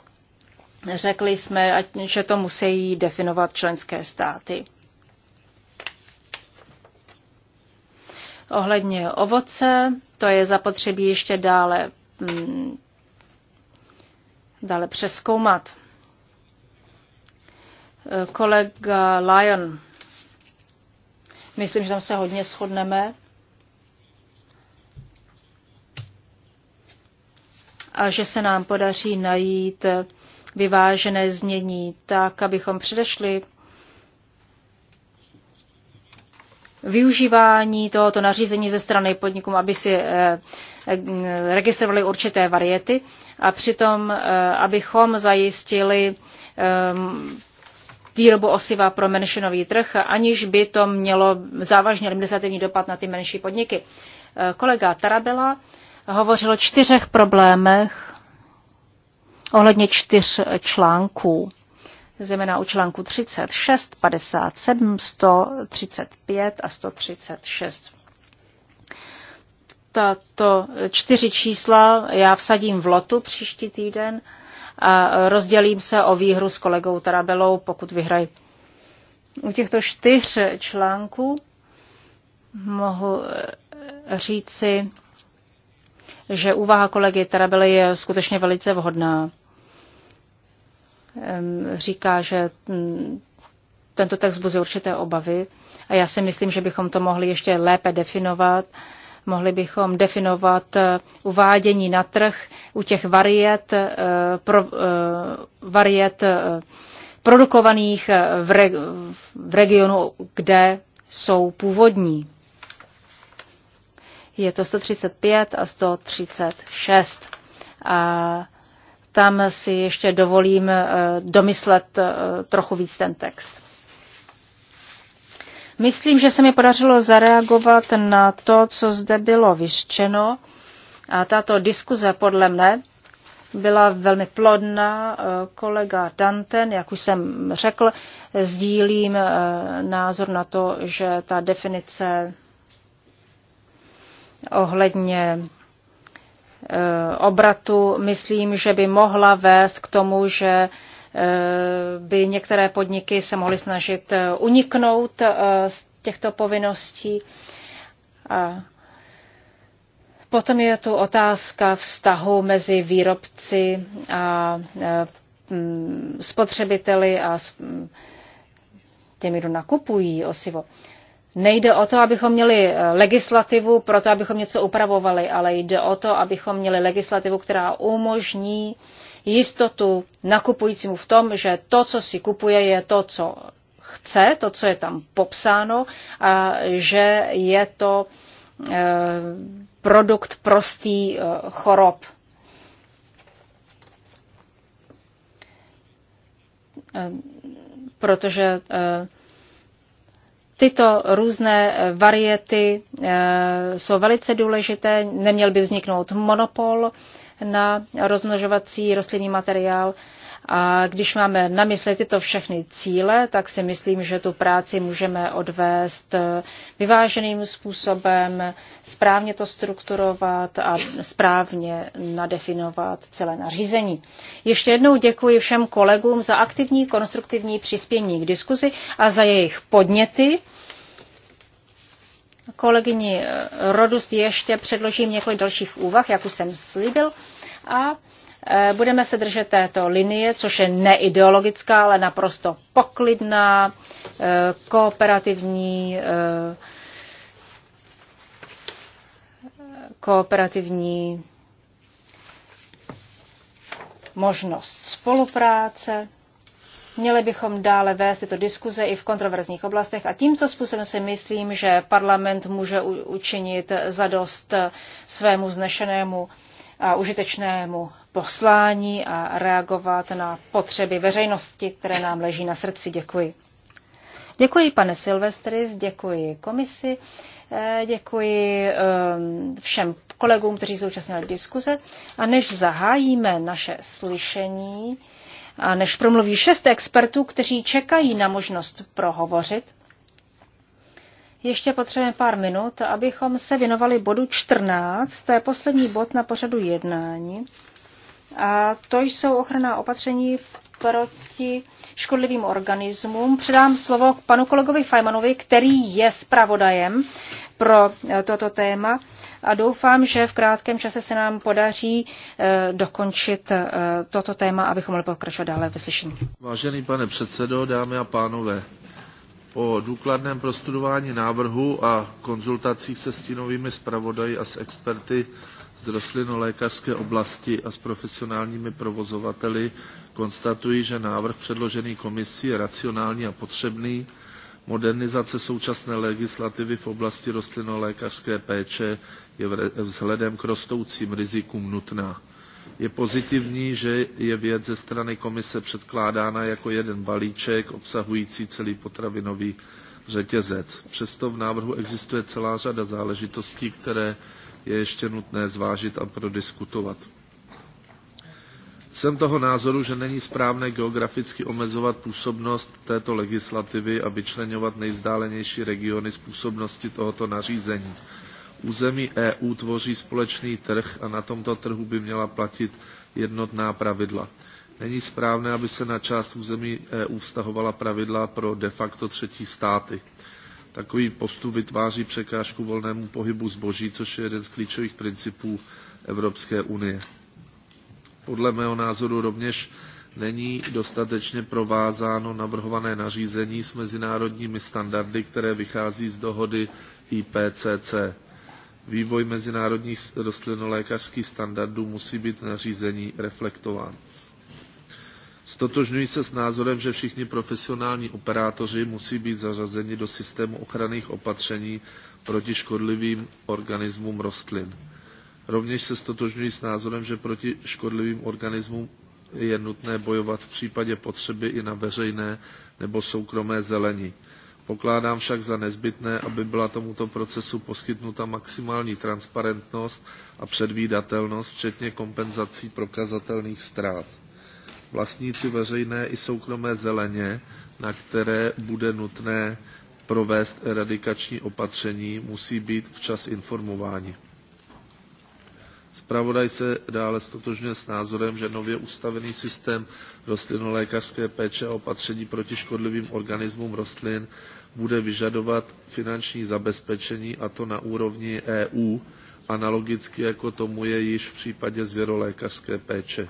Řekli jsme, že to musí definovat členské státy. Ohledně ovoce, to je zapotřebí ještě dále, mm, dále přeskoumat. Kolega Lyon, myslím, že tam se hodně shodneme. a že se nám podaří najít vyvážené znění tak, abychom předešli využívání tohoto nařízení ze strany podnikům, aby si eh, eh, registrovali určité variety a přitom, eh, abychom zajistili ehm, výrobu osiva pro menšinový trh, aniž by to mělo závažně administrativní dopad na ty menší podniky. Kolega Tarabela hovořil o čtyřech problémech ohledně čtyř článků zejména u článku 36, 57, 135 a 136. Tato čtyři čísla já vsadím v lotu příští týden a rozdělím se o výhru s kolegou Tarabelou, pokud vyhrají. U těchto čtyř článků mohu eh, říci, že úvaha kolegy Tarabely je skutečně velice vhodná říká, že mm, tento text buzuje určité obavy a já si myslím, že bychom to mohli ještě lépe definovat. Mohli bychom definovat eh, uvádění na trh u těch variet, eh, pro, eh, variet produkovaných v, re, v regionu, kde jsou původní. Je to 135 a 136. A tam si ještě dovolím eh, domyslet eh, trochu víc ten text. Myslím, že se mi podařilo zareagovat na to, co zde bylo vyřčeno. A tato diskuze podle mne byla velmi plodná. Eh, kolega Danten, jak už jsem řekl, sdílím názor na to, že ta definice ohledně Eh, obratu, myslím, že by mohla vést k tomu, že eh, by některé podniky se mohly snažit eh, uniknout z těchto povinností. A potom je tu otázka vztahu mezi výrobci a spotřebiteli a těmi, kdo nakupují osivo. Nejde o to, abychom měli eh, legislativu pro to, abychom něco upravovali, ale jde o to, abychom měli legislativu, která umožní jistotu nakupujícímu v tom, že to, co si kupuje, je to, co chce, to, co je tam popsáno, a že je to eh, produkt prostý eh, chorob. Protože Tyto různé eh, variety eh, jsou velice důležité, neměl by vzniknout monopol na rozmnožovací rostlinný materiál a když máme na mysli tyto všechny cíle, tak si myslím, že tu práci můžeme odvést eh, vyváženým způsobem, správně to strukturovat a správně nadefinovat celé nařízení. Ještě jednou děkuji všem kolegům za aktivní, konstruktivní přispění k diskuzi a za jejich podněty. Kolegyni eh, Rodust ještě předložím několik dalších úvah, jak už jsem slíbil. A Eh, budeme se držet této linie, což je neideologická, ale naprosto poklidná, eh, kooperativní, eh, kooperativní možnost spolupráce. Měli bychom dále vést tyto diskuze i v kontroverzních oblastech a tímto způsobem si myslím, že parlament může učinit zadost svému znešenému a užitečnému poslání a reagovat na potřeby veřejnosti, které nám leží na srdci. Děkuji. Děkuji, pane Silvestris, děkuji komisi, eh, děkuji ehm, všem kolegům, kteří zúčastnili diskuze. A než zahájíme naše slyšení, a než promluví šest expertů, kteří čekají na možnost prohovořit, ještě potřebujeme pár minut, abychom se věnovali bodu 14, to je poslední bod na pořadu jednání. A to jsou ochranná opatření proti škodlivým organismům. Předám slovo k panu kolegovi Fajmanovi, který je zpravodajem pro eh, toto téma a doufám, že v krátkém čase se nám podaří eh, dokončit eh, toto téma, abychom mohli pokračovat dále ve slyšení. Vážený pane předsedo, dámy a pánové, po důkladném prostudování návrhu a konzultacích se stínovými zpravodaji a s experty z rostlinolékařské oblasti a s profesionálními provozovateli konstatuji, že návrh předložený komisí je racionální a potřebný. Modernizace současné legislativy v oblasti rostlinolékařské péče je vzhledem k rostoucím rizikům nutná. Je pozitivní, že je věc ze strany komise předkládána jako jeden balíček obsahující celý potravinový řetězec. Přesto v návrhu existuje celá řada záležitostí, které je ještě nutné zvážit a prodiskutovat. Jsem toho názoru, že není správné geograficky omezovat působnost této legislativy a vyčleňovat nejvzdálenější regiony z působnosti tohoto nařízení území EU tvoří společný trh a na tomto trhu by měla platit jednotná pravidla. Není správné, aby se na část území EU vztahovala pravidla pro de facto třetí státy. Takový postup vytváří překážku volnému pohybu zboží, což je jeden z klíčových principů Evropské unie. Podle mého názoru rovněž není dostatečně provázáno navrhované nařízení s mezinárodními standardy, které vychází z dohody IPCC. Vývoj mezinárodních rostlinolékařských standardů musí být nařízení reflektován. Stotožňuji se s názorem, že všichni profesionální operátoři musí být zařazeni do systému ochranných opatření proti škodlivým organismům rostlin. Rovněž se stotožňuji s názorem, že proti škodlivým organismům je nutné bojovat v případě potřeby i na veřejné nebo soukromé zelení. Pokládám však za nezbytné, aby byla tomuto procesu poskytnuta maximální transparentnost a předvídatelnost, včetně kompenzací prokazatelných ztrát. Vlastníci veřejné i soukromé zeleně, na které bude nutné provést eradikační opatření, musí být včas informováni. Zpravodaj se dále stotožňuje s názorem, že nově ustavený systém rostlinolékařské péče a opatření proti škodlivým organismům rostlin bude vyžadovat finanční zabezpečení, a to na úrovni EU, analogicky jako tomu je již v případě zvěrolékařské péče.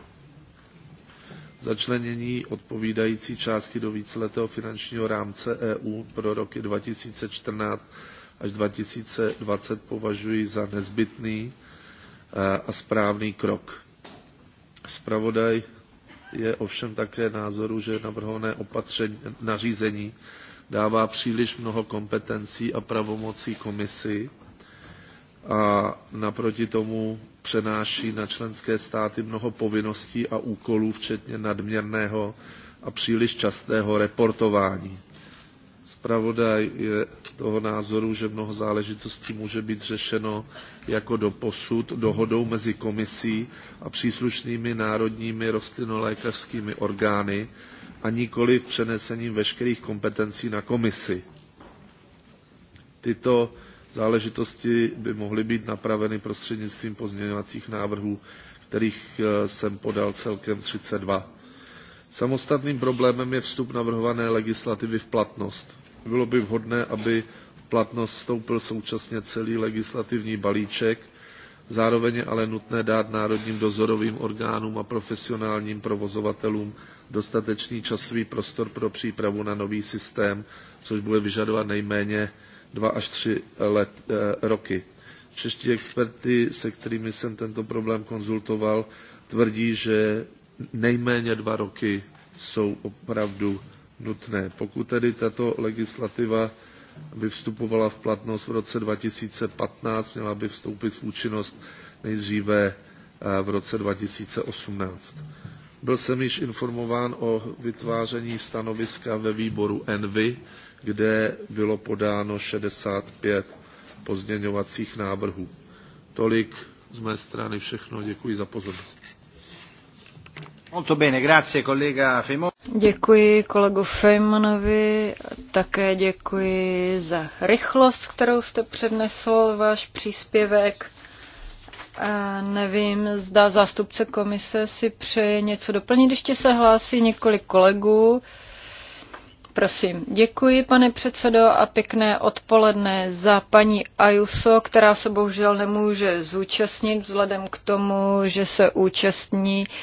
Začlenění odpovídající částky do víceletého finančního rámce EU pro roky 2014 až 2020 považuji za nezbytný a správný krok. Spravodaj je ovšem také názoru, že navrhované opatření, nařízení dává příliš mnoho kompetencí a pravomocí komisi a naproti tomu přenáší na členské státy mnoho povinností a úkolů, včetně nadměrného a příliš častého reportování. Spravodaj je toho názoru, že mnoho záležitostí může být řešeno jako do posud dohodou mezi komisí a příslušnými národními rostlinolékařskými orgány a nikoli v přenesením veškerých kompetencí na komisi. Tyto záležitosti by mohly být napraveny prostřednictvím pozměňovacích návrhů, kterých eh, jsem podal celkem 32. Samostatným problémem je vstup navrhované legislativy v platnost. Bylo by vhodné, aby v platnost vstoupil současně celý legislativní balíček, zároveň je ale nutné dát národním dozorovým orgánům a profesionálním provozovatelům dostatečný časový prostor pro přípravu na nový systém, což bude vyžadovat nejméně dva až tři let, e, roky. Čeští experti, se kterými jsem tento problém konzultoval, tvrdí, že nejméně dva roky jsou opravdu nutné. Pokud tedy tato legislativa by vstupovala v platnost v roce 2015, měla by vstoupit v účinnost nejdříve eh, v roce 2018. Byl jsem již informován o vytváření stanoviska ve výboru ENVY, kde bylo podáno 65 pozměňovacích návrhů. Tolik z mé strany všechno. Děkuji za pozornost. Děkuji kolegu Feynmanovi, také děkuji za rychlost, kterou jste přednesl váš příspěvek. A nevím, zda zástupce komise si přeje něco doplnit, ještě se hlásí několik kolegů. Prosím, děkuji, pane předsedo, a pěkné odpoledne za paní Ajuso, která se bohužel nemůže zúčastnit vzhledem k tomu, že se účastní uh,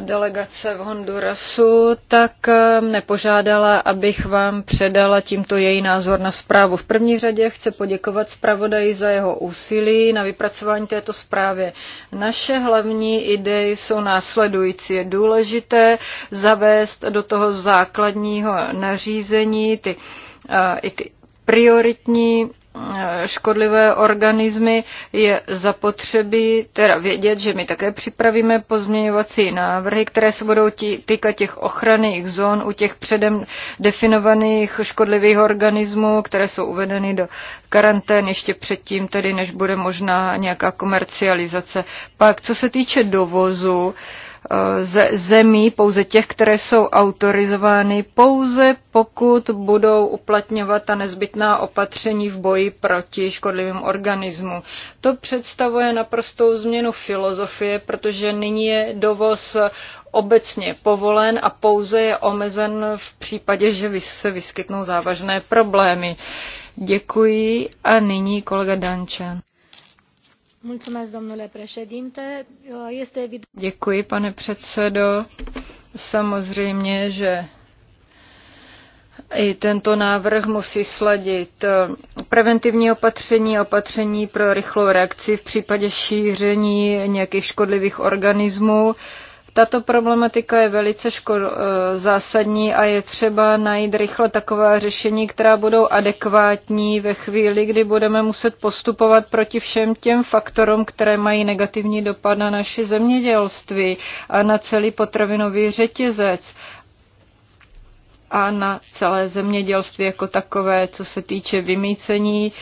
delegace v Hondurasu, tak mne e, požádala, abych vám předala tímto její názor na zprávu. V první řadě chce poděkovat zpravodaji za jeho úsilí na vypracování této zprávy. Naše hlavní idei jsou následující. Je důležité zavést do toho základního nařízení ty, e, i ty prioritní Eh, škodlivé organismy, je zapotřebí teda vědět, že my také připravíme pozměňovací návrhy, které se budou týkat těch ochranných zón u těch předem definovaných škodlivých organismů, které jsou uvedeny do karantén ještě předtím, tedy než bude možná nějaká komercializace. Pak, co se týče dovozu, Eh, ze zemí, pouze těch, které jsou autorizovány, pouze pokud budou uplatňovat ta nezbytná opatření v boji proti škodlivým organismům. To představuje naprostou změnu filozofie, protože nyní je dovoz obecně povolen a pouze je omezen v případě, že se vyskytnou závažné problémy. Děkuji a nyní kolega Dančan. Děkuji, pane předsedo. Samozřejmě, že i tento návrh musí sladit eh, preventivní opatření, opatření pro rychlou reakci v případě šíření nějakých škodlivých organismů tato problematika je velice škol- eh, zásadní a je třeba najít rychle taková řešení, která budou adekvátní ve chvíli, kdy budeme muset postupovat proti všem těm faktorům, které mají negativní dopad na naše zemědělství a na celý potravinový řetězec a na celé zemědělství jako takové, co se týče vymícení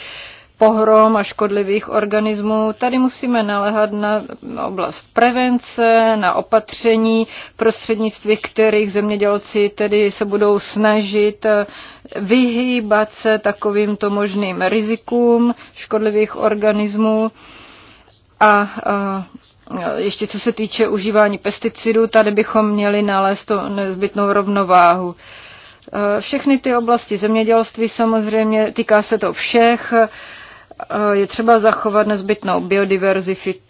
pohrom a škodlivých organismů. Tady musíme naléhat na oblast prevence, na opatření, prostřednictví kterých zemědělci tedy se budou snažit eh, vyhýbat se takovýmto možným rizikům škodlivých organismů. A, a eh, ještě co se týče užívání pesticidů, tady bychom měli nalézt to nezbytnou rovnováhu. Eh, všechny ty oblasti zemědělství samozřejmě, týká se to všech, Eh, je třeba zachovat nezbytnou biodiverzifitu.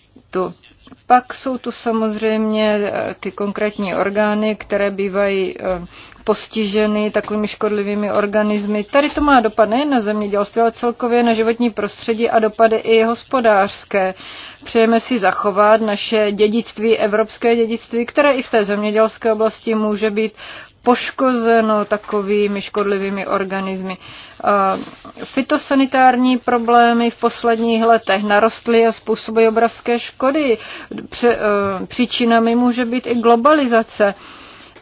Pak jsou tu samozřejmě eh, ty konkrétní orgány, které bývají eh, postiženy takovými škodlivými organismy. Tady to má dopad nejen na zemědělství, ale celkově na životní prostředí a dopady i hospodářské. Přejeme si zachovat naše dědictví, evropské dědictví, které i v té zemědělské oblasti může být poškozeno takovými škodlivými organismy. Fitosanitární problémy v posledních letech narostly a způsobují obrovské škody. Eh, příčinami může být i globalizace.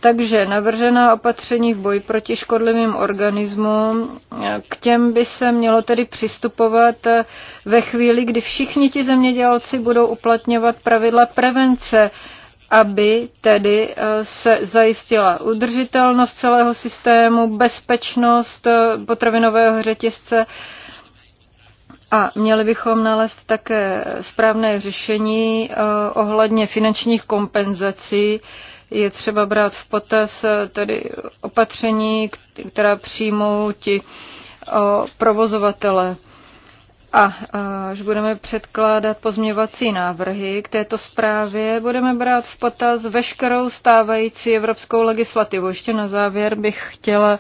Takže navržená opatření v boji proti škodlivým organismům, eh, k těm by se mělo tedy přistupovat eh, ve chvíli, kdy všichni ti zemědělci budou uplatňovat pravidla prevence, aby tedy eh, se zajistila udržitelnost celého systému, bezpečnost eh, potravinového řetězce a měli bychom nalézt také správné řešení eh, ohledně finančních kompenzací. Je třeba brát v potaz tedy opatření, která přijmou ti provozovatele. A až budeme předkládat pozměňovací návrhy k této zprávě, budeme brát v potaz veškerou stávající evropskou legislativu. Ještě na závěr bych chtěla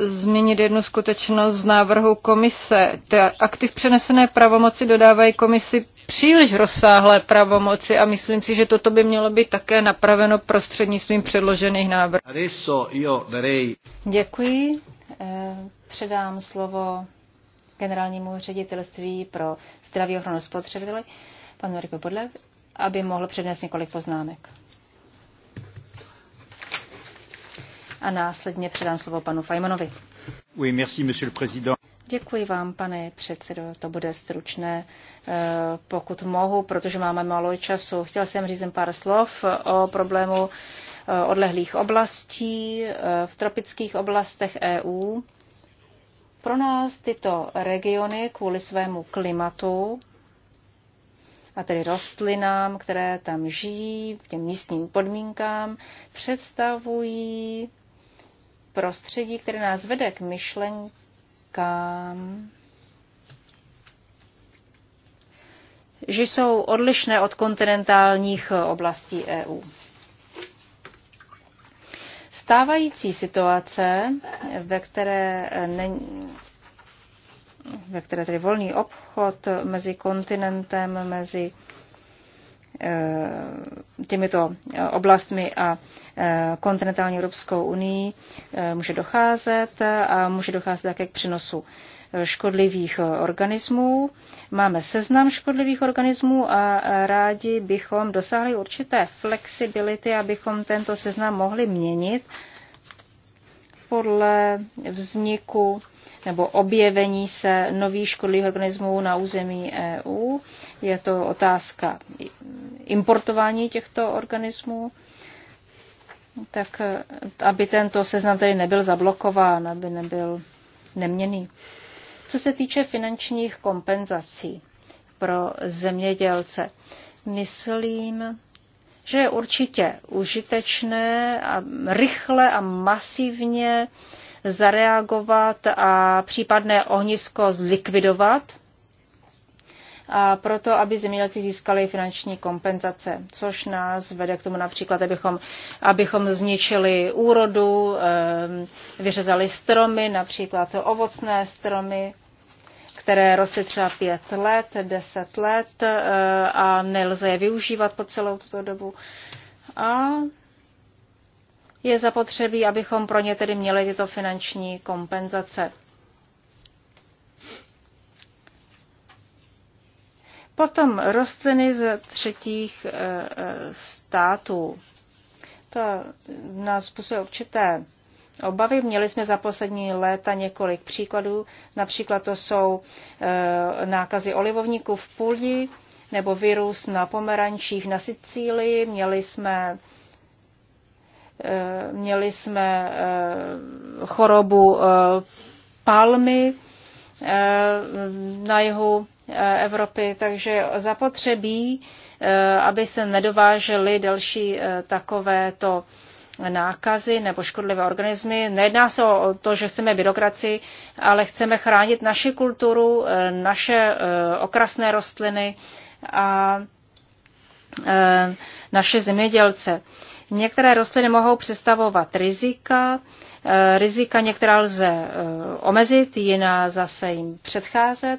změnit jednu skutečnost z návrhu komise. Ty aktiv přenesené pravomoci dodávají komisi příliš rozsáhlé pravomoci a myslím si, že toto by mělo být také napraveno prostřednictvím předložených návrhů. Děkuji. Eh, předám slovo generálnímu ředitelství pro zdraví ochranu spotřebitele, panu Riku Podlev, aby mohl přednést několik poznámek. A následně předám slovo panu Fajmanovi. Oui, merci, monsieur le président. Děkuji vám, pane předsedo, to bude stručné, eh, pokud mohu, protože máme málo času. Chtěl jsem říct pár slov o problému eh, odlehlých oblastí eh, v tropických oblastech EU. Pro nás tyto regiony kvůli svému klimatu, a tedy rostlinám, které tam žijí, těm místním podmínkám, představují prostředí, které nás vede k myšlenkám, že jsou odlišné od kontinentálních oblastí EU. Stávající situace, ve které, eh, ne, ve které tedy volný obchod mezi kontinentem, mezi eh, těmito eh, oblastmi a kontinentální Evropskou unii může docházet a může docházet také k přenosu škodlivých organismů. Máme seznam škodlivých organismů a rádi bychom dosáhli určité flexibility, abychom tento seznam mohli měnit podle vzniku nebo objevení se nových škodlivých organismů na území EU. Je to otázka importování těchto organismů, tak aby tento seznam tedy nebyl zablokován, aby nebyl neměný. Co se týče finančních kompenzací pro zemědělce, myslím, že je určitě užitečné a rychle a masivně zareagovat a případné ohnisko zlikvidovat a proto, aby zemědělci získali finanční kompenzace, což nás vede k tomu například, abychom, abychom zničili úrodu, eh, vyřezali stromy, například ovocné stromy, které rostly třeba pět let, deset let eh, a nelze je využívat po celou tuto dobu. A je zapotřebí, abychom pro ně tedy měli tyto finanční kompenzace. Potom rostliny ze třetích eh, eh, států. To nás způsobuje určité obavy. Měli jsme za poslední léta několik příkladů. Například to jsou eh, nákazy olivovníků v půli nebo virus na pomerančích na Sicílii. Měli jsme měli jsme chorobu palmy Eh, na jihu eh, Evropy, takže zapotřebí, eh, aby se nedovážely další takovéto nákazy nebo škodlivé organismy. Nejedná se o to, že chceme byrokraci, ale chceme chránit naši kulturu, naše okrasné rostliny a Eh, naše zemědělce. Některé rostliny mohou představovat rizika, eh, rizika některá lze eh, omezit, jiná zase jim předcházet.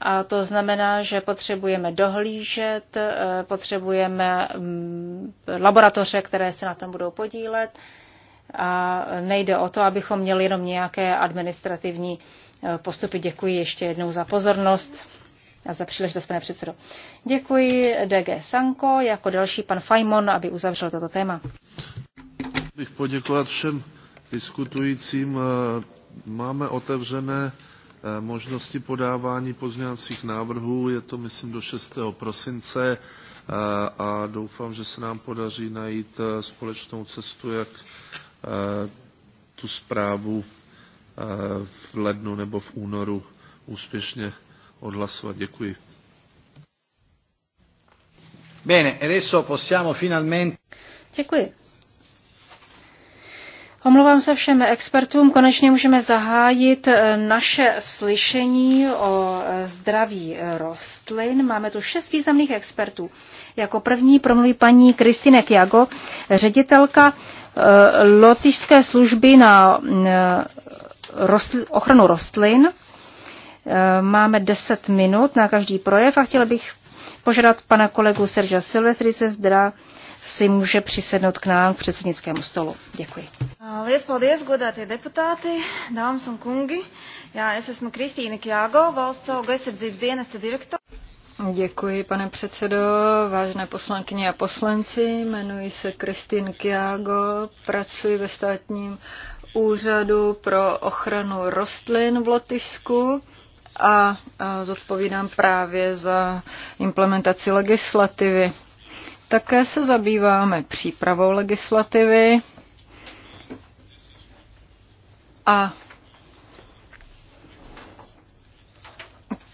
A to znamená, že potřebujeme dohlížet, potřebujeme mm, laboratoře, které se na tom budou podílet. A nejde o to, abychom měli jenom nějaké administrativní postupy. Děkuji ještě jednou za pozornost za příležitost, pane předsedo. Děkuji DG Sanko, jako další pan Fajmon, aby uzavřel toto téma. Bych poděkovat všem diskutujícím. Eh, máme otevřené eh, možnosti podávání pozměňovacích návrhů. Je to, myslím, do 6. prosince eh, a doufám, že se nám podaří najít společnou cestu, jak tu zprávu v lednu nebo v únoru úspěšně odhlasovat. Děkuji. Bene, e adesso possiamo finalmente... Děkuji. Omlouvám se všem expertům, konečně můžeme zahájit e, naše slyšení o e, zdraví rostlin. Máme tu šest významných expertů. Jako první promluví paní Kristine Jago, ředitelka lotyšské služby na rostl- ochranu rostlin Máme 10 minut na každý projev a chtěla bych požádat pana kolegu Serža Silvestrice, zdra si může přisednout k nám k předsednickému stolu. Děkuji. Lies paldies, godātie deputāti, dāmas un kungi. Já esmu Kristīna Kjāgo, valsts auga aizsardzības dienesta direktor. Děkuji, pane předsedo, vážné poslankyně a poslanci. Jmenuji se Kristin Kiago, pracuji ve státním úřadu pro ochranu rostlin v Lotyšsku a zodpovídám právě za implementaci legislativy. Také se zabýváme přípravou legislativy a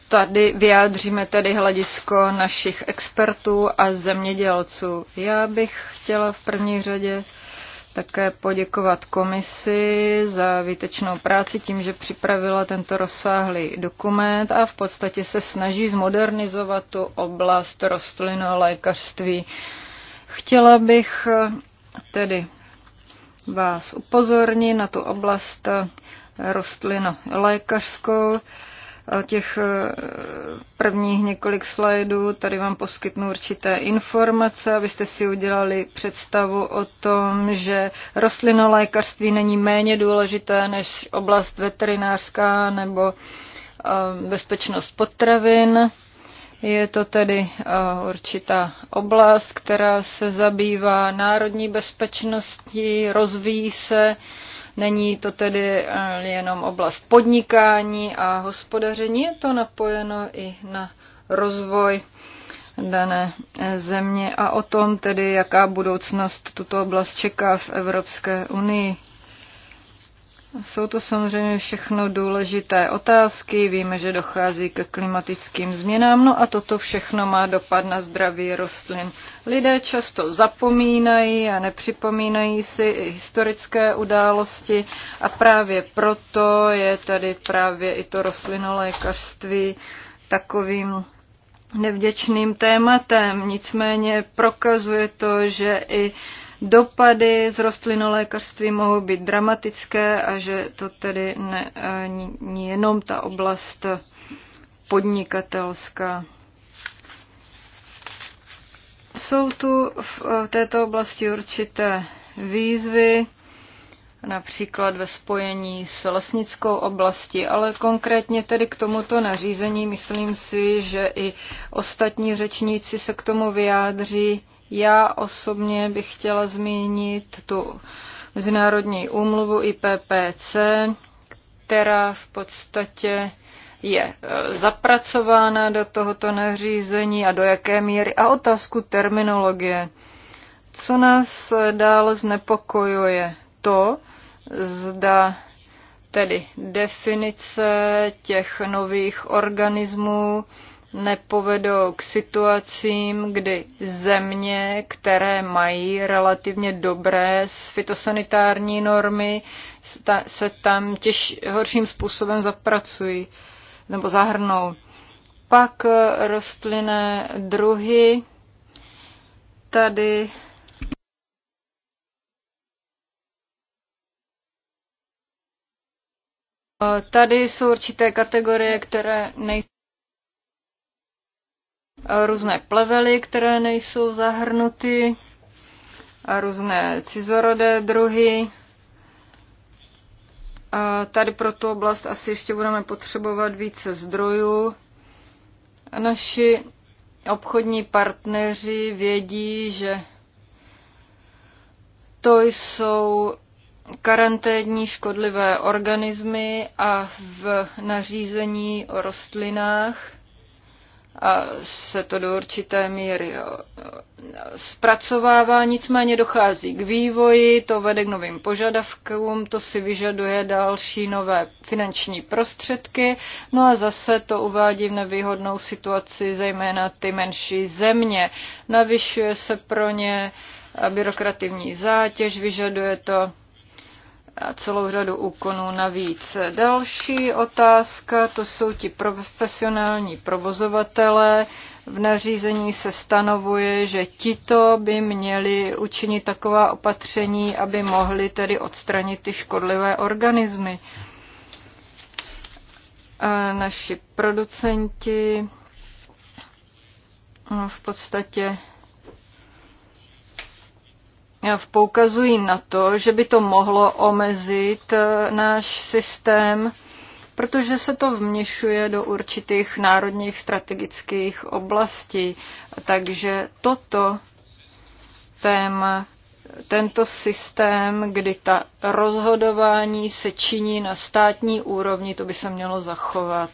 tady vyjádříme tedy hledisko našich expertů a zemědělců. Já bych chtěla v první řadě také poděkovat komisi za výtečnou práci tím, že připravila tento rozsáhlý dokument a v podstatě se snaží zmodernizovat tu oblast rostlinolékařství. Chtěla bych tedy vás upozornit na tu oblast rostlinolékařskou, lékařskou Eh, těch eh, prvních několik slajdů. Tady vám poskytnu určité informace, abyste si udělali představu o tom, že rostlinolékařství není méně důležité než oblast veterinářská nebo eh, bezpečnost potravin. Je to tedy určitá oblast, která se zabývá národní bezpečností, rozvíjí se Není to tedy eh, jenom oblast podnikání a hospodaření, je to napojeno i na rozvoj dané eh, země a o tom tedy, jaká budoucnost tuto oblast čeká v Evropské unii. Jsou to samozřejmě všechno důležité otázky. Víme, že dochází k klimatickým změnám, no a toto všechno má dopad na zdraví rostlin. Lidé často zapomínají a nepřipomínají si i historické události a právě proto je tady právě i to rostlinolékařství takovým nevděčným tématem. Nicméně prokazuje to, že i dopady z rostlinolékařství mohou být dramatické a že to tedy není jenom ta oblast podnikatelská. Jsou tu v této oblasti určité výzvy, například ve spojení s lesnickou oblastí, ale konkrétně tedy k tomuto nařízení myslím si, že i ostatní řečníci se k tomu vyjádří. Já osobně bych chtěla zmínit tu mezinárodní úmluvu IPPC, která v podstatě je e, zapracována do tohoto nařízení a do jaké míry a otázku terminologie. Co nás e, dále znepokojuje? To, zda tedy definice těch nových organismů, nepovedou k situacím, kdy země, které mají relativně dobré fitosanitární normy, se tam těž, horším způsobem zapracují nebo zahrnou. Pak eh, rostlinné druhy. Tady eh, Tady jsou určité kategorie, které nejsou různé plevely, které nejsou zahrnuty, a různé cizorodé druhy. A tady pro tu oblast asi ještě budeme potřebovat více zdrojů. A naši obchodní partneři vědí, že to jsou karanténní škodlivé organismy a v nařízení o rostlinách se to do určité míry zpracovává, nicméně dochází k vývoji, to vede k novým požadavkům, to si vyžaduje další nové finanční prostředky, no a zase to uvádí v nevýhodnou situaci zejména ty menší země. Navyšuje se pro ně byrokrativní zátěž, vyžaduje to a celou řadu úkonů navíc. Další otázka, to jsou ti profesionální provozovatelé. V nařízení se stanovuje, že tito by měli učinit taková opatření, aby mohli tedy odstranit ty škodlivé organismy. A naši producenti no, v podstatě poukazují na to, že by to mohlo omezit eh, náš systém, protože se to vměšuje do určitých národních strategických oblastí. Takže toto téma tento systém, kdy ta rozhodování se činí na státní úrovni, to by se mělo zachovat.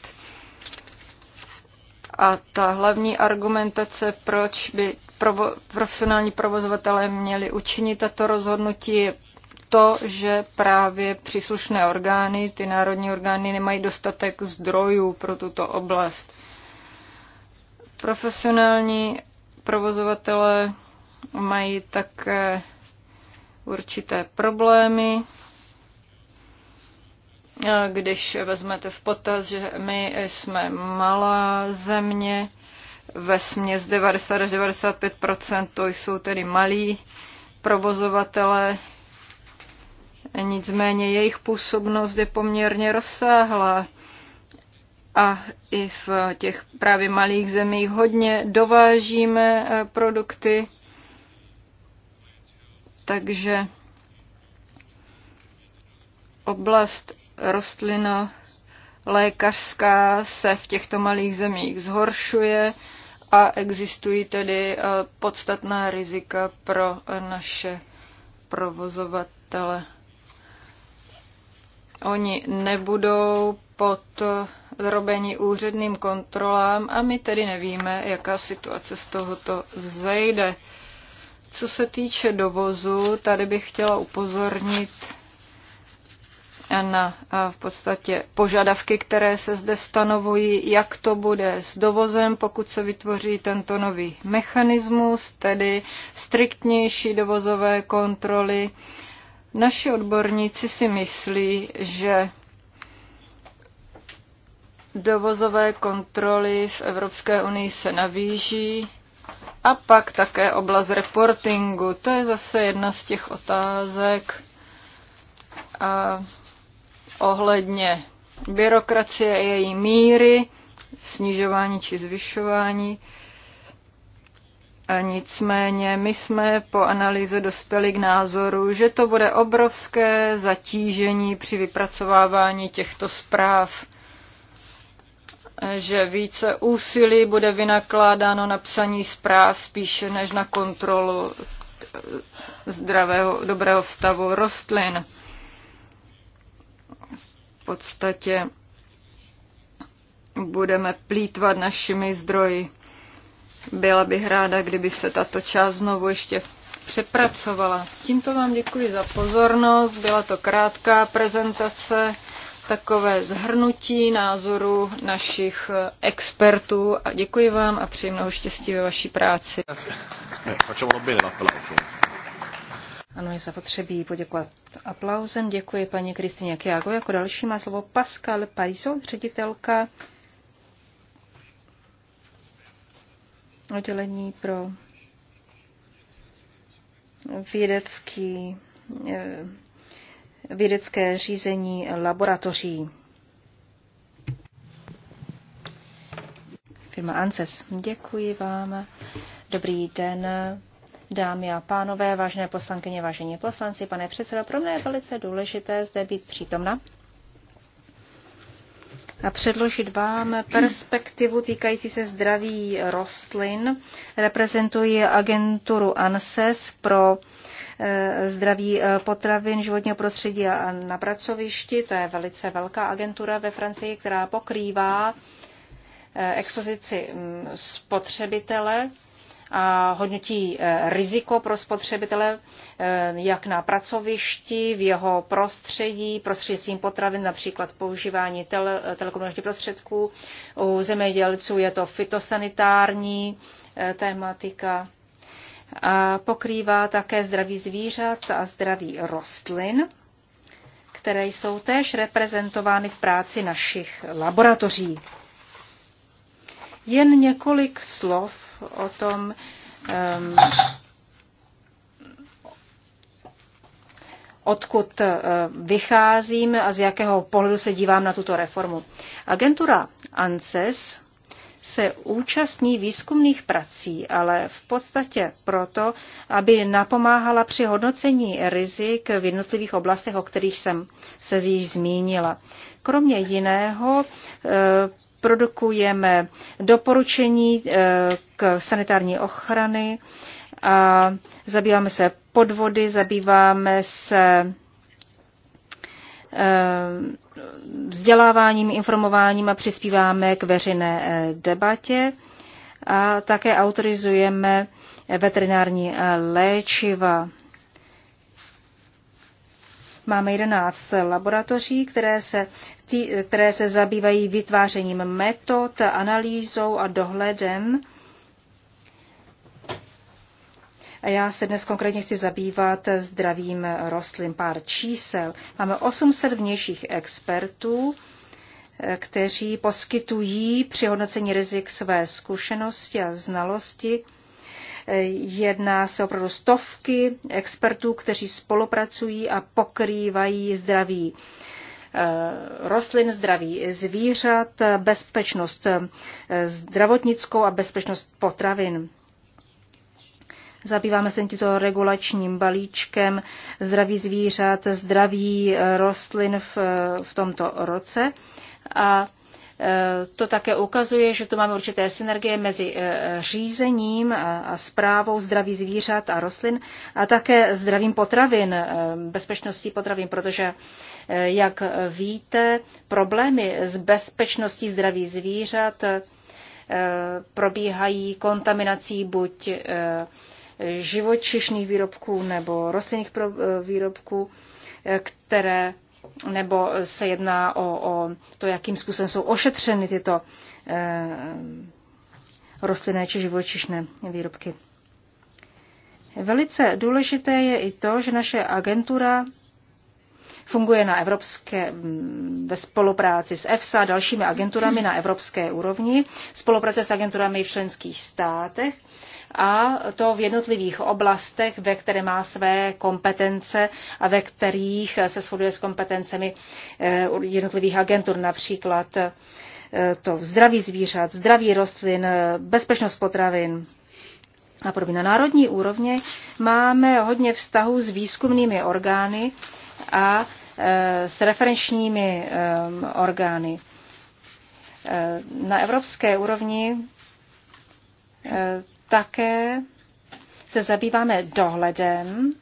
A ta hlavní argumentace, proč by provo- profesionální provozovatelé měli učinit tato rozhodnutí, je to, že právě příslušné orgány, ty národní orgány, nemají dostatek zdrojů pro tuto oblast. Profesionální provozovatele mají také určité problémy. Když vezmete v potaz, že my jsme malá země, ve směs 90 až 95 to jsou tedy malí provozovatelé. Nicméně jejich působnost je poměrně rozsáhlá a i v těch právě malých zemích hodně dovážíme eh, produkty, takže oblast rostlina lékařská se v těchto malých zemích zhoršuje a existují tedy eh, podstatná rizika pro eh, naše provozovatele. Oni nebudou podrobeni eh, úředným kontrolám a my tedy nevíme, jaká situace z tohoto vzejde. Co se týče dovozu, tady bych chtěla upozornit na v podstatě požadavky, které se zde stanovují, jak to bude s dovozem, pokud se vytvoří tento nový mechanismus, tedy striktnější dovozové kontroly. Naši odborníci si myslí, že dovozové kontroly v Evropské unii se navíží a pak také oblast reportingu. To je zase jedna z těch otázek. A ohledně byrokracie a její míry, snižování či zvyšování. A nicméně my jsme po analýze dospěli k názoru, že to bude obrovské zatížení při vypracovávání těchto zpráv že více úsilí bude vynakládáno na psaní zpráv spíše než na kontrolu zdravého, dobrého stavu rostlin podstatě budeme plítvat našimi zdroji. Byla bych ráda, kdyby se tato část znovu ještě přepracovala. Tímto vám děkuji za pozornost. Byla to krátká prezentace, takové zhrnutí názoru našich expertů. A děkuji vám a přeji mnoho štěstí ve vaší práci. Ano, je zapotřebí poděkovat aplauzem. Děkuji paní Kristině Kiago. Jako další má slovo Pascal Parisot, ředitelka oddělení pro vědecký, eh, vědecké řízení laboratoří. Firma ANSES. Děkuji vám. Dobrý den, Dámy a pánové, vážné poslankyně, vážení poslanci, pane předsedo, pro mě je velice důležité zde být přítomna a předložit vám perspektivu týkající se zdraví rostlin. Reprezentuji agenturu ANSES pro eh, zdraví eh, potravin, životního prostředí a na pracovišti. To je velice velká agentura ve Francii, která pokrývá eh, expozici mm, spotřebitele a hodnotí eh, riziko pro spotřebitele, eh, jak na pracovišti, v jeho prostředí, prostřednictvím potravin, například používání tele, eh, telekomunikačních prostředků. U zemědělců je to fitosanitární tématika. A pokrývá také zdraví zvířat a zdraví rostlin které jsou též reprezentovány v práci našich laboratoří. Jen několik slov o tom, ehm, odkud eh, vycházím a z jakého pohledu se dívám na tuto reformu. Agentura ANSES se účastní výzkumných prací, ale v podstatě proto, aby napomáhala při hodnocení rizik v jednotlivých oblastech, o kterých jsem se již zmínila. Kromě jiného eh, produkujeme doporučení eh, k sanitární ochrany a zabýváme se podvody, zabýváme se eh, vzděláváním, informováním a přispíváme k veřejné eh, debatě a také autorizujeme veterinární léčiva. Máme 11 laboratoří, které se, tý, které se zabývají vytvářením metod, analýzou a dohledem. A já se dnes konkrétně chci zabývat zdravím rostlin pár čísel. Máme 800 vnějších expertů, eh, kteří poskytují při hodnocení rizik své zkušenosti a znalosti Jedná se opravdu stovky expertů, kteří spolupracují a pokrývají zdraví eh, rostlin, zdraví zvířat, bezpečnost eh, zdravotnickou a bezpečnost potravin. Zabýváme se tímto regulačním balíčkem zdraví zvířat, zdraví eh, rostlin v, v tomto roce a Eh, to také ukazuje, že tu máme určité synergie mezi eh, řízením a zprávou zdraví zvířat a rostlin a také zdravím potravin, eh, bezpečností potravin, protože, jak víte, problémy s bezpečností zdraví zvířat probíhají kontaminací buď živočišných výrobků nebo rostlinných výrobků, které nebo se jedná o, o to, jakým způsobem jsou ošetřeny tyto eh, rostlinné či živočišné výrobky. Velice důležité je i to, že naše agentura funguje na evropské, mm, ve spolupráci s EFSA a dalšími agenturami na evropské úrovni, spolupráce s agenturami v členských státech a to v jednotlivých oblastech, ve které má své kompetence a ve kterých se shoduje s kompetencemi eh, jednotlivých agentur, například eh, to zdraví zvířat, zdraví rostlin, bezpečnost potravin a podobně. Na národní úrovni máme hodně vztahu s výzkumnými orgány a eh, s referenčními orgány. Na evropské úrovni také se zabýváme dohledem.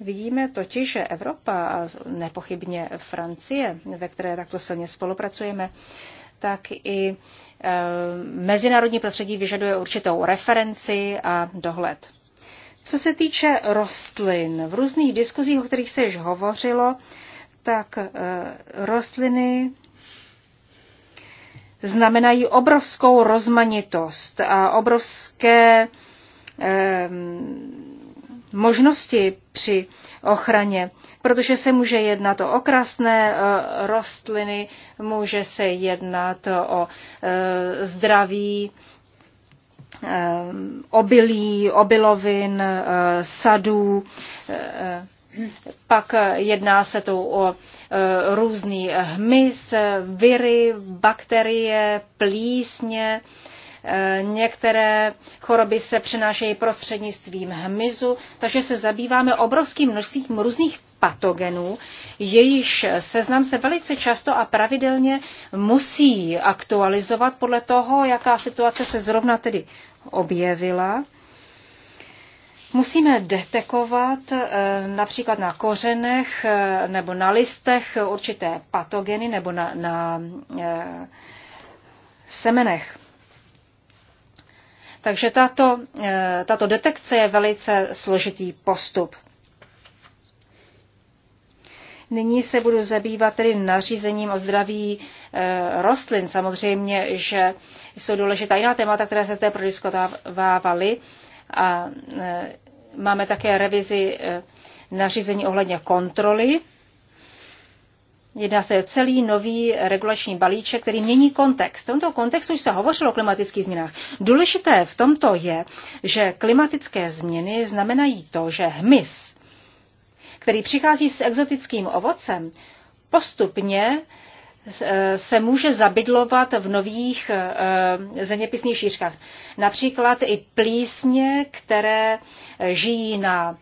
Vidíme totiž, že Evropa a nepochybně Francie, ve které takto silně spolupracujeme, tak i e, mezinárodní prostředí vyžaduje určitou referenci a dohled. Co se týče rostlin, v různých diskuzích, o kterých se již hovořilo, tak e, rostliny znamenají obrovskou rozmanitost a obrovské eh, možnosti při ochraně, protože se může jednat o okrasné eh, rostliny, může se jednat o eh, zdraví obilí, obilovin, eh, sadů, pak jedná se tu o Eh, různý hmyz, viry, bakterie, plísně. Eh, některé choroby se přenášejí prostřednictvím hmyzu, takže se zabýváme obrovským množstvím různých patogenů, jejíž seznam se velice často a pravidelně musí aktualizovat podle toho, jaká situace se zrovna tedy objevila. Musíme detekovat eh, například na kořenech eh, nebo na listech určité patogeny nebo na, na eh, semenech. Takže tato, tato detekce je velice složitý postup. Nyní se budu zabývat tedy nařízením o zdraví e, rostlin. Samozřejmě, že jsou důležitá jiná témata, které se zde E, a e, máme také revizi e, nařízení ohledně kontroly. Jedná se o celý nový regulační balíček, který mění kontext. V tomto kontextu už se hovořilo o klimatických změnách. Důležité v tomto je, že klimatické změny znamenají to, že hmyz, který přichází s exotickým ovocem, postupně Eh, se může zabydlovat v nových eh, zeměpisných šířkách. Například i plísně, které eh, žijí na,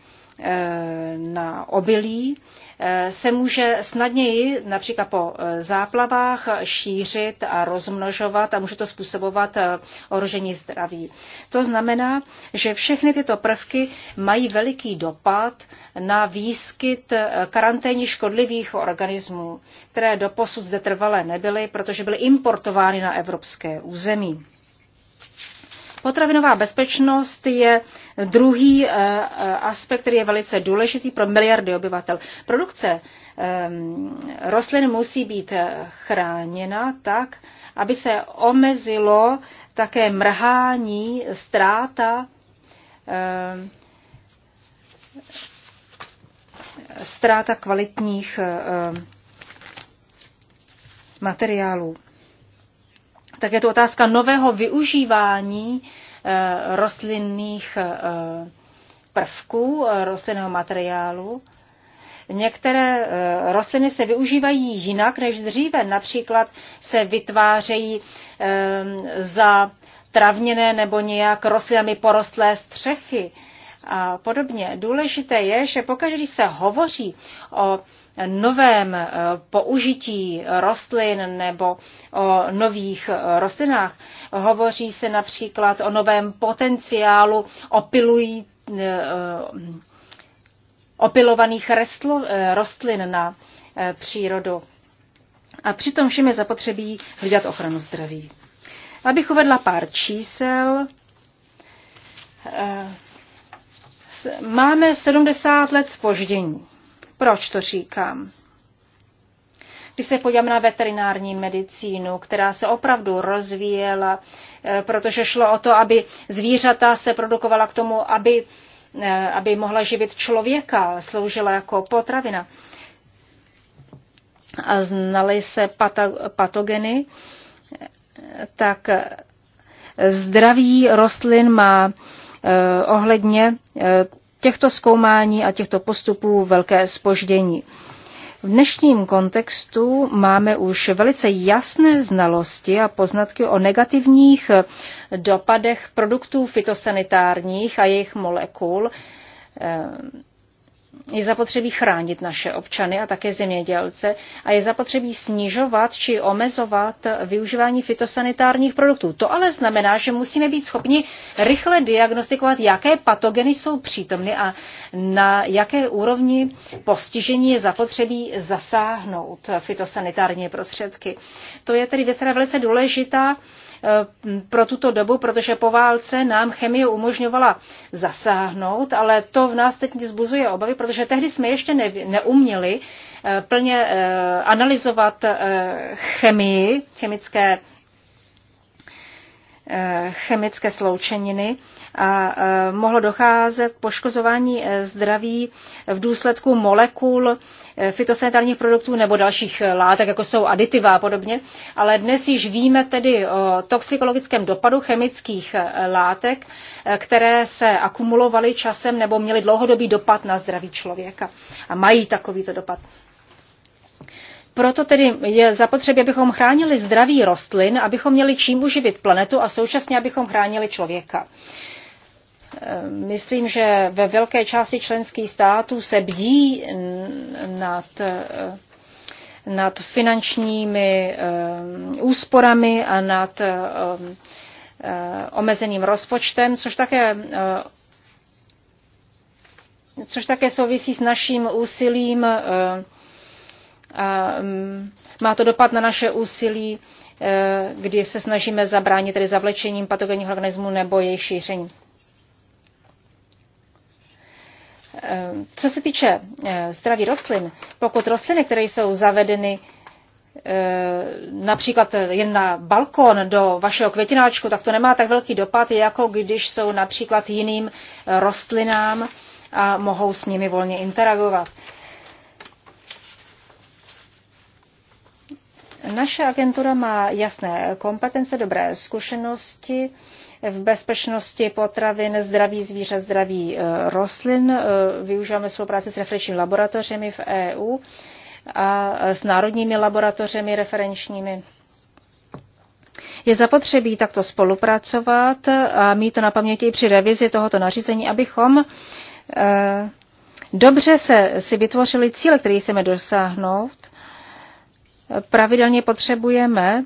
na obilí, se může snadněji například po e, záplavách šířit a rozmnožovat a může to způsobovat e, ohrožení zdraví. To znamená, že všechny tyto prvky mají veliký dopad na výskyt e, karanténní škodlivých organismů, které doposud zde trvale nebyly, protože byly importovány na evropské území. Potravinová bezpečnost je druhý eh, eh, aspekt, který je velice důležitý pro miliardy obyvatel. Produkce ehm, rostlin musí být eh, chráněna tak, aby se omezilo také mrhání, ztráta ehm, ztráta kvalitních materiálů tak je to otázka nového využívání eh, rostlinných eh, prvků, eh, rostlinného materiálu. Některé rostliny se využívají jinak než dříve. Například se vytvářejí za travněné nebo nějak rostlinami porostlé střechy a podobně. Důležité je, že pokud se hovoří o novém eh, použití rostlin nebo o nových eh, rostlinách. Hovoří se například o novém potenciálu opilují, eh, opilovaných restlo, rostlin na přírodu. A přitom všem je zapotřebí hledat ochranu zdraví. Abych uvedla pár čísel, máme 70 let spoždění proč to říkám? Když se podívám na veterinární medicínu, která se opravdu rozvíjela, eh, protože šlo o to, aby zvířata se produkovala k tomu, aby, eh, aby mohla živit člověka, sloužila jako potravina. A znaly se patogeny, eh, tak zdraví rostlin má ohledně těchto zkoumání a těchto postupů velké spoždění. V dnešním kontextu máme už velice jasné znalosti a poznatky o negativních dopadech produktů fitosanitárních a jejich molekul je zapotřebí chránit naše občany a také zemědělce a je zapotřebí snižovat či omezovat využívání fitosanitárních produktů. To ale znamená, že musíme být schopni rychle diagnostikovat, jaké patogeny jsou přítomny a na jaké úrovni postižení je zapotřebí zasáhnout fitosanitární prostředky. To je tedy věc, velice důležitá Eh, pro tuto dobu, protože po válce nám chemie umožňovala zasáhnout, ale to v nás teď zbuzuje obavy, protože tehdy jsme ještě ne, neuměli eh, plně eh, analyzovat chemii, chemické chemické sloučeniny a e, mohlo docházet k poškozování e, zdraví v důsledku molekul e, fitosanitárních produktů nebo dalších látek, jako jsou aditiva a podobně. Ale dnes již víme tedy o toxikologickém dopadu chemických látek, které se akumulovaly časem nebo měly dlouhodobý dopad na zdraví člověka a mají takovýto dopad. Proto tedy je zapotřebí, abychom chránili zdraví rostlin, abychom měli čím uživit planetu a současně abychom chránili člověka. Ehm, myslím, že ve velké části členských států se bdí nad, eh, nad finančními ehm, úsporami a nad ehm, eh, omezeným rozpočtem, což také eh, což také souvisí s naším úsilím a mm, má to dopad na naše úsilí, e, kdy se snažíme zabránit tedy zavlečením patogenních organismů nebo jejich šíření. E, co se týče e, zdraví rostlin, pokud rostliny, které jsou zavedeny například jen na balkon do vašeho květináčku, tak to nemá tak velký dopad, jako když jsou například jiným rostlinám a mohou s nimi volně interagovat. Naše agentura má jasné kompetence, dobré zkušenosti v bezpečnosti potravin, zdraví zvířat, zdraví e, rostlin. E, využíváme spolupráci s referenčními laboratořemi v EU a s národními laboratořemi referenčními. Je zapotřebí takto spolupracovat a mít to na paměti i při revizi tohoto nařízení, abychom e, dobře se, si vytvořili cíle, které chceme dosáhnout pravidelně potřebujeme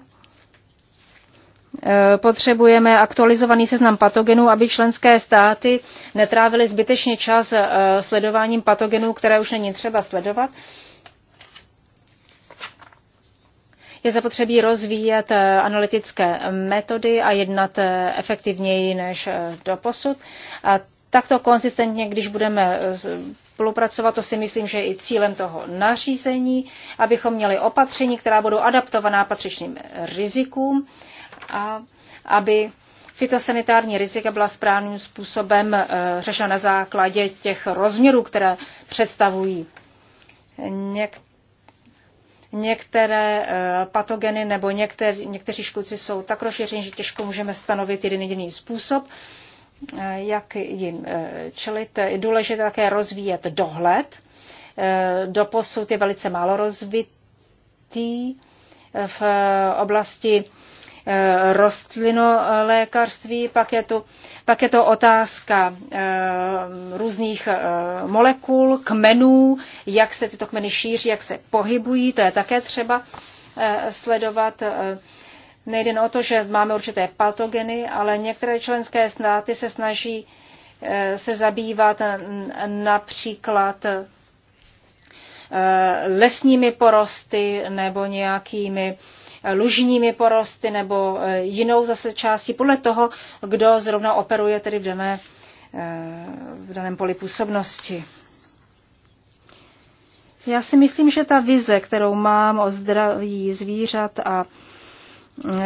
eh, potřebujeme aktualizovaný seznam patogenů, aby členské státy netrávily zbytečně čas eh, sledováním patogenů, které už není třeba sledovat. Je zapotřebí rozvíjet eh, analytické metody a jednat efektivněji než doposud. A takto konzistentně, když budeme spolupracovat. To si myslím, že je i cílem toho nařízení, abychom měli opatření, která budou adaptovaná patřičným rizikům a aby fitosanitární rizika byla správným způsobem eh, řešena na základě těch rozměrů, které představují. některé některé eh, patogeny nebo někter- někteří škůdci jsou tak rozšířeni, že těžko můžeme stanovit jeden jediný způsob. Eh, jak jim eh, čelit. Je důležité také rozvíjet dohled. Eh, doposud je velice málo rozvitý v oblasti rostlinolékařství, pak je, tu, pak je to otázka různých molekul, kmenů, jak se tyto kmeny šíří, jak se pohybují, to je také třeba sledovat. Nejde o to, že máme určité patogeny, ale některé členské státy se snaží eh, se zabývat eh, například eh, lesními porosty nebo nějakými lužními porosty nebo jinou zase částí, podle toho, kdo zrovna operuje tedy v, dané, v daném poli působnosti. Já si myslím, že ta vize, kterou mám o zdraví zvířat a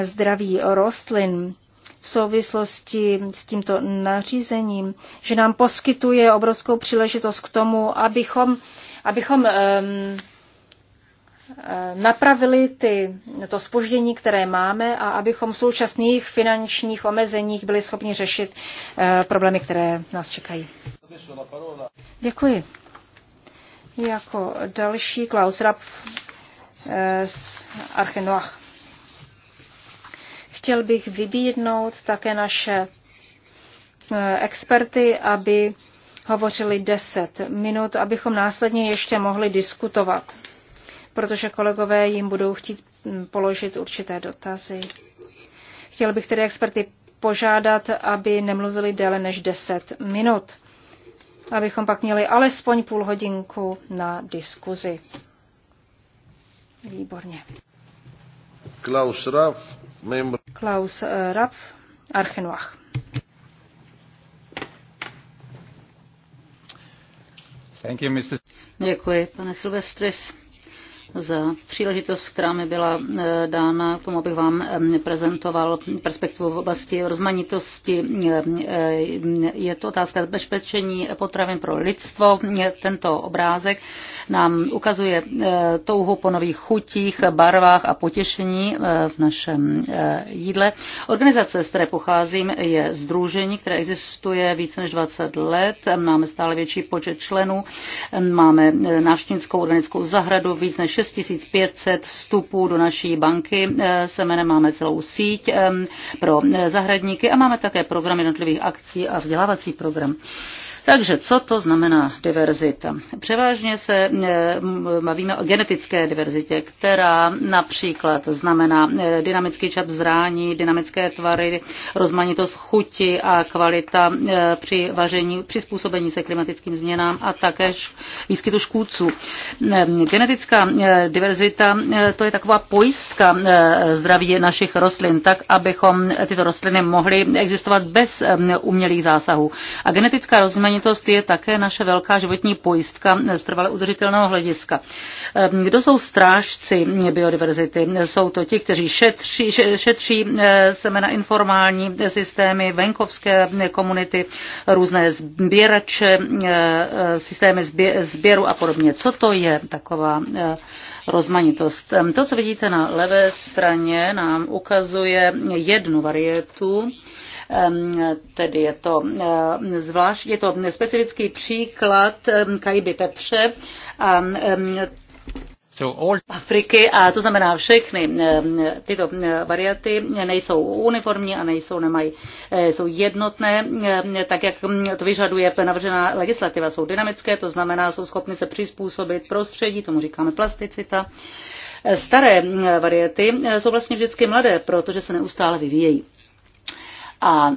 zdraví rostlin v souvislosti s tímto nařízením, že nám poskytuje obrovskou příležitost k tomu, abychom, abychom um, napravili ty, to spoždění, které máme a abychom v současných finančních omezeních byli schopni řešit uh, problémy, které nás čekají. Děkuji. Jako další Klaus Rapp eh, z Archenoach. Chtěl bych vybídnout také naše eh, experty, aby hovořili 10 minut, abychom následně ještě mohli diskutovat, protože kolegové jim budou chtít hm, položit určité dotazy. Chtěl bych tedy experty požádat, aby nemluvili déle než 10 minut, abychom pak měli alespoň půl hodinku na diskuzi. Výborně. Klaus Raff, member... Klaus eh, Raff, Archenwach. Thank you, Mr. Děkuji, pane Silvestris za příležitost, která mi byla eh, dána k tomu, abych vám eh, prezentoval perspektivu v oblasti rozmanitosti. Eh, je to otázka zabezpečení potravin pro lidstvo. Tento obrázek nám ukazuje touhu po nových chutích, barvách a potěšení v našem jídle. Organizace, z které pocházím, je združení, které existuje více než 20 let. Máme stále větší počet členů. Máme návštěvnickou organickou zahradu, víc než 6500 vstupů do naší banky. Eh, Semenem máme celou síť eh, pro eh, zahradníky a máme také program jednotlivých akcí a vzdělávací program. Takže co to znamená diverzita? Převážně se eh, bavíme o genetické diverzitě, která například znamená eh, dynamický čap zrání, dynamické tvary, rozmanitost chuti a kvalita eh, při vaření, přizpůsobení se klimatickým změnám a také výskytu škůdců. Ehm, genetická diverzita to je taková pojistka zdraví našich rostlin, tak abychom tyto rostliny mohly existovat bez ehm, umělých zásahů. A genetická rozmanitost rozmanitost je také naše velká životní pojistka z trvale udržitelného hlediska. Ehm, kdo jsou strážci biodiverzity? Jsou to ti, kteří šetří, šetří eh, semena informální systémy, venkovské komunity, různé sběrače, eh, eh, systémy sběru a podobně. Co to je taková rozmanitost? Ehm, to, co vidíte na levé straně, nám ukazuje jednu varietu Tedy je to eh, zvláštní, je to specifický příklad kajby pepře. A Afriky a to znamená všechny tyto varianty nejsou uniformní a nejsou, nemají, eh, jsou jednotné, tak jak to vyžaduje navržená legislativa. Jsou dynamické, to znamená, jsou schopny se přizpůsobit prostředí, tomu říkáme plasticita. Eh, staré variety jsou vlastně vždycky mladé, protože se neustále vyvíjejí a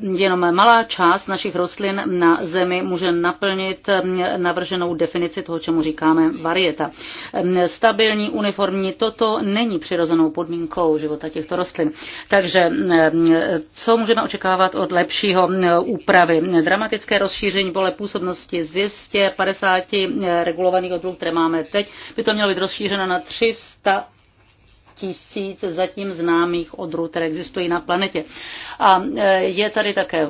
jenom malá část našich rostlin na zemi může naplnit navrženou definici toho, čemu říkáme varieta. Stabilní, uniformní, toto není přirozenou podmínkou života těchto rostlin. Takže co můžeme očekávat od lepšího úpravy? Dramatické rozšíření pole působnosti z 250 eh, regulovaných odrůd, které máme teď, by to mělo být rozšířeno na 300 tisíc zatím známých odrůd, které existují na planetě. A e, je tady také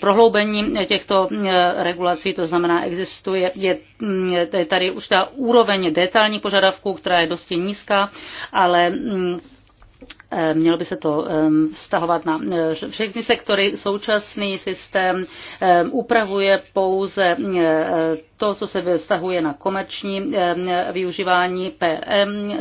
prohloubení těchto e, regulací, to znamená, existuje je mm, tady už ta úroveň detailní požadavků, která je dosti nízká, ale mm, e, Mělo by se to vztahovat na všechny sektory. Současný systém upravuje pouze to, co se vztahuje na komerční využívání PM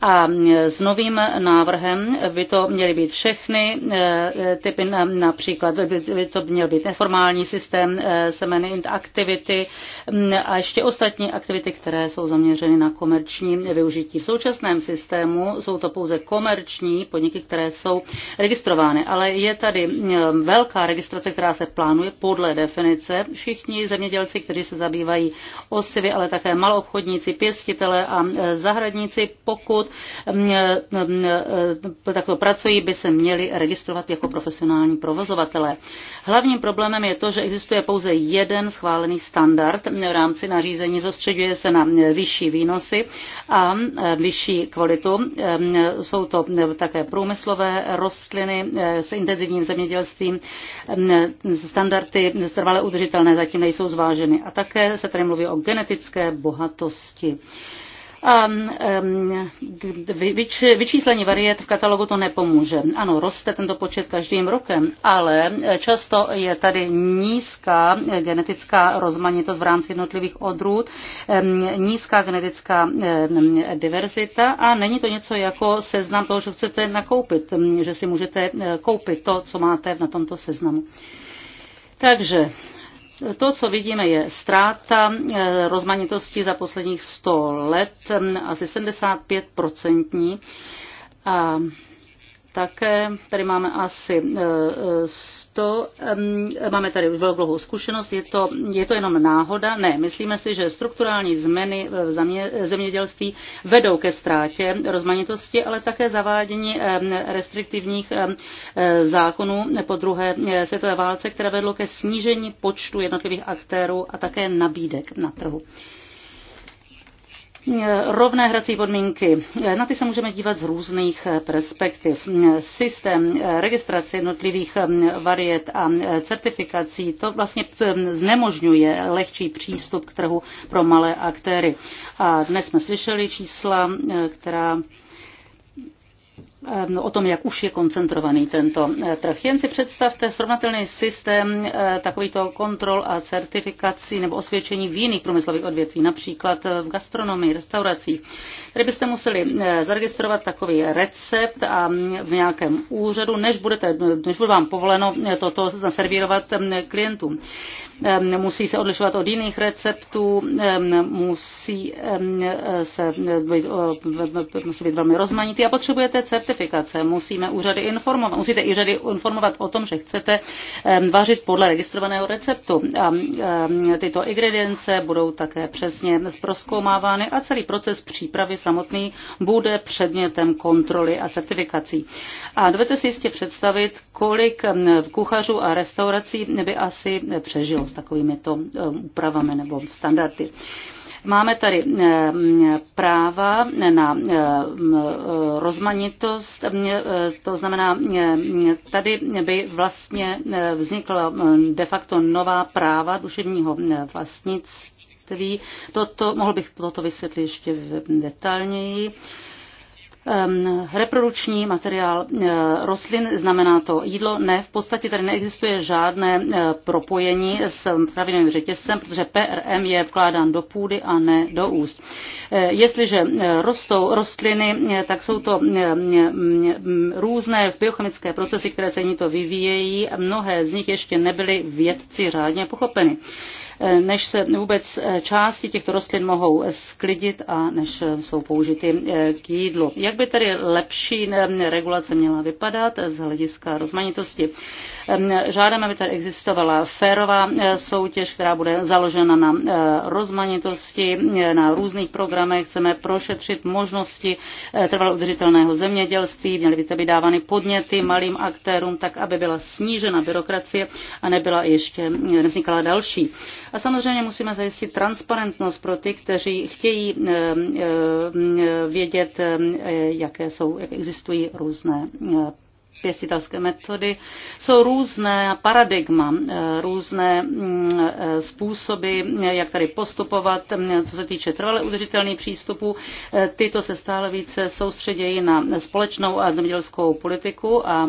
a s novým návrhem by to měly být všechny eh, typy, například by to měl být neformální systém, eh, semeny aktivity mm, a ještě ostatní aktivity, které jsou zaměřeny na komerční využití. V současném systému jsou to pouze komerční podniky, které jsou registrovány, ale je tady mm, velká registrace, která se plánuje podle definice. Všichni zemědělci, kteří se zabývají osivy, ale také maloobchodníci, pěstitele a eh, zahradníci, pokud pokud mm, mm, mm, takto pracují, by se měli registrovat jako profesionální provozovatelé. Hlavním problémem je to, že existuje pouze jeden schválený standard v rámci nařízení, zostředuje se na vyšší výnosy a vyšší kvalitu. Jsou to také průmyslové rostliny eh, s intenzivním zemědělstvím. Standardy trvale udržitelné zatím nejsou zváženy. A také se tady mluví o genetické bohatosti. A vyčíslení variet v katalogu to nepomůže. Ano, roste tento počet každým rokem, ale často je tady nízká genetická rozmanitost v rámci jednotlivých odrůd, nízká genetická diverzita a není to něco jako seznam toho, že chcete nakoupit, že si můžete eh, koupit to, co máte na tomto seznamu. Takže to, co vidíme, je ztráta eh, rozmanitosti za posledních 100 let, mm, asi 75%. A také. Tady máme asi 100, eh, máme tady už dlouhou zkušenost, je to, je to jenom náhoda? Ne, myslíme si, že strukturální změny v zemědělství vedou ke ztrátě rozmanitosti, ale také zavádění restriktivních eh, zákonů po druhé eh, světové válce, které vedlo ke snížení počtu jednotlivých aktérů a také nabídek na trhu rovné hrací podmínky. Na ty se můžeme dívat z různých perspektiv. Systém registrace jednotlivých variet a certifikací to vlastně znemožňuje lehčí přístup k trhu pro malé aktéry. A dnes jsme slyšeli čísla, která Ehm, o tom, jak už je koncentrovaný tento eh, trh. Jen si představte srovnatelný systém eh, takovýto kontrol a certifikací nebo osvědčení v jiných průmyslových odvětví, například eh, v gastronomii, restauracích. Tady byste museli zaregistrovat takový recept a mm, v nějakém úřadu, než, budete, než bude vám povoleno toto zaservírovat mm, klientům musí se odlišovat od jiných receptů, musí, se být, musí být velmi rozmanitý a potřebujete certifikace. Musíme úřady informovat, musíte i úřady informovat o tom, že chcete vařit podle registrovaného receptu. A tyto ingredience budou také přesně zproskoumávány a celý proces přípravy samotný bude předmětem kontroly a certifikací. A dovedete si jistě představit, kolik kuchařů a restaurací by asi přežilo s takovými to eh, úpravami nebo standardy. Máme tady eh, práva na eh, rozmanitost, to znamená, tady by vlastně vznikla de facto nová práva duševního vlastnictví. Toto, mohl bych toto vysvětlit ještě detailněji reprodukční materiál eh, rostlin, znamená to jídlo. Ne, v podstatě tady neexistuje žádné eh, propojení s travinovým řetězcem, protože PRM je vkládán do půdy a ne do úst. Eh, jestliže rostou rostliny, tak jsou to různé biochemické procesy, které se ní to vyvíjejí. Mnohé z nich ještě nebyly vědci řádně pochopeny než se vůbec eh, části těchto rostlin mohou eh, sklidit a než eh, jsou použity k jídlu. Jak by tedy lepší regulace měla vypadat z hlediska rozmanitosti? Žádáme, aby tady existovala férová soutěž, která bude založena na rozmanitosti, na různých programech. Chceme prošetřit možnosti trvalo udržitelného zemědělství, měly by to být dávány podněty malým aktérům, tak aby byla snížena byrokracie a nebyla ještě nevznikala další. A samozřejmě musíme zajistit transparentnost pro ty, kteří chtějí eh, eh, vědět, eh, jaké jsou, jak existují různé pěstitelské metody. Jsou různé paradigma, různé mm, způsoby, jak tady postupovat, mm, co se týče trvale udržitelných přístupů. Tyto se stále více soustředějí na společnou a zemědělskou politiku a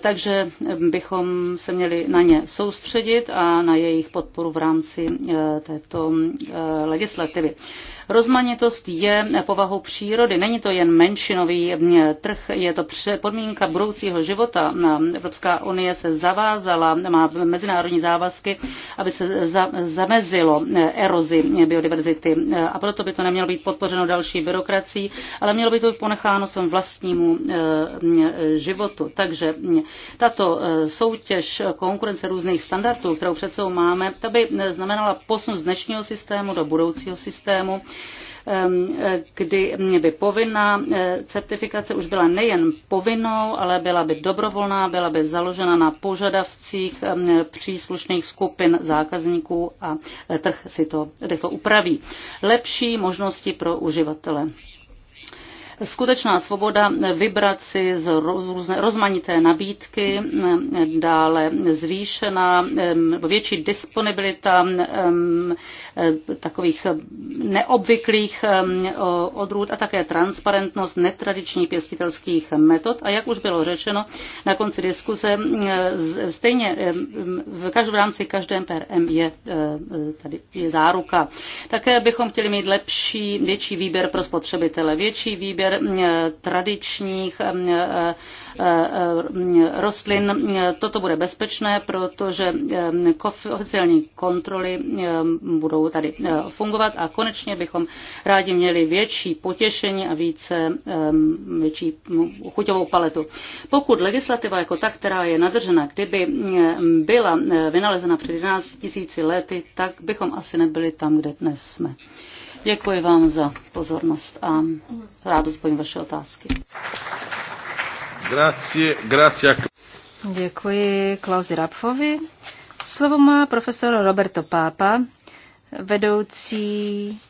takže bychom se měli na ně soustředit a na jejich podporu v rámci eh, této eh, legislativy. Rozmanitost je povahou přírody, není to jen menšinový trh, je to podmínka budoucího života. Evropská unie se zavázala, má mezinárodní závazky, aby se za, zamezilo erozi biodiverzity a proto by to nemělo být podpořeno další byrokracií, ale mělo by to být ponecháno svému vlastnímu životu. Takže tato e, soutěž konkurence různých standardů, kterou před sebou máme, ta by e, znamenala posun z dnešního systému do budoucího systému, Ehm, kdy by povinná eh, certifikace už byla nejen povinnou, ale byla by dobrovolná, byla by založena na požadavcích ehm, příslušných skupin zákazníků a eh, trh si to, to upraví. Lepší možnosti pro uživatele skutečná svoboda vybrat si z různé, rozmanité nabídky, mm, dále zvýšená mm, větší disponibilita mm, e, takových neobvyklých odrůd a také transparentnost netradičních pěstitelských metod. A jak už bylo řečeno na konci diskuze, stejně v, každém, v rámci každém PRM je e, tady je záruka. Také bychom chtěli mít lepší, větší výběr pro spotřebitele, větší výběr výběr eh, tradičních eh, eh, rostlin. Toto bude bezpečné, protože oficiální kontroly budou tady fungovat a konečně bychom rádi měli větší potěšení a více větší mm, chuťovou paletu. Pokud legislativa jako ta, která je nadržena, kdyby byla vynalezena před 11 tisíci lety, tak bychom asi nebyli tam, kde dnes jsme. Děkuji vám za pozornost a rád odpovím vaše otázky. Grazie, grazie. Děkuji Klausi Rapfovi. Slovo má profesor Roberto Pápa, vedoucí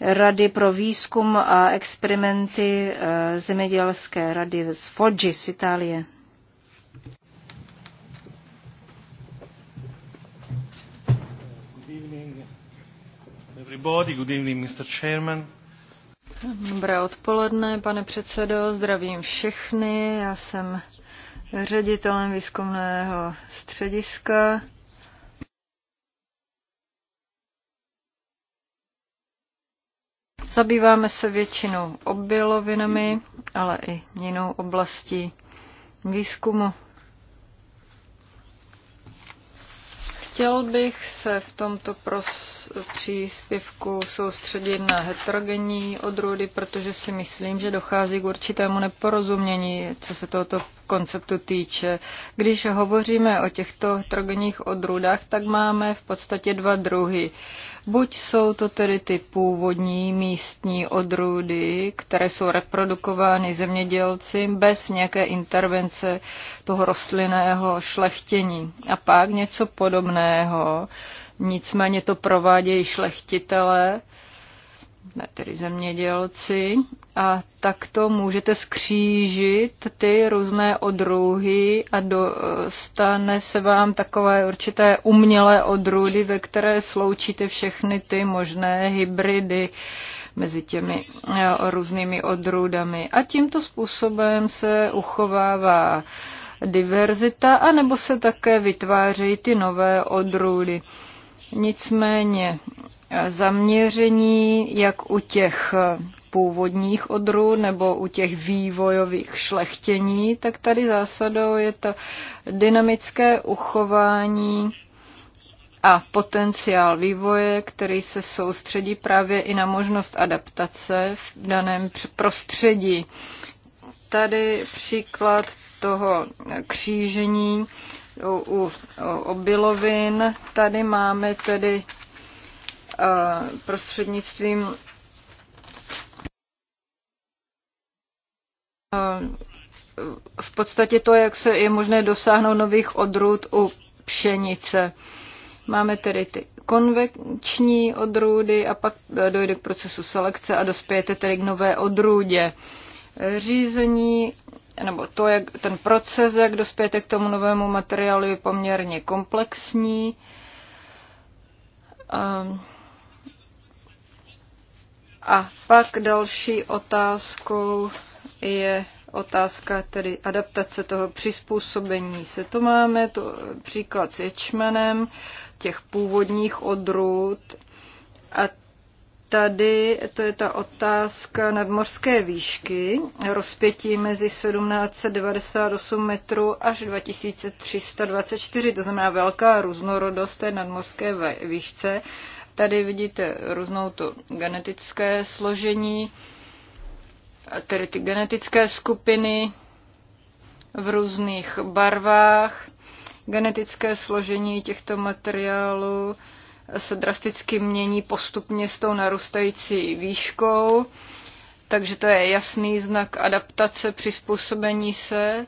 Rady pro výzkum a experimenty eh, Zemědělské rady z Foggi z Itálie. everybody. Good evening, Mr. Chairman. Dobré odpoledne, pane předsedo, zdravím všechny. Já jsem ředitelem výzkumného střediska. Zabýváme se většinou obilovinami, ale i jinou oblastí výzkumu. Chtěl bych se v tomto příspěvku soustředit na heterogenní odrůdy, protože si myslím, že dochází k určitému neporozumění, co se tohoto konceptu týče. Když hovoříme o těchto heterogenních odrůdách, tak máme v podstatě dva druhy. Buď jsou to tedy ty původní místní odrůdy, které jsou reprodukovány zemědělci bez nějaké intervence toho rostlinného šlechtění. A pak něco podobného, nicméně to provádějí šlechtitele, tedy zemědělci, a takto můžete skřížit ty různé odruhy a dostane se vám takové určité umělé odrůdy, ve které sloučíte všechny ty možné hybridy mezi těmi eh, různými odrůdami. A tímto způsobem se uchovává diverzita, anebo se také vytvářejí ty nové odrůdy. Nicméně eh, zaměření jak u těch eh, původních odrů nebo u těch vývojových šlechtění, tak tady zásadou je to dynamické uchování a potenciál vývoje, který se soustředí právě i na možnost adaptace v daném prostředí. Tady příklad toho křížení u, obilovin. Tady máme tedy eh, prostřednictvím eh, v podstatě to, jak se je možné dosáhnout nových odrůd u pšenice. Máme tedy ty konvenční odrůdy a pak dojde k procesu selekce a dospějete tedy k nové odrůdě. Řízení nebo to, jak ten proces, jak dospějete k tomu novému materiálu, je poměrně komplexní. Ehm, a pak další otázkou je otázka tedy adaptace toho přizpůsobení se. To máme to příklad s ječmenem těch původních odrůd a Tady to je ta otázka nadmořské výšky, rozpětí mezi 1798 metrů až 2324, to znamená velká různorodost té nadmořské výšce. Tady vidíte různou to genetické složení, tedy ty genetické skupiny v různých barvách, genetické složení těchto materiálů, se drasticky mění postupně s tou narůstající výškou, takže to je jasný znak adaptace, přizpůsobení se,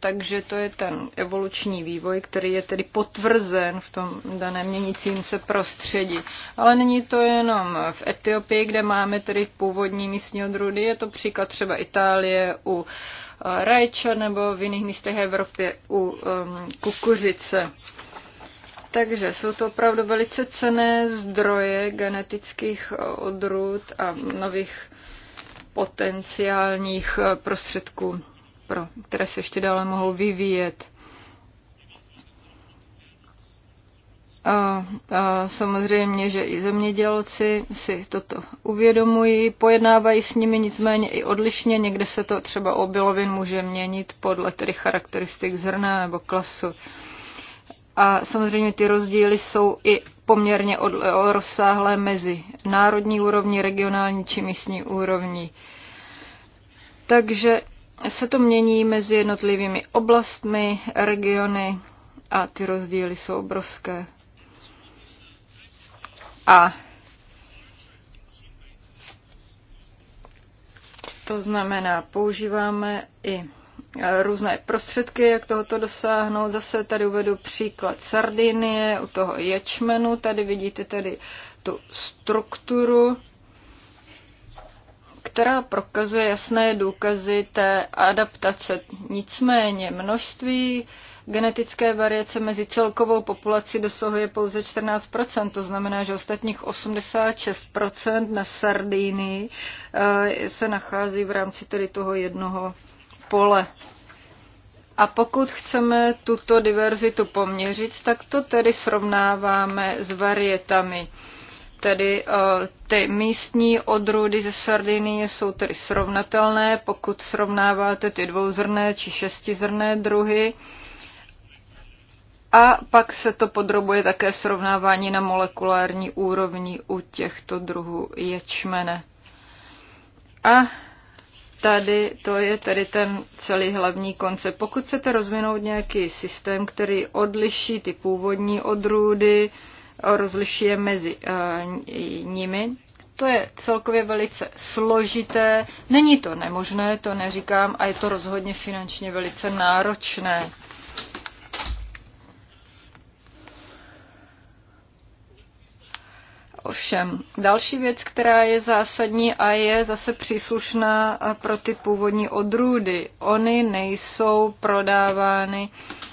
takže to je ten evoluční vývoj, který je tedy potvrzen v tom daném měnícím se prostředí. Ale není to jenom v Etiopii, kde máme tedy původní místní odrůdy, je to příklad třeba Itálie u eh, rajča nebo v jiných místech Evropy u um, kukuřice. Takže jsou to opravdu velice cené zdroje genetických eh, odrůd a nových potenciálních eh, prostředků, pro, které se ještě dále mohou vyvíjet. A, a samozřejmě, že i zemědělci si toto uvědomují, pojednávají s nimi nicméně i odlišně. Někde se to třeba obilovin může měnit podle tedy charakteristik zrna nebo klasu. A samozřejmě ty rozdíly jsou i poměrně od, rozsáhlé mezi národní úrovní, regionální či místní úrovní. Takže se to mění mezi jednotlivými oblastmi, regiony a ty rozdíly jsou obrovské. A to znamená, používáme i různé prostředky, jak tohoto dosáhnout. Zase tady uvedu příklad Sardinie, u toho ječmenu, tady vidíte tady tu strukturu, která prokazuje jasné důkazy té adaptace. Nicméně množství genetické variace mezi celkovou populací dosahuje pouze 14 to znamená, že ostatních 86 na Sardinii eh, se nachází v rámci tedy toho jednoho pole. A pokud chceme tuto diverzitu poměřit, tak to tedy srovnáváme s varietami. Tedy eh, ty místní odrůdy ze Sardinie jsou tedy srovnatelné, pokud srovnáváte ty dvouzrné či šestizrné druhy. A pak se to podrobuje také srovnávání na molekulární úrovni u těchto druhů ječmene. A tady to je tedy ten celý hlavní koncept. Pokud chcete rozvinout nějaký systém, který odliší ty původní odrůdy, rozliší je mezi uh, nimi, to je celkově velice složité. Není to nemožné, to neříkám, a je to rozhodně finančně velice náročné. Ovšem, další věc, která je zásadní a je zase příslušná pro ty původní odrůdy. Ony nejsou prodávány uh,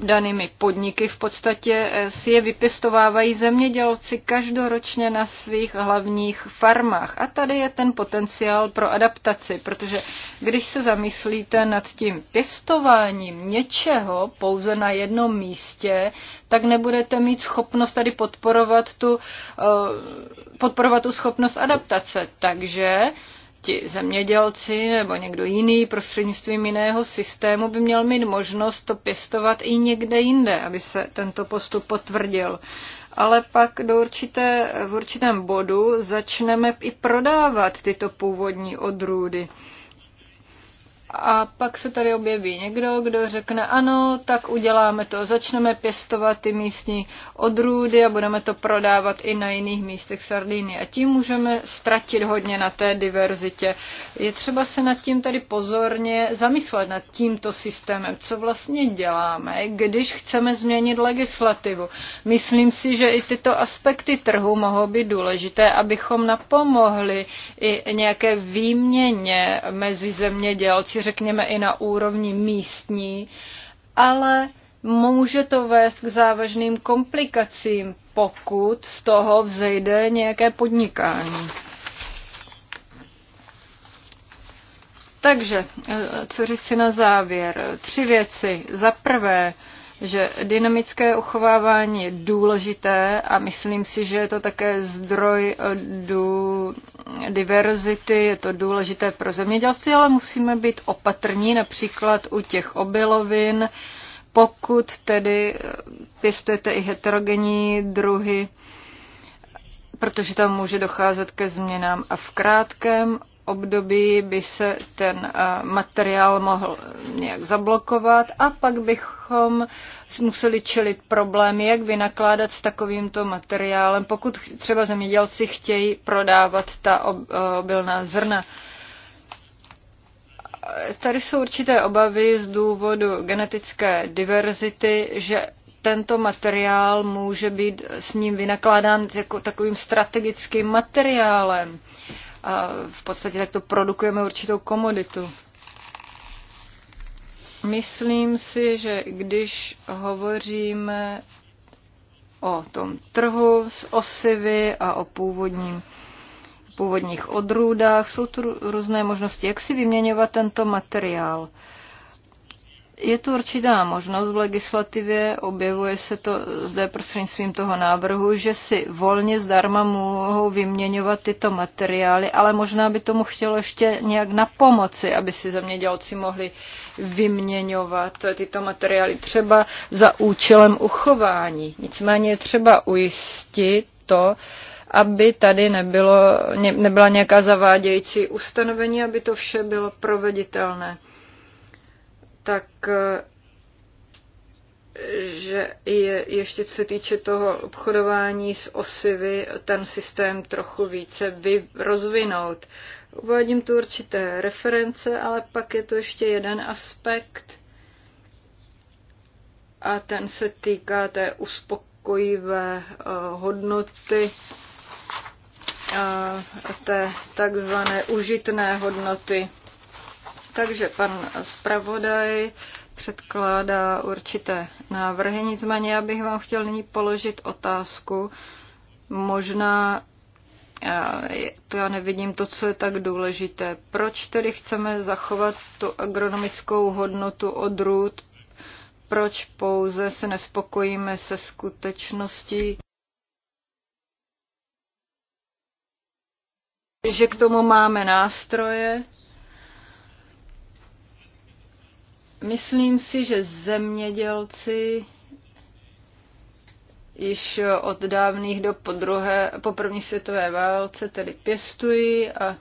danými podniky. V podstatě eh, si je vypěstovávají zemědělci každoročně na svých hlavních farmách. A tady je ten potenciál pro adaptaci, protože když se zamyslíte nad tím pěstováním něčeho pouze na jednom místě, tak nebudete mít schopnost tady podporovat tu, eh, podporovat tu schopnost adaptace. Takže ti zemědělci nebo někdo jiný prostřednictvím jiného systému by měl mít možnost to pěstovat i někde jinde, aby se tento postup potvrdil. Ale pak do určité, v určitém bodu začneme i prodávat tyto původní odrůdy. A pak se tady objeví někdo, kdo řekne ano, tak uděláme to, začneme pěstovat ty místní odrůdy a budeme to prodávat i na jiných místech sardiny. A tím můžeme ztratit hodně na té diverzitě. Je třeba se nad tím tady pozorně zamyslet, nad tímto systémem, co vlastně děláme, když chceme změnit legislativu. Myslím si, že i tyto aspekty trhu mohou být důležité, abychom napomohli i nějaké výměně mezi zemědělci řekněme i na úrovni místní, ale může to vést k závažným komplikacím, pokud z toho vzejde nějaké podnikání. Takže, eh, co říci na závěr? Tři věci. Za prvé, že dynamické uchovávání je důležité a myslím si, že je to také zdroj eh, diverzity, je to důležité pro zemědělství, ale musíme být opatrní například u těch obilovin, pokud tedy eh, pěstujete i heterogenní druhy, protože tam může docházet ke změnám. A v krátkém období by se ten eh, materiál mohl nějak zablokovat a pak bychom museli čelit problémy, jak vynakládat s takovýmto materiálem, pokud třeba zemědělci chtějí prodávat ta eh, obilná zrna. Tady jsou určité obavy z důvodu genetické diverzity, že tento materiál může být s ním vynakládán jako takovým strategickým materiálem. Uh, a v podstatě takto produkujeme určitou komoditu. Myslím si, že když hovoříme o tom trhu s osivy a o původním, původních odrůdách, jsou tu různé možnosti, jak si vyměňovat tento materiál. Uh, je tu určitá možnost v legislativě, objevuje se to zde prostřednictvím toho návrhu, že si volně zdarma mohou vyměňovat tyto materiály, ale možná by tomu chtělo ještě nějak na pomoci, aby si zemědělci mohli vyměňovat tyto materiály třeba za účelem uchování. Nicméně je třeba ujistit to, aby tady nebylo, nebyla nějaká zavádějící ustanovení, aby to vše bylo proveditelné tak že je, ještě co se týče toho obchodování s osivy, ten systém trochu více vy, rozvinout. Uvádím tu určité reference, ale pak je to ještě jeden aspekt a ten se týká té uspokojivé uh, hodnoty uh, té takzvané užitné hodnoty takže pan zpravodaj předkládá určité návrhy, nicméně já bych vám chtěl nyní položit otázku. Možná to já nevidím to, co je tak důležité. Proč tedy chceme zachovat tu agronomickou hodnotu odrůd? Proč pouze se nespokojíme se skutečností? že k tomu máme nástroje, Myslím si, že zemědělci již od dávných do po, druhé, po první světové válce tedy pěstují a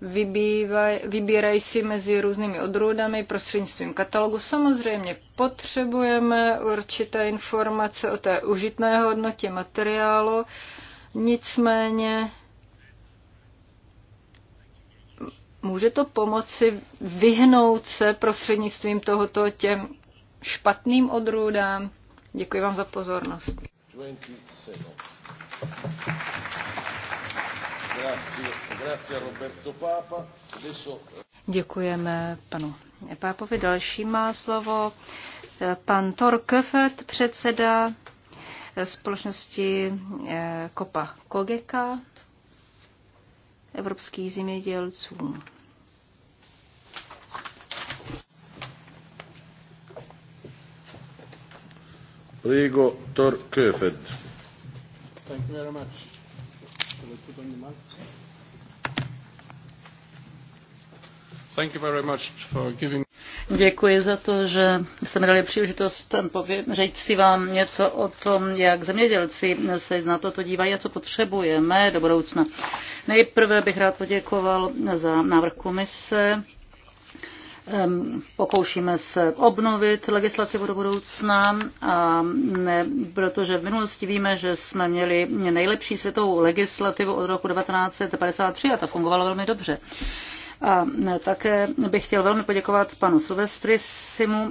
vybývaj, vybírají si mezi různými odrůdami prostřednictvím katalogu. Samozřejmě potřebujeme určité informace o té užitné hodnotě materiálu, nicméně Může to pomoci vyhnout se prostřednictvím tohoto těm špatným odrůdám? Děkuji vám za pozornost. Děkujeme panu Pápovi. Další má slovo pan Thor Köfet, předseda společnosti eh, Kopa Kogeka evropským zemědělcům. Rigo Torköfed. Thank you very much. Thank you very much for giving... Děkuji za to, že jste mi dali příležitost říct si vám něco o tom, jak zemědělci se na toto dívají a co potřebujeme do budoucna. Nejprve bych rád poděkoval za návrh komise. Pokoušíme se obnovit legislativu do budoucna, a ne, protože v minulosti víme, že jsme měli nejlepší světovou legislativu od roku 1953 a ta fungovala velmi dobře. A také bych chtěl velmi poděkovat panu Silvestrisimu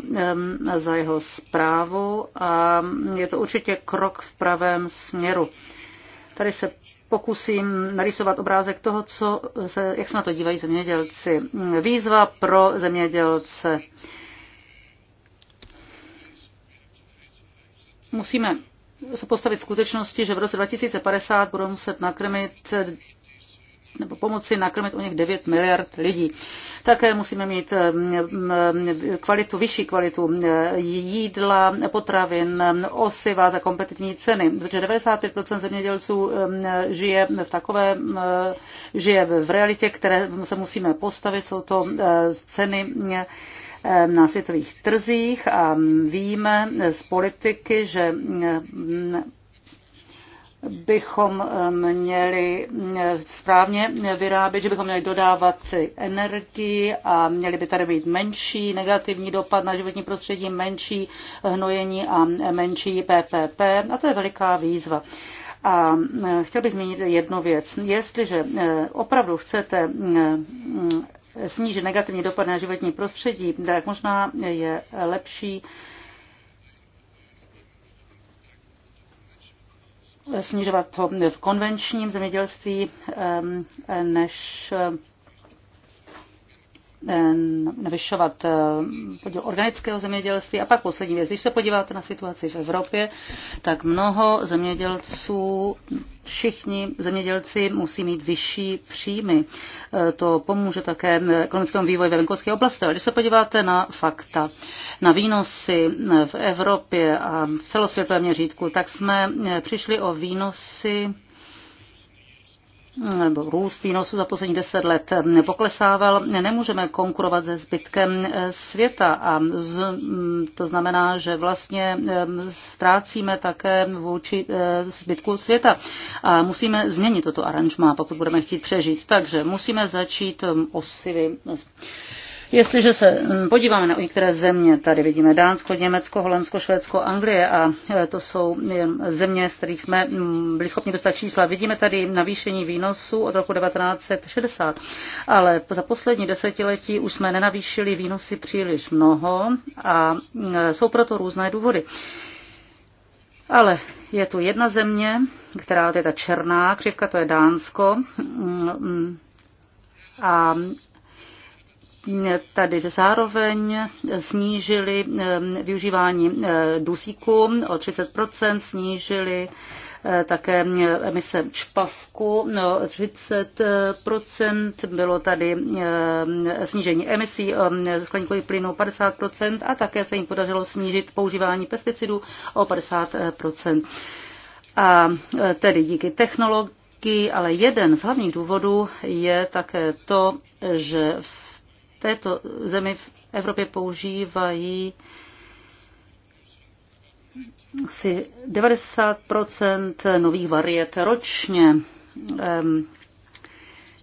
za jeho zprávu a je to určitě krok v pravém směru. Tady se pokusím narýsovat obrázek toho, co se, jak se na to dívají zemědělci. Výzva pro zemědělce. Musíme se postavit skutečnosti, že v roce 2050 budou muset nakrmit nebo pomoci nakrmit o něch 9 miliard lidí. Také musíme mít kvalitu, vyšší kvalitu jídla, potravin, osiva za kompetitivní ceny, protože 95% zemědělců žije v takové, žije v realitě, které se musíme postavit, jsou to eh, ceny na světových trzích a víme z politiky, že bychom eh, měli eh, správně vyrábět, že bychom měli dodávat si energii a měli by tady být menší negativní dopad na životní prostředí, menší hnojení a menší PPP. A to je veliká výzva. A eh, chtěl bych zmínit jednu věc. Jestliže opravdu chcete mm, snížit negativní dopad na životní prostředí, tak možná je lepší snižovat to v konvenčním zemědělství než Eh, navyšovat eh, podíl organického zemědělství. A pak poslední věc, když se podíváte na situaci v Evropě, tak mnoho zemědělců, všichni zemědělci musí mít vyšší příjmy. Eh, to pomůže také ekonomickému vývoji ve venkovské oblasti. Ale když se podíváte na fakta, na výnosy v Evropě a v celosvětovém měřítku, tak jsme přišli o výnosy nebo růst výnosu za poslední deset let poklesával, nemůžeme konkurovat se zbytkem eh, světa a z, mm, to znamená, že vlastně eh, ztrácíme také vůči eh, zbytku světa a musíme změnit toto aranžma, pokud budeme chtít přežít. Takže musíme začít osivy Jestliže se mm, podíváme na některé země, tady vidíme Dánsko, Německo, Holandsko, Švédsko, Anglie a e, to jsou země, z kterých jsme mm, byli schopni dostat čísla. Vidíme tady navýšení výnosů od roku 1960, ale za poslední desetiletí už jsme nenavýšili výnosy příliš mnoho a mm, e, jsou proto různé důvody. Ale je tu jedna země, která je ta černá křivka, to je Dánsko. A tady zároveň snížili využívání dusíku o 30%, snížili eh, také emise čpavku no 30%, bylo tady snížení emisí skleníkových plynů 50% a také se jim podařilo snížit používání pesticidů o 50%. A eh, tedy díky technologii, ale jeden z hlavních důvodů je také to, že v této zemi v Evropě používají asi 90 nových variet ročně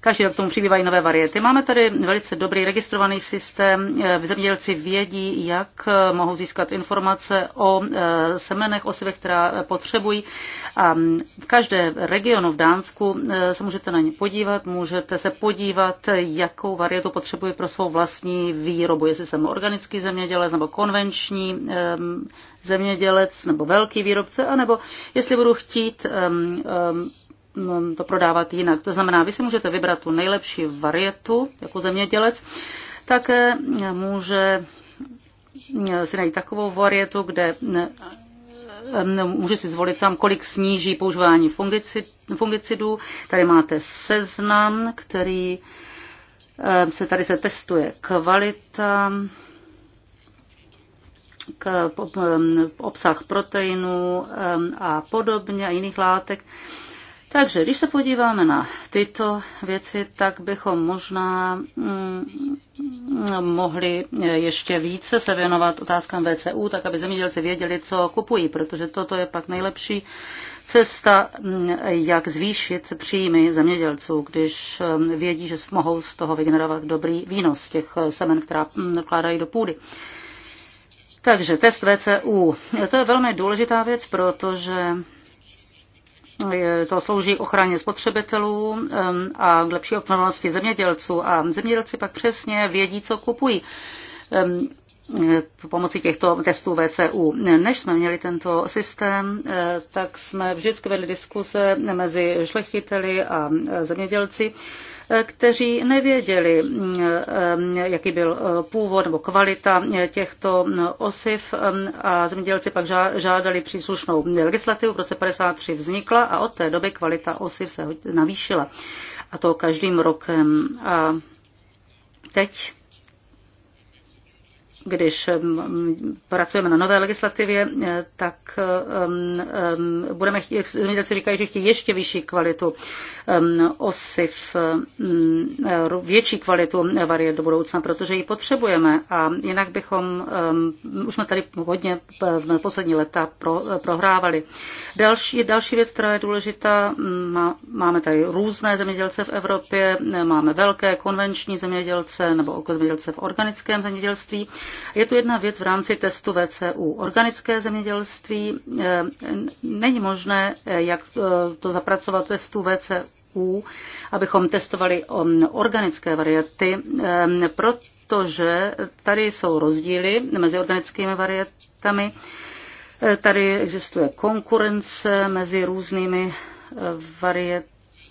Každý rok tomu přibývají nové variety. Máme tady velice dobrý registrovaný systém. Eh, zemědělci vědí, jak eh, mohou získat informace o eh, semenech, sebe, která potřebují. A mm, v každé regionu v Dánsku se můžete na ně podívat, můžete se podívat, jakou varietu potřebuje pro svou vlastní výrobu, jestli jsem organický zemědělec nebo konvenční ehm, zemědělec nebo velký výrobce, anebo jestli budu chtít ehm, ehm, to prodávat jinak. To znamená, vy si můžete vybrat tu nejlepší varietu jako zemědělec, také může si najít takovou varietu, kde může si zvolit sám, kolik sníží používání fungicidů. Tady máte seznam, který se tady se testuje kvalita, k, obsah proteinů a podobně a jiných látek. Takže když se podíváme na tyto věci, tak bychom možná mm, mm, mohli ještě více se věnovat otázkám VCU, tak aby zemědělci věděli, co kupují, protože toto je pak nejlepší cesta, mm, jak zvýšit příjmy zemědělců, když vědí, že mohou z toho vygenerovat dobrý výnos těch eh, semen, která vkládají do půdy. Takže test VCU. To je velmi důležitá věc, protože to slouží ochraně spotřebitelů a k lepší odpovědnosti zemědělců. A zemědělci pak přesně vědí, co kupují e, pomocí těchto testů VCU. Než jsme měli tento systém, e, tak jsme vždycky vedli diskuse mezi šlechiteli a zemědělci kteří nevěděli, mm, eh, jaký byl eh, původ nebo kvalita eh, těchto mm, osiv mm, a zemědělci pak žádali příslušnou legislativu. V roce 53 vznikla a od té doby kvalita osiv se navýšila. A to každým rokem. A teď když pracujeme na nové legislativě, eh, tak budeme chtít, zemědělci říkají, že chtějí ještě vyšší kvalitu osiv, eh, větší kvalitu variet do budoucna, protože ji potřebujeme a jinak bychom, už jsme tady hodně v poslední leta prohrávali. Další, další věc, která je důležitá, máme tady různé zemědělce v Evropě, máme velké konvenční zemědělce nebo zemědělce v organickém zemědělství, je tu jedna věc v rámci testu VCU. Organické zemědělství eh, není možné, eh, jak eh, to zapracovat testu VCU, abychom testovali um, organické variety, protože tady jsou rozdíly mezi organickými varietami. Tady existuje konkurence mezi různými variety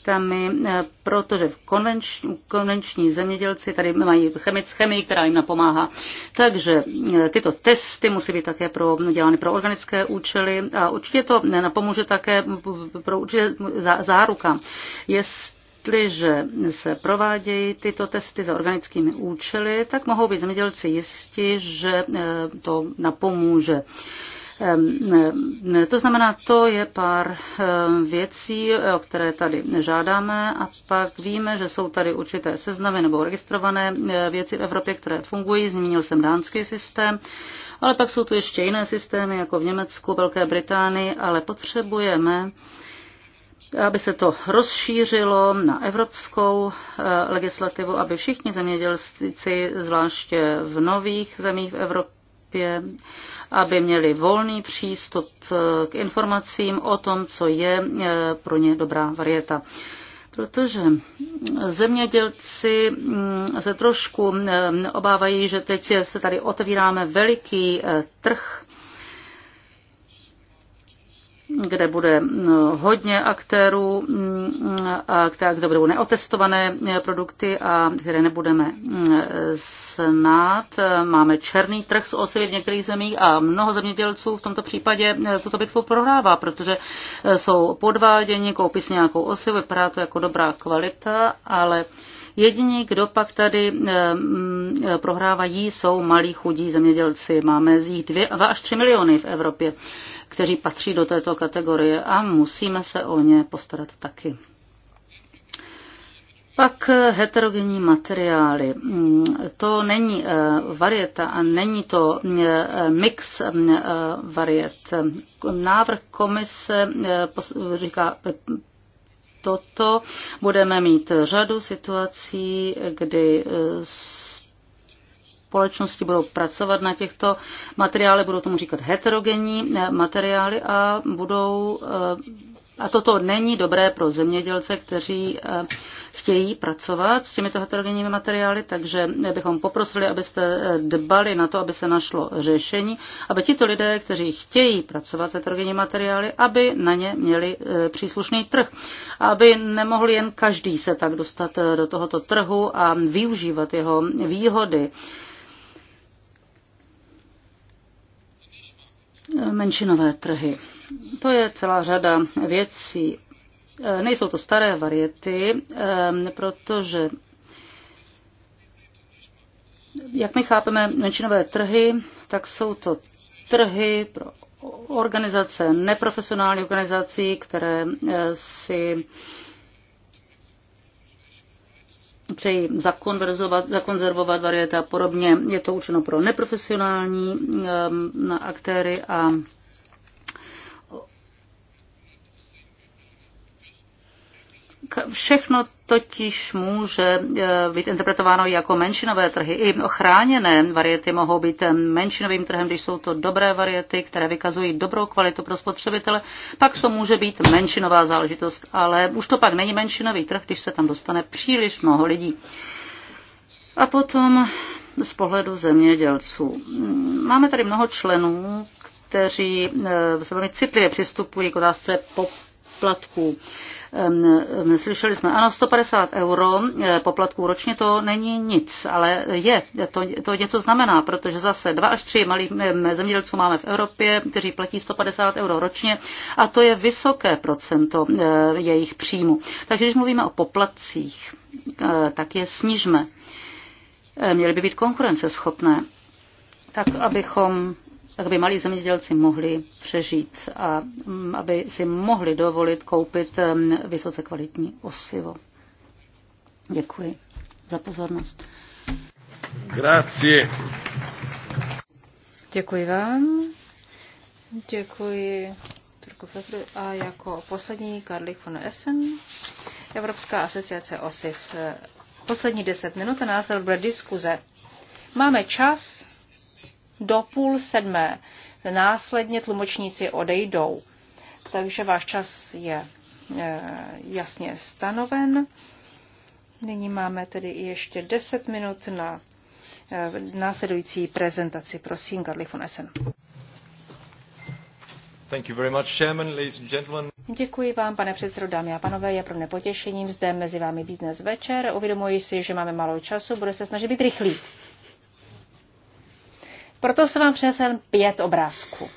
produktami, eh, protože v konvenční, konvenční zemědělci tady mají chemic, chemii, která jim napomáhá. Takže eh, tyto testy musí být také pro, dělány pro organické účely a určitě to napomůže také pro určitě záruka. Jest jestliže se provádějí tyto testy za organickými účely, tak mohou být zemědělci jisti, že eh, to napomůže. To znamená, to je pár věcí, o které tady žádáme a pak víme, že jsou tady určité seznamy nebo registrované věci v Evropě, které fungují. Zmínil jsem dánský systém. Ale pak jsou tu ještě jiné systémy, jako v Německu, Velké Británii, ale potřebujeme aby se to rozšířilo na evropskou eh, legislativu, aby všichni zemědělci, zvláště v nových zemích v Evropě, Evropě, aby měli volný přístup eh, k informacím o tom, co je eh, pro ně dobrá varieta protože zemědělci mm, se trošku mm, obávají, že teď se tady otevíráme veliký eh, trh kde bude mm, hodně aktérů, mm, a kde budou neotestované eh, produkty a které nebudeme mm, snát. Máme černý trh s osy v některých zemích a mnoho zemědělců v tomto případě eh, tuto bitvu prohrává, protože eh, jsou podváděni, koupí si nějakou osivu, vypadá to jako dobrá kvalita, ale Jediní, kdo pak tady prohrávají, jsou malí chudí zemědělci. Máme z nich 2 až 3 miliony v Evropě kteří patří do této kategorie a musíme se o ně postarat taky. Pak heterogenní materiály. To není eh, varieta a není to eh, mix eh, variet. Návrh komise říká toto. Budeme mít řadu situací, kdy společnosti budou pracovat na těchto materiálech, budou tomu říkat heterogenní eh, materiály a budou eh, a toto není dobré pro zemědělce, kteří eh, chtějí pracovat s těmito heterogenními materiály, takže bychom poprosili, abyste dbali na to, aby se našlo řešení, aby tito lidé, kteří chtějí pracovat s heterogenními materiály, aby na ně měli příslušný trh. Aby nemohl jen každý se tak dostat do tohoto trhu a využívat jeho výhody menšinové trhy. To je celá řada věcí. E, nejsou to staré variety, e, protože jak my chápeme menšinové trhy, tak jsou to trhy pro organizace, neprofesionální organizací, které e, si přeji zakonzervovat variety a podobně. Je to určeno pro neprofesionální um, aktéry a všechno totiž může eh, být interpretováno jako menšinové trhy. I chráněné variety mohou být menšinovým trhem, když jsou to dobré variety, které vykazují dobrou kvalitu pro spotřebitele, pak to může být menšinová záležitost, ale už to pak není menšinový trh, když se tam dostane příliš mnoho lidí. A potom z pohledu zemědělců. Máme tady mnoho členů, kteří eh, se velmi citlivě přistupují k otázce poplatků. Slyšeli jsme, ano, 150 euro eh, poplatků ročně to není nic, ale je, to, to něco znamená, protože zase dva až tři malých zemědělců máme v Evropě, kteří platí 150 euro ročně a to je vysoké procento eh, jejich příjmu. Takže když mluvíme o poplatcích, eh, tak je snižme. Měly by být konkurenceschopné, tak abychom tak aby malí zemědělci mohli přežít a mm, aby si mohli dovolit koupit mm, vysoce kvalitní osivo. Děkuji za pozornost. Grazie. Děkuji vám. Děkuji Petru. A jako poslední Karli von Essen, Evropská asociace OSIF. Poslední deset minut a následuje diskuze. Máme čas do půl sedmé. Následně tlumočníci odejdou. Takže váš čas je e, jasně stanoven. Nyní máme tedy ještě 10 minut na e, následující prezentaci. Prosím, Garlich von Essen. Thank you very much, Chairman, ladies and gentlemen. Děkuji vám, pane předsedo, dámy a panové. Je pro potěšením zde mezi vámi být dnes večer. Uvědomuji si, že máme málo času, bude se snažit být rychlý. Proto jsem vám přinesl pět obrázků.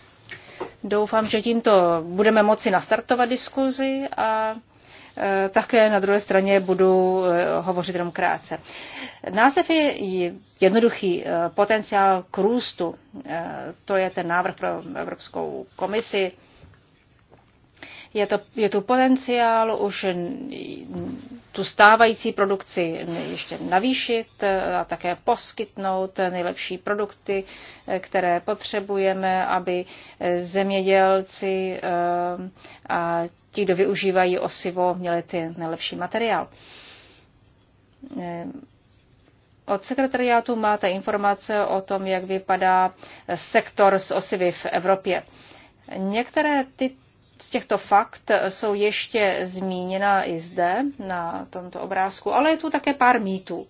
Doufám, že tímto budeme moci nastartovat diskuzi a e, také na druhé straně budu e, hovořit jenom krátce. Název je jednoduchý e, potenciál k růstu. To je ten návrh pro Evropskou komisi je, to, je tu potenciál už tu stávající produkci ještě navýšit a také poskytnout nejlepší produkty, které potřebujeme, aby zemědělci eh, a ti, kdo využívají osivo, měli ty nejlepší materiál. Eh, od sekretariátu máte informace o tom, jak vypadá sektor z osivy v Evropě. Některé ty z těchto fakt jsou ještě zmíněna i zde na tomto obrázku, ale je tu také pár mýtů.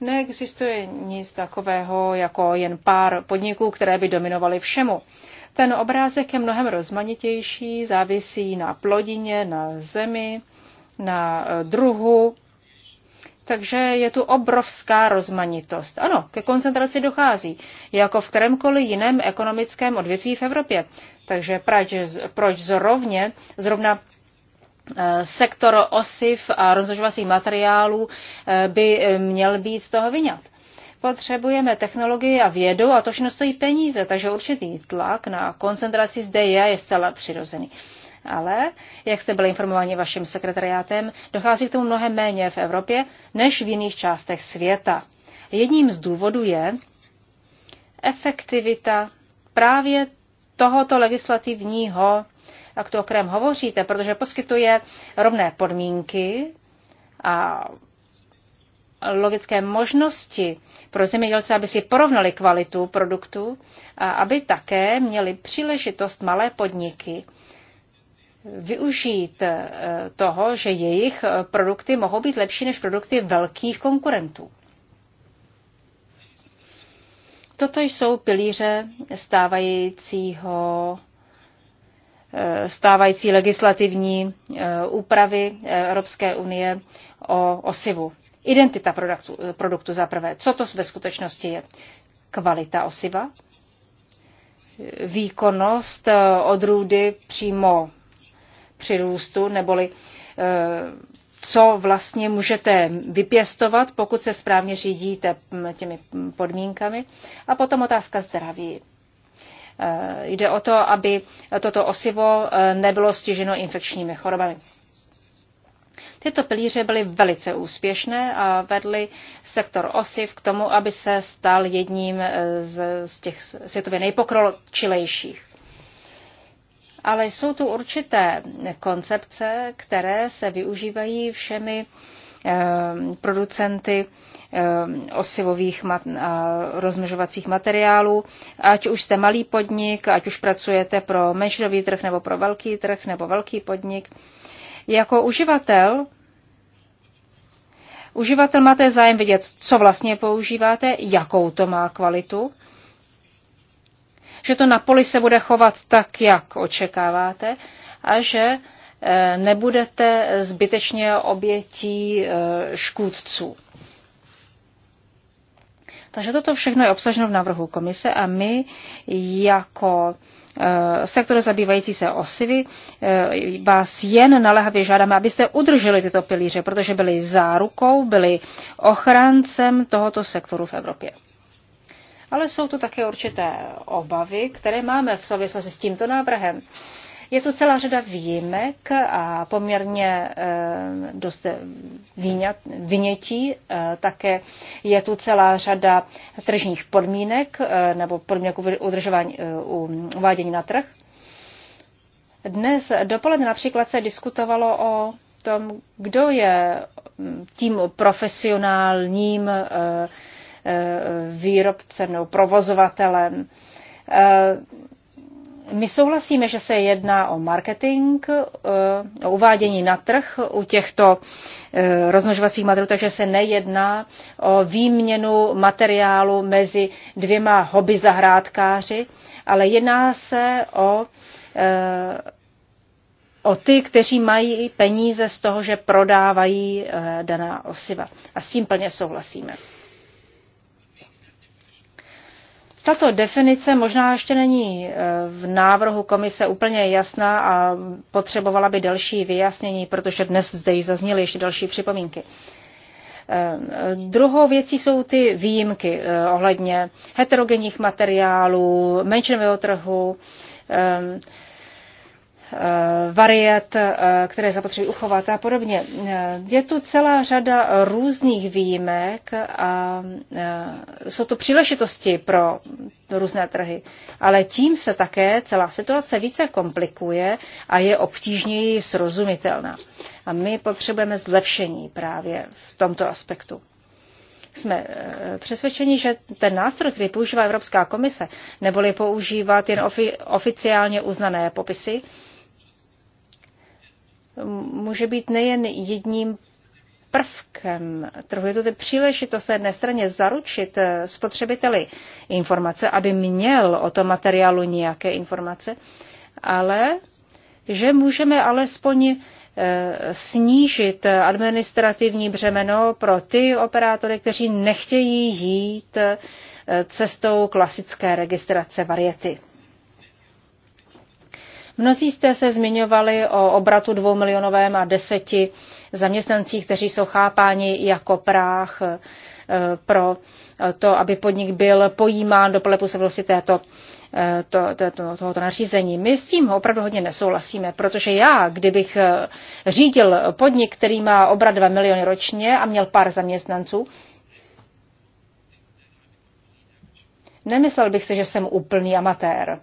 Neexistuje nic takového jako jen pár podniků, které by dominovaly všemu. Ten obrázek je mnohem rozmanitější, závisí na plodině, na zemi, na druhu takže je tu obrovská rozmanitost. Ano, ke koncentraci dochází, jako v kterémkoliv jiném ekonomickém odvětví v Evropě. Takže proč, proč zrovně, zrovna eh, sektor osiv a rozložovacích materiálů eh, by eh, měl být z toho vyňat. Potřebujeme technologii a vědu a to všechno stojí peníze, takže určitý tlak na koncentraci zde je, je zcela přirozený ale, jak jste byli informováni vaším sekretariátem, dochází k tomu mnohem méně v Evropě než v jiných částech světa. Jedním z důvodů je efektivita právě tohoto legislativního aktu, o kterém hovoříte, protože poskytuje rovné podmínky a logické možnosti pro zemědělce, aby si porovnali kvalitu produktu a aby také měli příležitost malé podniky využít eh, toho, že jejich eh, produkty mohou být lepší než produkty velkých konkurentů. Toto jsou pilíře stávajícího eh, stávající legislativní úpravy Evropské unie o osivu. Identita produktu, produktu za prvé. Co to ve skutečnosti je? Kvalita osiva, výkonnost odrůdy přímo při růstu, neboli eh, co vlastně můžete vypěstovat, pokud se správně řídíte těmi podmínkami. A potom otázka zdraví. Eh, jde o to, aby toto osivo eh, nebylo stiženo infekčními chorobami. Tyto pilíře byly velice úspěšné a vedly sektor osiv k tomu, aby se stal jedním z těch světově nejpokročilejších ale jsou tu určité koncepce, které se využívají všemi eh, producenty eh, osivových mat- a rozmnožovacích materiálů, ať už jste malý podnik, ať už pracujete pro menšinový trh nebo pro velký trh nebo velký podnik. Jako uživatel Uživatel máte zájem vidět, co vlastně používáte, jakou to má kvalitu že to na poli se bude chovat tak, jak očekáváte a že eh, nebudete zbytečně obětí eh, škůdců. Takže toto všechno je obsaženo v návrhu komise a my jako eh, sektor zabývající se osivy vás jen naléhavě žádáme, abyste udrželi tyto pilíře, protože byly zárukou, byly ochráncem tohoto sektoru v Evropě ale jsou tu také určité obavy, které máme v souvislosti s tímto návrhem. Je to celá řada výjimek a poměrně eh, dost eh, výňat, vynětí. Eh, také je tu celá řada tržních podmínek nebo podmínek udržování, uvádění na trh. Dnes dopoledne například se diskutovalo o tom, kdo je mm, tím profesionálním výrobcem nebo provozovatelem. Eh, my souhlasíme, že se jedná o marketing, eh, o uvádění na trh u těchto eh, rozmnožovacích materiálů, takže se nejedná o výměnu materiálu mezi dvěma hobby zahrádkáři, ale jedná se o, o ty, kteří mají peníze z toho, že prodávají daná osiva. A s tím plně souhlasíme. Tato definice možná ještě není e, v návrhu komise úplně jasná a potřebovala by další vyjasnění, protože dnes zde již zazněly ještě další připomínky. E, druhou věcí jsou ty výjimky e, ohledně heterogenních materiálů, menšinového trhu, Eh, variet, eh, které zapotřebí uchovat a podobně. Eh, je tu celá řada různých výjimek a jsou to příležitosti pro různé trhy. Ale tím se také celá situace více komplikuje a je obtížněji srozumitelná. A my potřebujeme zlepšení právě v tomto aspektu jsme přesvědčeni, že ten nástroj, který používá Evropská komise, neboli používat jen ofi- oficiálně uznané popisy, může být nejen jedním prvkem trhu. Je to tedy příležitost na jedné straně zaručit eh, spotřebiteli informace, aby měl o tom materiálu nějaké informace, ale že můžeme alespoň eh, snížit administrativní břemeno pro ty operátory, kteří nechtějí jít eh, cestou klasické registrace variety. Mnozí jste se zmiňovali o obratu dvou milionovém a deseti zaměstnancích, kteří jsou chápáni jako práh eh, pro eh, to, aby podnik byl pojímán do pole působnosti této eh, to, to, to, tohoto nařízení. My s tím opravdu hodně nesouhlasíme, protože já, kdybych řídil podnik, který má obrat 2 miliony ročně a měl pár zaměstnanců, nemyslel bych si, že jsem úplný amatér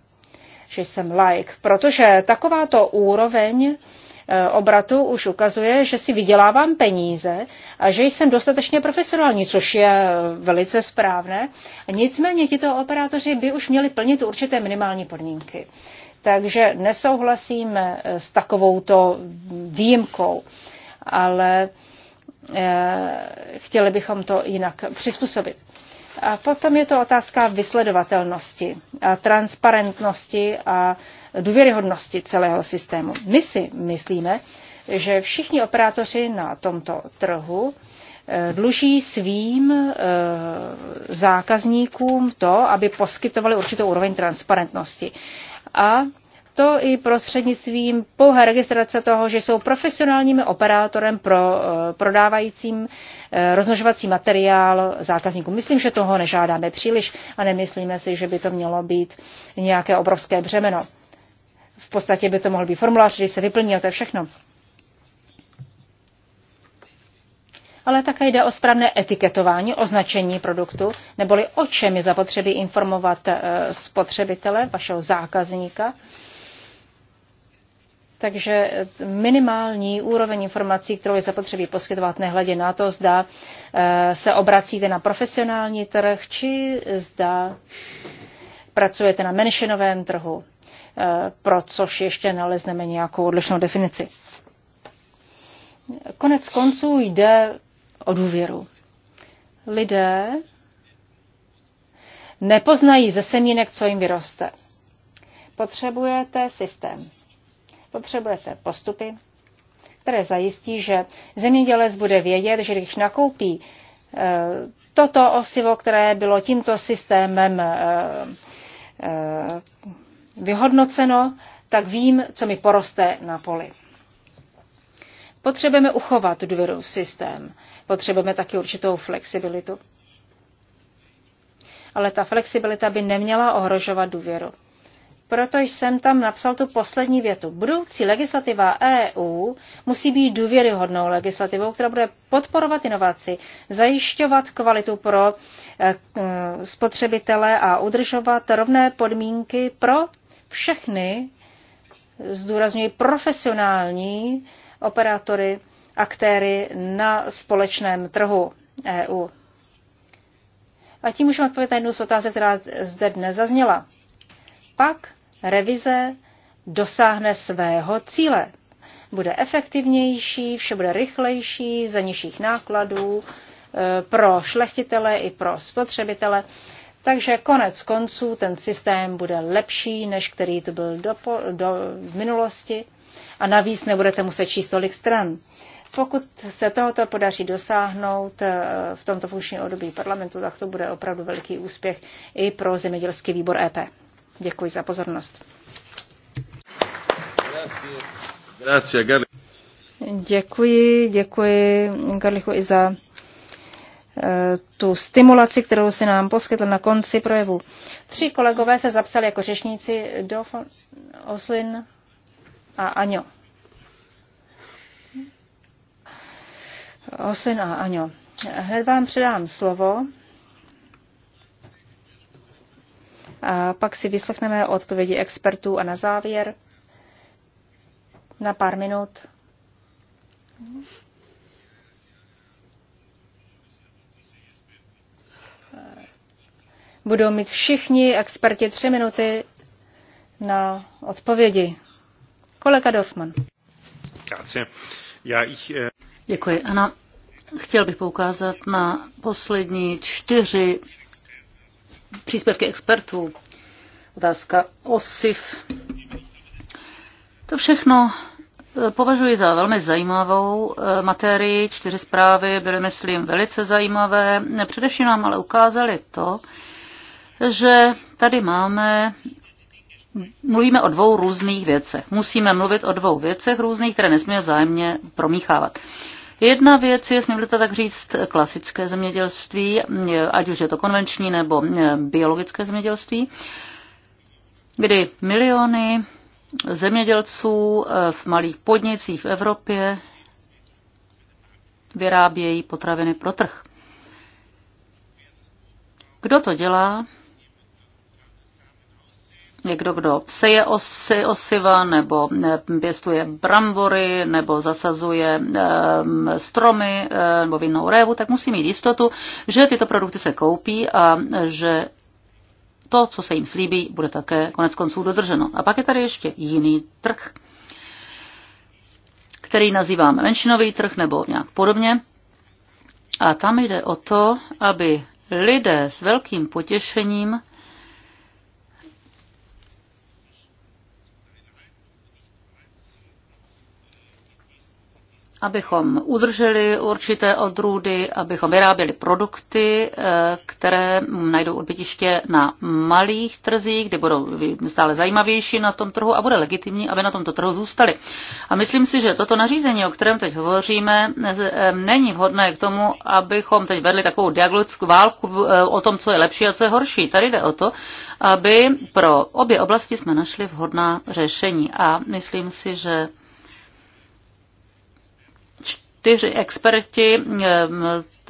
že jsem like, protože takováto úroveň e, obratu už ukazuje, že si vydělávám peníze a že jsem dostatečně profesionální, což je velice správné. Nicméně tito operátoři by už měli plnit určité minimální podmínky. Takže nesouhlasíme e, s takovouto výjimkou, ale e, chtěli bychom to jinak přizpůsobit. A potom je to otázka vysledovatelnosti, a transparentnosti a důvěryhodnosti celého systému. My si myslíme, že všichni operátoři na tomto trhu e, dluží svým e, zákazníkům to, aby poskytovali určitou úroveň transparentnosti. A to i prostřednictvím pouhé registrace toho, že jsou profesionálním operátorem pro eh, prodávajícím eh, rozmnožovací materiál zákazníkům. Myslím, že toho nežádáme příliš a nemyslíme si, že by to mělo být nějaké obrovské břemeno. V podstatě by to mohl být formulář, který se vyplní a to je všechno. ale také jde o správné etiketování, označení produktu, neboli o čem je zapotřebí informovat eh, spotřebitele, vašeho zákazníka, takže minimální úroveň informací, kterou je zapotřebí poskytovat, nehledě na to, zda eh, se obracíte na profesionální trh, či zda pracujete na menšinovém trhu, eh, pro což ještě nalezneme nějakou odlišnou definici. Konec konců jde o důvěru. Lidé nepoznají ze semínek, co jim vyroste. Potřebujete systém Potřebujete postupy, které zajistí, že zemědělec bude vědět, že když nakoupí eh, toto osivo, které bylo tímto systémem eh, eh, vyhodnoceno, tak vím, co mi poroste na poli. Potřebujeme uchovat důvěru v systém. Potřebujeme taky určitou flexibilitu. Ale ta flexibilita by neměla ohrožovat důvěru proto jsem tam napsal tu poslední větu. Budoucí legislativa EU musí být důvěryhodnou legislativou, která bude podporovat inovaci, zajišťovat kvalitu pro eh, eh, spotřebitele a udržovat rovné podmínky pro všechny, zdůrazňuji profesionální operátory, aktéry na společném trhu EU. A tím můžeme odpovědět na jednu z otázek, která zde dnes zazněla pak revize dosáhne svého cíle. Bude efektivnější, vše bude rychlejší, za nižších nákladů e, pro šlechtitele i pro spotřebitele. Takže konec konců ten systém bude lepší, než který to byl do, do, v minulosti a navíc nebudete muset číst tolik stran. Pokud se tohoto podaří dosáhnout e, v tomto funkčním období parlamentu, tak to bude opravdu velký úspěch i pro zemědělský výbor EP. Děkuji za pozornost. Děkuji, děkuji Karlichu i za eh, tu stimulaci, kterou si nám poskytl na konci projevu. Tři kolegové se zapsali jako řešníci do Oslin a Aňo. Oslin a Aňo. Hned vám předám slovo. A pak si vyslechneme odpovědi expertů a na závěr na pár minut. Budou mít všichni experti tři minuty na odpovědi. Kolega Dorfman. Eh, Děkuji. Ano, chtěl bych poukázat na poslední čtyři příspěvky expertů, otázka OSIF. To všechno eh, Považuji za velmi zajímavou eh, materii. Čtyři zprávy byly, myslím, velice zajímavé. Především nám ale ukázali to, že tady máme mluvíme o dvou různých věcech. Musíme mluvit o dvou věcech různých, které nesmíme vzájemně promíchávat. Jedna věc je, směl to tak říct, klasické zemědělství, ať už je to konvenční nebo eh, biologické zemědělství, kdy miliony zemědělců eh, v malých podnicích v Evropě vyrábějí potraviny pro trh. Kdo to dělá? Někdo, kdo seje osy, osiva nebo eh, pěstuje brambory nebo zasazuje eh, stromy eh, nebo vinnou révu, tak musí mít jistotu, že tyto produkty se koupí a že to, co se jim slíbí, bude také konec konců dodrženo. A pak je tady ještě jiný trh, který nazýváme menšinový trh nebo nějak podobně. A tam jde o to, aby lidé s velkým potěšením abychom udrželi určité odrůdy, abychom vyráběli produkty, eh, které najdou odbytiště na malých trzích, kde budou stále zajímavější na tom trhu a bude legitimní, aby na tomto trhu zůstali. A myslím si, že toto nařízení, o kterém teď hovoříme, eh, není vhodné k tomu, abychom teď vedli takovou dialogickou válku eh, o tom, co je lepší a co je horší. Tady jde o to, aby pro obě oblasti jsme našli vhodná řešení a myslím si, že čtyři experti ehm,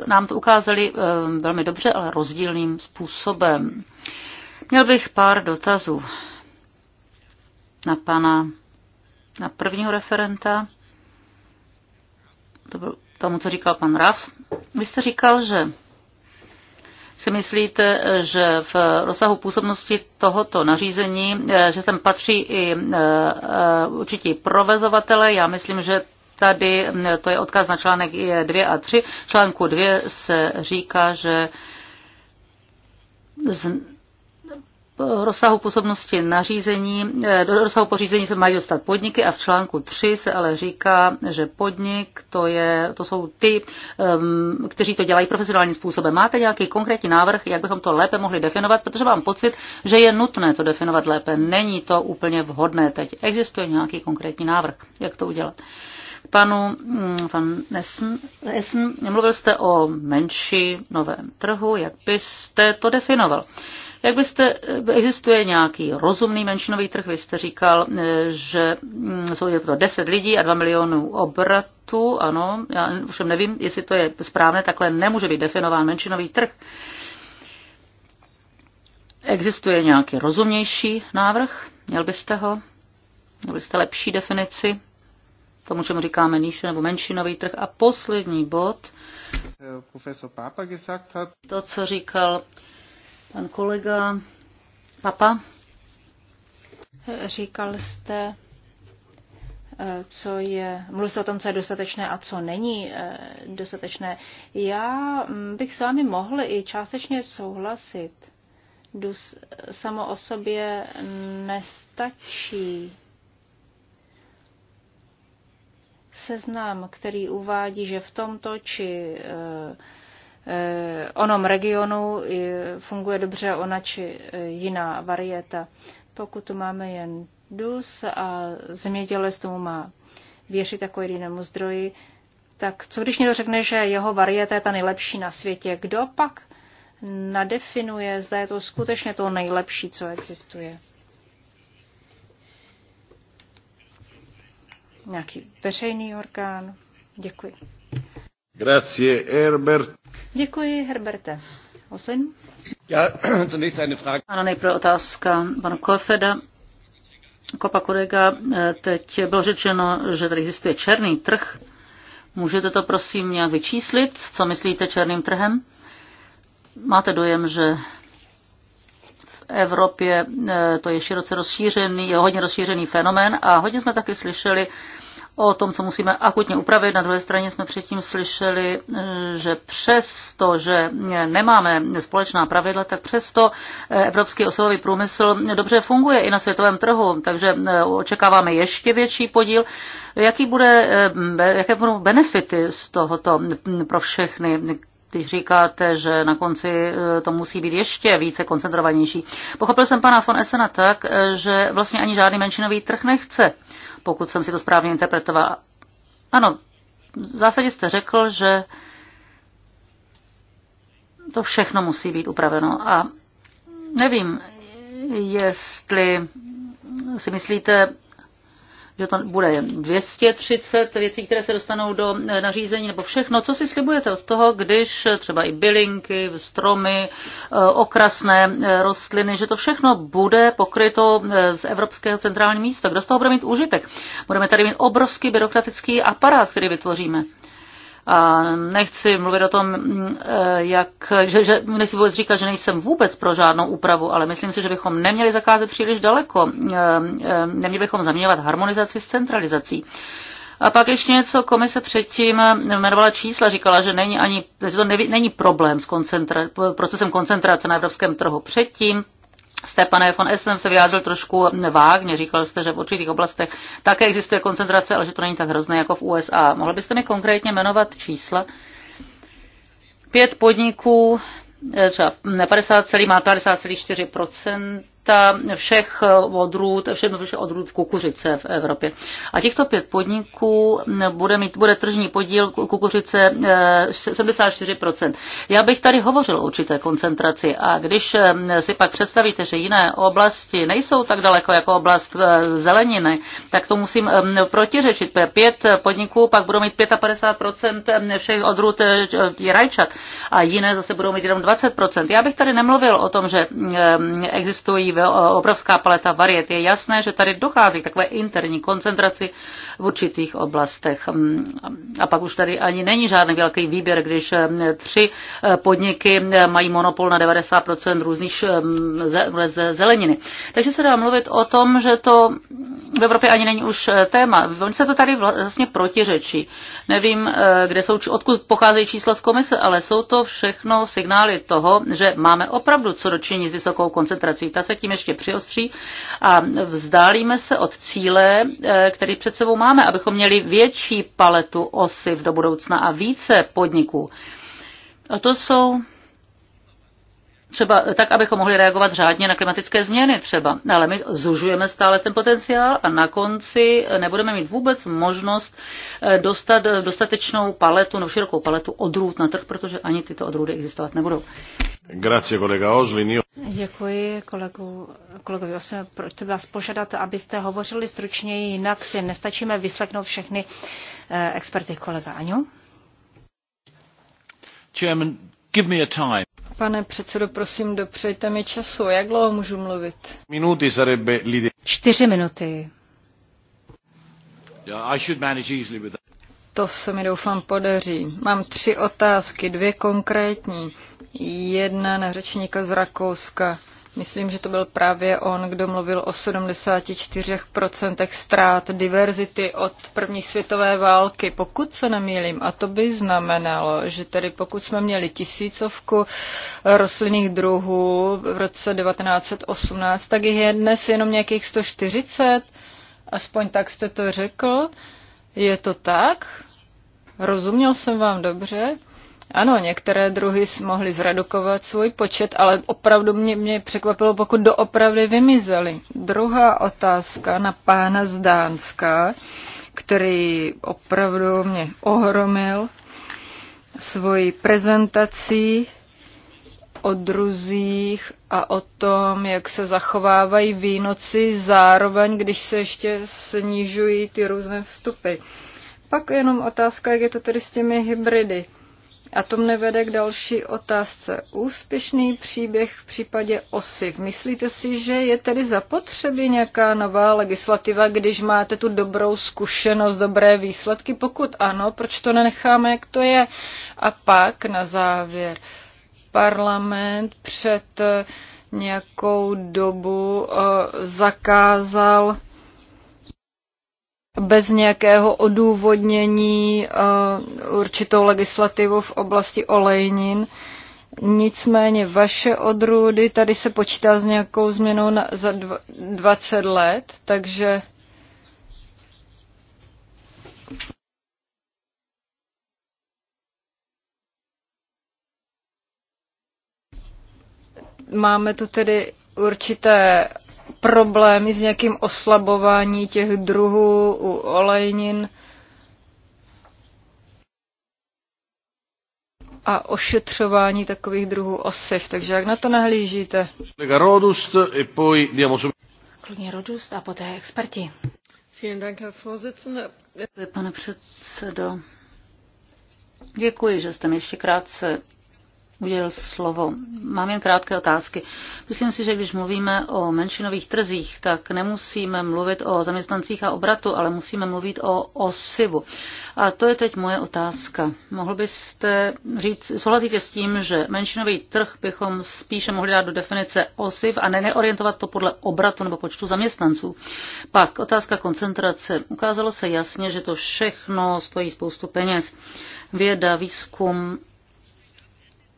nám to ukázali ehm, velmi dobře, ale rozdílným způsobem. Měl bych pár dotazů na pana, na prvního referenta. To byl tomu, co říkal pan Raf. Vy jste říkal, že si myslíte, že v rozsahu působnosti tohoto nařízení, eh, že tam patří i eh, eh, určití provezovatele. Já myslím, že tady, to je odkaz na článek 2 a 3, článku 2 se říká, že z rozsahu působnosti nařízení, e, do rozsahu pořízení se mají dostat podniky a v článku 3 se ale říká, že podnik to, je, to jsou ty, kteří to dělají profesionálním způsobem. Máte nějaký konkrétní návrh, jak bychom to lépe mohli definovat, protože mám pocit, že je nutné to definovat lépe. Není to úplně vhodné teď. Existuje nějaký konkrétní návrh, jak to udělat. Panu van mm, Nessen, Essen, mluvil jste o menší novém trhu, jak byste to definoval? Jak byste, existuje nějaký rozumný menšinový trh? Vy jste říkal, eh, že mm, jsou to 10 lidí a 2 milionů obratů, ano, já už nevím, jestli to je správné, takhle nemůže být definován menšinový trh. Existuje nějaký rozumnější návrh? Měl byste ho? Měl byste lepší definici? tomu, čemu říkáme níše nebo menšinový trh. A poslední bod, profesor Papa gesagt hat. to, co říkal pan kolega Papa. Říkal jste, eh, co je, mluvil jste o tom, co je dostatečné a co není eh, dostatečné. Já mm, bych s vámi mohl i částečně souhlasit. Dus samo o sobě nestačí seznam, který uvádí, že v tomto či e, e, onom regionu funguje dobře ona či e, jiná varieta. Pokud tu máme jen dus a zemědělec tomu má věřit jako jedinému zdroji, tak co když někdo řekne, že jeho varieta je ta nejlepší na světě? Kdo pak nadefinuje, zda je to skutečně to nejlepší, co existuje? nějaký veřejný orgán. Děkuji. Grazie, Herbert. Děkuji, Herberte. Oslin? Ja, [CLEARS THROAT] zunächst eine Frage. Ano, nejprve otázka panu Kofeda. Kopa Kurega, eh, teď bylo řečeno, že tady existuje černý trh. Můžete to prosím nějak vyčíslit? Co myslíte černým trhem? Máte dojem, že Evropě e, to je široce rozšířený, je hodně rozšířený fenomén a hodně jsme taky slyšeli o tom, co musíme akutně upravit. Na druhé straně jsme předtím slyšeli, e, že přesto, že nemáme společná pravidla, tak přesto e, evropský osobový průmysl dobře funguje i na světovém trhu, takže očekáváme ještě větší podíl. Jaký bude, jaké budou benefity z tohoto pro všechny? když říkáte, že na konci e, to musí být ještě více koncentrovanější. Pochopil jsem pana von Essena tak, e, že vlastně ani žádný menšinový trh nechce, pokud jsem si to správně interpretoval. Ano, v zásadě jste řekl, že to všechno musí být upraveno. A nevím, jestli si myslíte, že to bude 230 věcí, které se dostanou do eh, nařízení, nebo všechno. Co si slibujete od toho, když eh, třeba i bylinky, stromy, eh, okrasné rostliny, že to všechno bude pokryto z Evropského centrálního místa? Kdo z toho bude mít užitek? Budeme tady mít obrovský byrokratický aparát, který vytvoříme. A nechci mluvit o tom, mm, eh, jak, že, že nechci vůbec říkat, že nejsem vůbec pro žádnou úpravu, ale myslím si, že bychom neměli zakázat příliš daleko. Mm, eh, eh, neměli bychom zaměňovat harmonizaci s centralizací. A pak ještě něco, komise předtím jmenovala čísla, říkala, že, není ani, že to neví, není problém s koncentra, procesem koncentrace na evropském trhu. Předtím jste, pane von Essen, se vyjádřil trošku vágně. Říkal jste, že v určitých oblastech také existuje koncentrace, ale že to není tak hrozné jako v USA. Mohl byste mi konkrétně jmenovat čísla? Pět podniků, eh, třeba 50, má 50,4%, pěta eh, všech eh, odrůd, všech, všech odrůd kukuřice v Evropě. A těchto pět podniků eh, bude, mít, bude tržní podíl kukuřice 74%. Já bych tady hovořil o určité koncentraci a když si pak představíte, že jiné oblasti nejsou tak daleko jako oblast zeleniny, tak to musím protiřečit. Pět podniků pak budou mít 55% všech odrůd rajčat a jiné zase budou mít jenom 20%. Já bych tady nemluvil o tom, že existují obrovská paleta variet. Je jasné, že tady dochází k takové interní koncentraci v určitých oblastech. Mm, a pak už tady ani není žádný velký výběr, když mm, tři e, podniky e, mají monopol na 90% různých e, zeleniny. Takže se dá mluvit o tom, že to v Evropě ani není už téma. Oni se to tady vlastně protiřečí. Nevím, kde jsou, odkud pocházejí čísla z komise, ale jsou to všechno signály toho, že máme opravdu co dočinit s vysokou koncentrací. Ta se tím ještě přiostří a vzdálíme se od cíle, eh, který před sebou máme, abychom měli větší paletu osiv do budoucna a více podniků. A to jsou třeba tak, abychom mohli reagovat řádně na klimatické změny třeba. Ale my zužujeme stále ten potenciál a na konci nebudeme mít vůbec možnost eh, dostat eh, dostatečnou paletu, no širokou paletu odrůd na trh, protože ani tyto odrůdy existovat nebudou. Grazie, kolega Ožlin. Děkuji kolegu, kolegovi Osem. Chci vás požádat, abyste hovořili stručněji, jinak si nestačíme vyslechnout všechny eh, experty kolega Aňu. Chairman, give me a time. Pane předsedo, prosím, dopřejte mi času. Jak dlouho můžu mluvit? Minuty sarebbe lidi. Čtyři minuty. Yeah, I should manage easily with that. To se mi doufám podaří. Mám tři otázky, dvě konkrétní. Jedna na řečníka z Rakouska. Myslím, že to byl právě on, kdo mluvil o 74% ztrát diverzity od první světové války, pokud se nemýlím. A to by znamenalo, že tedy pokud jsme měli tisícovku rostlinných druhů v roce 1918, tak jich je dnes jenom nějakých 140. Aspoň tak jste to řekl. Je to tak? Rozuměl jsem vám dobře? Ano, některé druhy mohly zredukovat svůj počet, ale opravdu mě, mě překvapilo, pokud doopravdy vymizely. Druhá otázka na pána z Dánska, který opravdu mě ohromil svoji prezentací o druzích a o tom, jak se zachovávají výnoci, zároveň, když se ještě snižují ty různé vstupy. Pak jenom otázka, jak je to tedy s těmi hybridy. A to mne vede k další otázce. Úspěšný příběh v případě osiv. Myslíte si, že je tedy zapotřebí nějaká nová legislativa, když máte tu dobrou zkušenost, dobré výsledky? Pokud ano, proč to nenecháme, jak to je? A pak na závěr. Parlament před nějakou dobu eh, zakázal bez nějakého odůvodnění eh, určitou legislativu v oblasti olejnin. Nicméně vaše odrůdy, tady se počítá s nějakou změnou na, za 20 let, takže máme tu tedy určité problémy s nějakým oslabování těch druhů u olejnin a ošetřování takových druhů osiv. Takže jak na to nahlížíte? Kolega Rodust, poi diamo Rodust a poté experti. Děkuji, pane předsedo. Děkuji, že jste mi ještě krátce udělil slovo. Mám jen krátké otázky. Myslím si, že když mluvíme o menšinových trzích, tak nemusíme mluvit o zaměstnancích a obratu, ale musíme mluvit o osivu. A to je teď moje otázka. Mohl byste říct, souhlasíte s tím, že menšinový trh bychom spíše mohli dát do definice osiv a ne neorientovat to podle obratu nebo počtu zaměstnanců? Pak otázka koncentrace. Ukázalo se jasně, že to všechno stojí spoustu peněz. Věda, výzkum,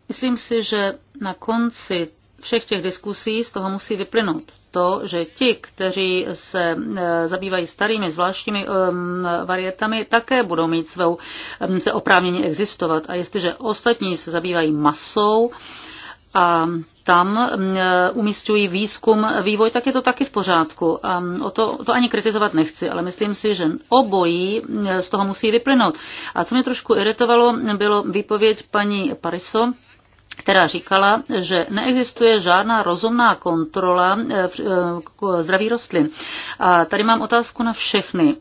Myslím si, že na konci všech těch diskusí z toho musí vyplynout to, že ti, kteří se eh, zabývají starými zvláštními ehm, varietami, také budou mít svou, ehm, své oprávnění existovat. A jestliže ostatní se zabývají masou, a tam ehm, umístují výzkum, vývoj, tak je to taky v pořádku. A o to, to ani kritizovat nechci, ale myslím si, že obojí eh, z toho musí vyplynout. A co mě trošku iritovalo, bylo výpověď paní Pariso, která říkala, že neexistuje žádná rozumná kontrola eh, eh, eh, zdraví rostlin. A tady mám otázku na všechny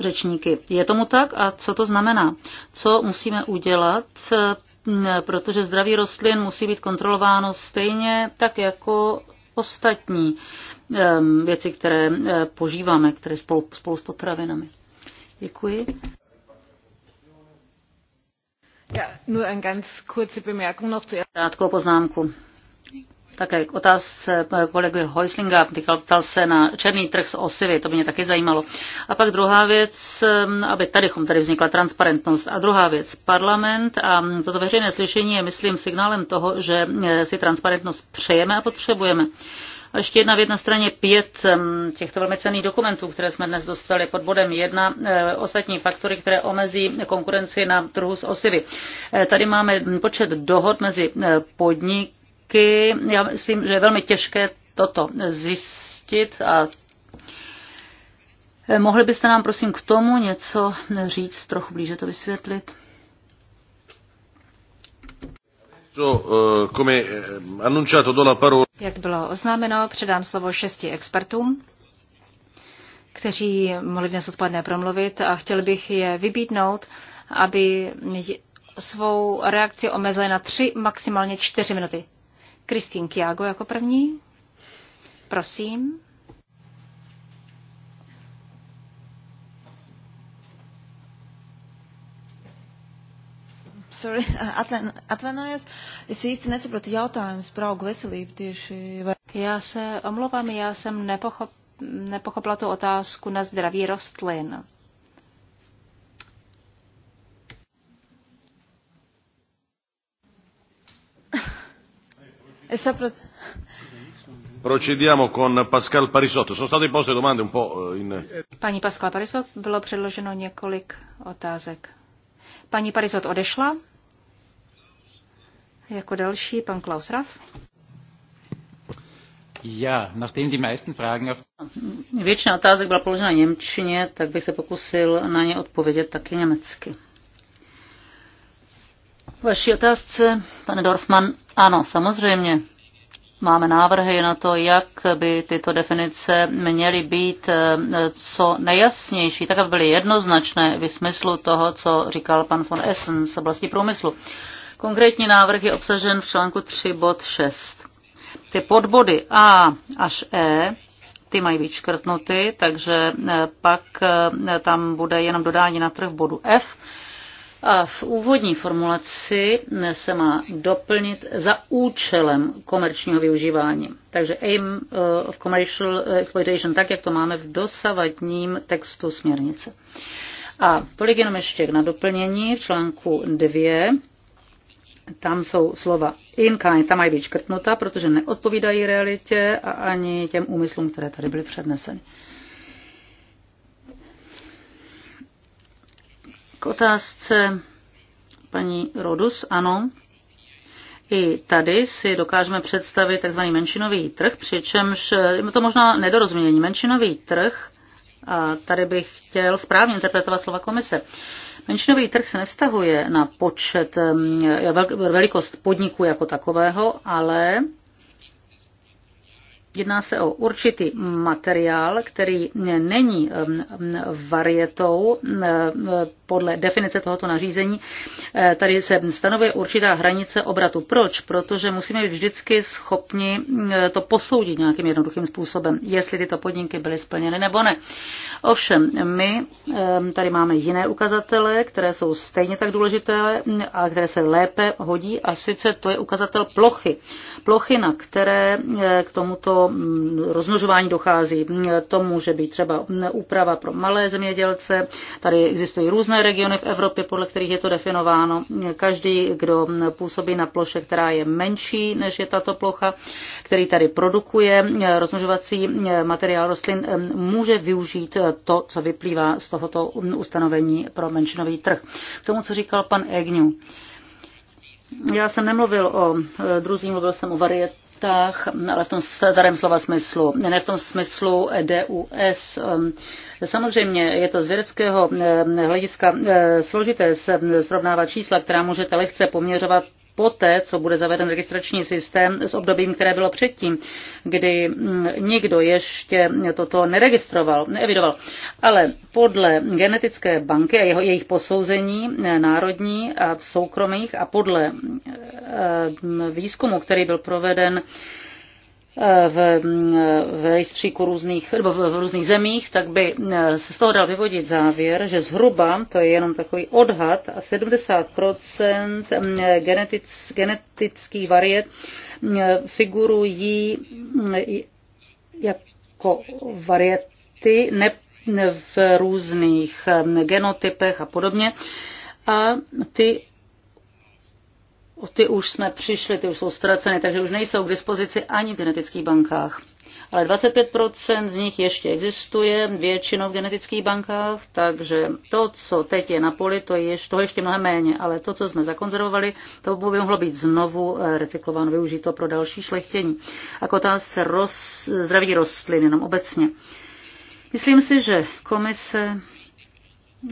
řečníky. Je tomu tak a co to znamená? Co musíme udělat, protože zdraví rostlin musí být kontrolováno stejně tak jako ostatní věci, které požíváme, které spolu, spolu s potravinami. Děkuji. Krátkou poznámku. Také k otázce kolegy Heuslinga, ptal se na černý trh s osivy, to by mě taky zajímalo. A pak druhá věc, ehm, aby tady, tady vznikla transparentnost. A druhá věc, parlament a toto veřejné slyšení je, myslím, signálem toho, že si transparentnost přejeme a potřebujeme. A ještě jedna věc na straně pět těchto velmi cených dokumentů, které jsme dnes dostali pod bodem jedna, eh, ostatní faktory, které omezí konkurenci na trhu s osivy. Eh, tady máme počet dohod mezi eh, podniky. Já myslím, že je velmi těžké toto zjistit a Mohli byste nám prosím k tomu něco říct, trochu blíže to vysvětlit? Uh, eh, Jak bylo oznámeno, předám slovo šesti expertům, kteří mohli dnes odpoledne promluvit a chtěl bych je vybídnout, aby svou reakci omezili na tři, maximálně čtyři minuty. Kristín Kiago jako první. Prosím. sorry, [LAUGHS] atven, atvainojos. Es īsti nesapratu jautājumus par augu veselību tieši. Vai... Jā, se omlouvam, já jsem nepochop, nepochopila tu otázku na zdraví rostlin. [LAUGHS] es sapratu. Procediamo con Pascal Parisotto. Sono state poste domande un po' eh, in... Pani Pascal Parisotto, bylo předloženo několik otázek. Pani Parisotto odešla. Jako další pan Klaus Raff. Ja, nachdem die meisten Fragen auf Většina otázek byla položena Němčině, tak bych se pokusil na ně odpovědět taky německy. Vaší otázce, pane Dorfman, ano, samozřejmě. Máme návrhy na to, jak by tyto definice měly být eh, co nejjasnější, tak aby byly jednoznačné v smyslu toho, co říkal pan von Essen z oblasti průmyslu. Konkrétní návrh je obsažen v článku 3 bod 6. Ty podbody A až E ty mají být škrtnuty, takže e, pak e, tam bude jenom dodání na trh bodu F. A v úvodní formulaci e, se má doplnit za účelem komerčního využívání. Takže aim of commercial exploitation, tak jak to máme v dosavadním textu směrnice. A tolik jenom ještě na doplnění v článku 2 tam jsou slova in kind, tam mají být škrtnuta, protože neodpovídají realitě a ani těm úmyslům, které tady byly předneseny. K otázce paní Rodus, ano. I tady si dokážeme představit tzv. menšinový trh, přičemž je to možná nedorozumění. Menšinový trh, a tady bych chtěl správně interpretovat slova komise. Uh, Menšinový trh se nestahuje na počet, eh, velikost podniku jako takového, ale Jedná se o určitý materiál, který není varietou podle definice tohoto nařízení. E, tady se stanovuje určitá hranice obratu. Proč? Protože musíme být vždycky schopni e, to posoudit nějakým jednoduchým způsobem, jestli tyto podniky byly splněny nebo ne. Ovšem, my tady máme jiné ukazatele, které jsou stejně tak důležité a které se lépe hodí a sice to je ukazatel plochy. Plochy, na které e, k tomuto Mm, rozmnožování dochází. To může být třeba úprava pro malé zemědělce. Tady existují různé regiony v Evropě, podle kterých je to definováno. Každý, kdo působí na ploše, která je menší než je tato plocha, který tady produkuje rozmnožovací materiál rostlin, může využít to, co vyplývá z tohoto ustanovení pro menšinový trh. K tomu, co říkal pan Egnu. Já jsem nemluvil o eh, druzí, mluvil jsem o variet, tak, ale v tom starém slova smyslu, ne v tom smyslu DUS. Ehm, samozřejmě je to z vědeckého ehm, hlediska ehm, složité se srovnávat čísla, která můžete lehce poměřovat poté, co bude zaveden registrační systém s obdobím, které bylo předtím, kdy mm, nikdo ještě toto neregistroval, neevidoval. Ale podle genetické banky a jeho, jejich posouzení eh, národní a soukromých a podle eh, mm, výzkumu, který byl proveden, v, v rejstříku různých, nebo v různých zemích, tak by eh, se z toho dal vyvodit závěr, že zhruba, to je jenom takový odhad, 70% mm, genetic, genetických variet mm, figurují mm, jako variety ne, v různých genotypech a podobně. A ty ty už jsme přišli, ty už jsou ztraceny, takže už nejsou k dispozici ani v genetických bankách. Ale 25% z nich ještě existuje, většinou v genetických bankách, takže to, co teď je na poli, to je, toho ještě mnohem méně, ale to, co jsme zakonzervovali, to by mohlo být znovu eh, recyklováno, využito pro další šlechtění. A k otázce roz, zdraví rostlin jenom obecně. Myslím si, že komise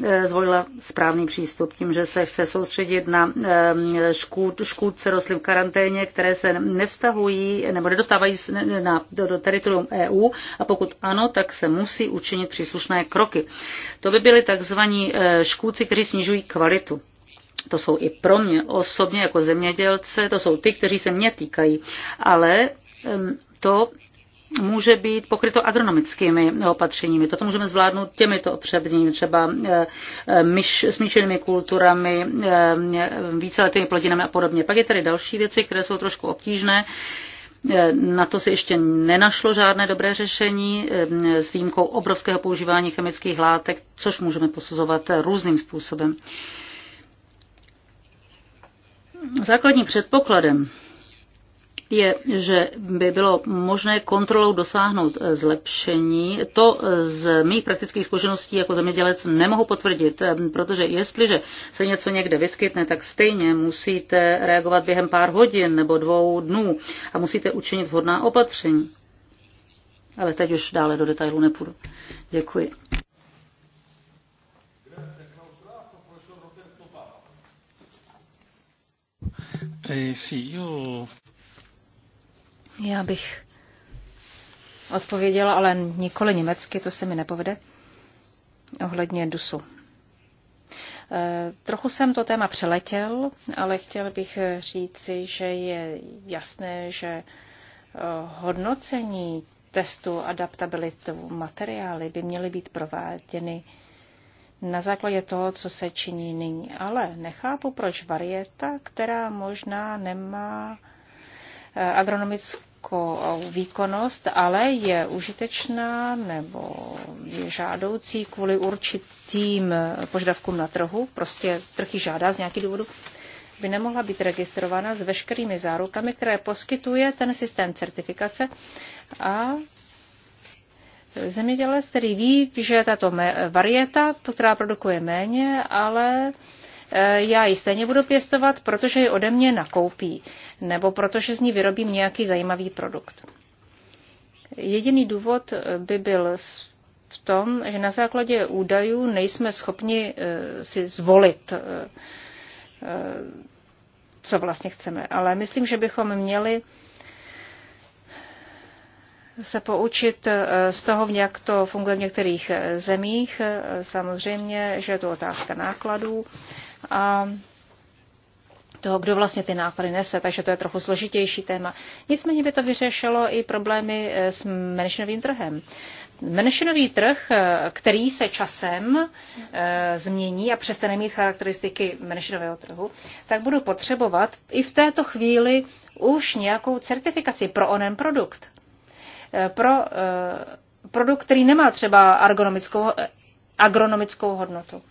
Eh, zvolila správný přístup tím, že se chce soustředit na eh, škůd, škůdce rostlin v karanténě, které se nevztahují nebo nedostávají na, do, do teritorium EU a pokud ano, tak se musí učinit příslušné kroky. To by byly takzvaní eh, škůdci, kteří snižují kvalitu to jsou i pro mě osobně jako zemědělce, to jsou ty, kteří se mě týkají, ale to může být pokryto agronomickými opatřeními. Toto můžeme zvládnout těmito opatřeními, třeba eh, eh, myš, smíšenými kulturami, eh, víceletými plodinami a podobně. Pak je tady další věci, které jsou trošku obtížné. Na to se ještě nenašlo žádné dobré řešení s výjimkou obrovského používání chemických látek, což můžeme posuzovat různým způsobem. Základním předpokladem je, že by bylo možné kontrolou dosáhnout eh, zlepšení. To eh, z mých praktických zkušeností jako zemědělec nemohu potvrdit, eh, protože jestliže se něco někde vyskytne, tak stejně musíte reagovat během pár hodin nebo dvou dnů a musíte učinit vhodná opatření. Ale teď už dále do detailů nepůjdu. Děkuji. Eh, sì, io já bych odpověděla, ale nikoli německy, to se mi nepovede, ohledně DUSu. E, trochu jsem to téma přeletěl, ale chtěl bych říci, že je jasné, že e, hodnocení testu adaptability materiály by měly být prováděny na základě toho, co se činí nyní. Ale nechápu, proč varieta, která možná nemá e, agronomickou jako výkonnost, ale je užitečná nebo je žádoucí kvůli určitým požadavkům na trhu, prostě trh ji žádá z nějakého důvodu by nemohla být registrována s veškerými zárukami, které poskytuje ten systém certifikace a zemědělec, který ví, že tato varieta, která produkuje méně, ale Eh, já ji stejně budu pěstovat, protože ji ode mě nakoupí, nebo protože z ní vyrobím nějaký zajímavý produkt. Jediný důvod eh, by byl v tom, že na základě údajů nejsme schopni eh, si zvolit, co vlastně chceme. Ale myslím, že bychom měli se poučit z toho, jak to funguje v některých zemích. Samozřejmě, že je to otázka nákladů, a toho, kdo vlastně ty náklady nese, takže to je trochu složitější téma. Nicméně by to vyřešilo i problémy eh, s menšinovým trhem. Menšinový trh, eh, který se časem e, změní a přestane mít charakteristiky menšinového trhu, tak budu potřebovat i v této chvíli už nějakou certifikaci pro onen produkt. E, pro e, produkt, který nemá třeba ergonomickou, agronomickou hodnotu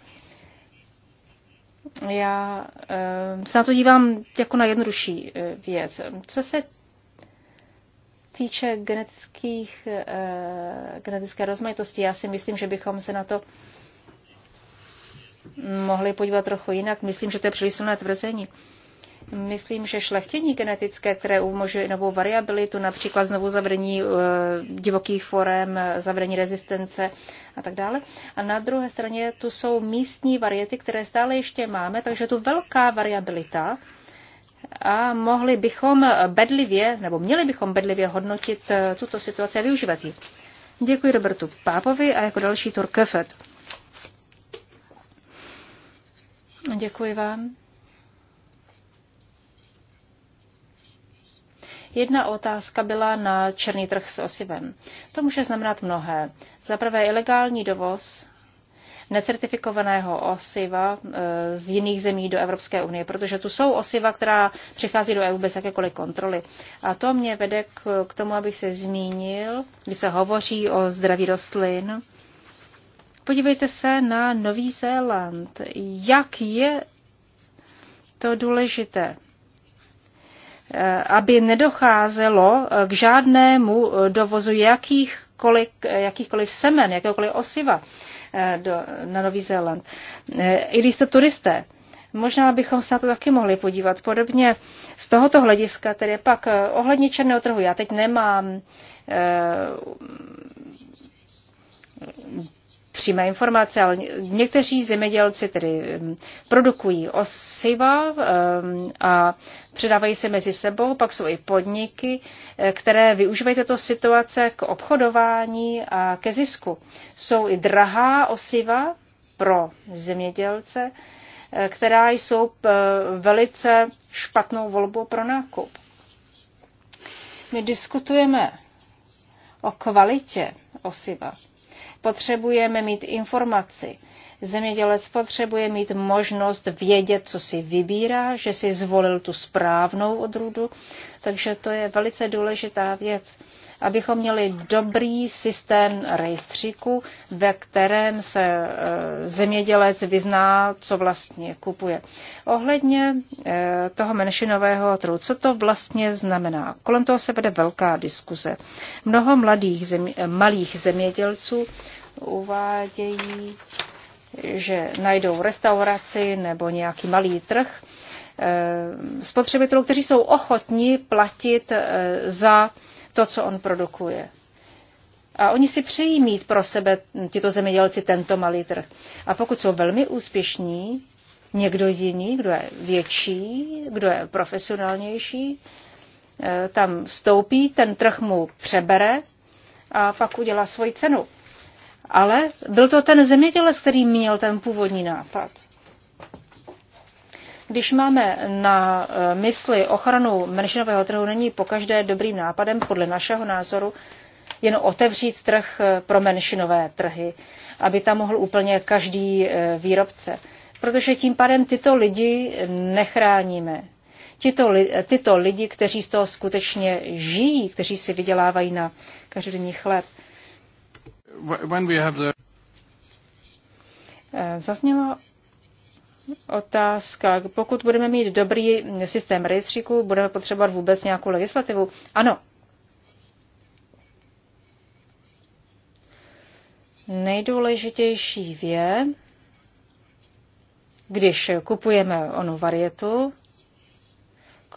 já eh, se na to dívám jako na jednodušší eh, věc. Co se týče genetických, eh, genetické rozmanitosti, já si myslím, že bychom se na to mohli podívat trochu jinak. Myslím, že to je příliš silné tvrzení myslím, že šlechtění genetické, které umožňuje novou variabilitu, například znovu zavření eh, divokých forem, eh, zavření rezistence a tak dále. A na druhé straně tu jsou místní variety, které stále ještě máme, takže tu velká variabilita a mohli bychom bedlivě, nebo měli bychom bedlivě hodnotit eh, tuto situaci a využívat ji. Děkuji Robertu Pápovi a jako další Tor Děkuji vám. Jedna otázka byla na černý trh s osivem. To může znamenat mnohé. Za prvé ilegální dovoz necertifikovaného osiva e, z jiných zemí do Evropské unie, protože tu jsou osiva, která přichází do EU bez jakékoliv kontroly. A to mě vede k, k tomu, abych se zmínil, když se hovoří o zdraví rostlin. Podívejte se na Nový Zéland. Jak je to důležité? Eh, aby nedocházelo eh, k žádnému eh, dovozu jakýchkoliv, jakýchkoliv semen, jakéhokoliv osiva do, na Nový Zéland. I když jste turisté, možná bychom se na to taky mohli podívat. Podobně z tohoto hlediska, tedy pak ohledně černého trhu, já teď nemám eh, přímé informace, ale někteří zemědělci tedy produkují osiva a předávají se mezi sebou, pak jsou i podniky, eh, které využívají této situace k obchodování a ke zisku. Jsou i drahá osiva pro zemědělce, eh, která jsou eh, velice špatnou volbou pro nákup. My diskutujeme o kvalitě osiva potřebujeme mít informaci. Zemědělec potřebuje mít možnost vědět, co si vybírá, že si zvolil tu správnou odrůdu, takže to je velice důležitá věc abychom měli dobrý systém rejstříku, ve kterém se eh, zemědělec vyzná, co vlastně kupuje. Ohledně eh, toho menšinového trhu, co to vlastně znamená? Kolem toho se vede velká diskuze. Mnoho mladých země, malých zemědělců uvádějí, že najdou restauraci nebo nějaký malý trh eh, spotřebitelů, kteří jsou ochotní platit za to, co on produkuje. A oni si přejí mít pro sebe, tyto zemědělci, tento malý trh. A pokud jsou velmi úspěšní, někdo jiný, kdo je větší, kdo je profesionálnější, eh, tam vstoupí, ten trh mu přebere a pak udělá svoji cenu. Ale byl to ten zemědělec, který měl ten původní nápad. Když máme na e, mysli ochranu menšinového trhu, není pokaždé dobrým nápadem, podle našeho názoru, jen otevřít trh e, pro menšinové trhy, aby tam mohl úplně každý e, výrobce. Protože tím pádem tyto lidi nechráníme. Tyto, tyto lidi, kteří z toho skutečně žijí, kteří si vydělávají na každodenní chleb. Zaznělo otázka. Pokud budeme mít dobrý systém rejstříku, budeme potřebovat vůbec nějakou legislativu? Ano. Nejdůležitější je, když kupujeme onu varietu,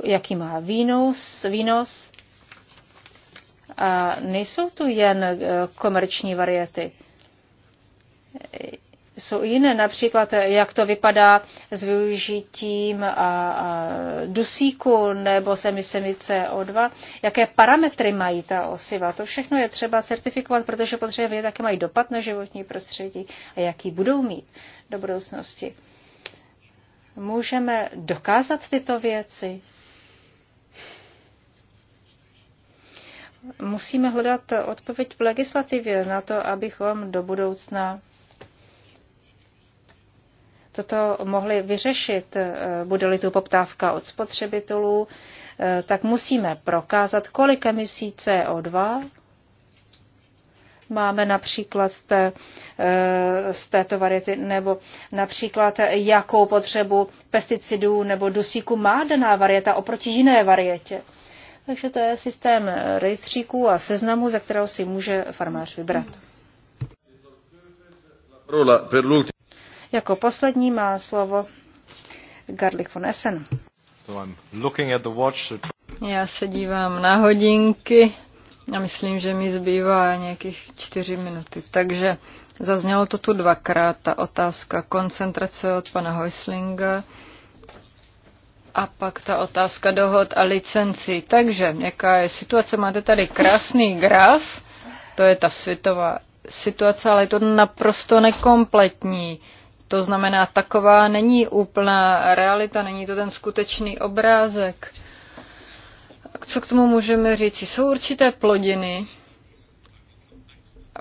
jaký má výnos, výnos. A nejsou tu jen eh, komerční variety jsou jiné, například jak to vypadá s využitím a, a dusíku nebo semisemi CO2, jaké parametry mají ta osiva. To všechno je třeba certifikovat, protože potřebujeme vědět, jaké mají dopad na životní prostředí a jaký budou mít do budoucnosti. Můžeme dokázat tyto věci? Musíme hledat odpověď v legislativě na to, abychom do budoucna toto mohli vyřešit, eh, bude-li tu poptávka od spotřebitelů, eh, tak musíme prokázat, kolik emisí CO2 máme například z, té, eh, z této variety, nebo například jakou potřebu pesticidů nebo dusíku má daná varieta oproti jiné varietě. Takže to je systém rejstříků a seznamu, ze kterého si může farmář vybrat. Jako poslední má slovo Garlich von Essen. Já se dívám na hodinky a myslím, že mi zbývá nějakých čtyři minuty. Takže zaznělo to tu dvakrát, ta otázka koncentrace od pana Hojslinga. A pak ta otázka dohod a licenci. Takže, jaká je situace? Máte tady krásný graf, to je ta světová situace, ale je to naprosto nekompletní. To znamená, taková není úplná realita, není to ten skutečný obrázek. Co k tomu můžeme říct? Jsou určité plodiny,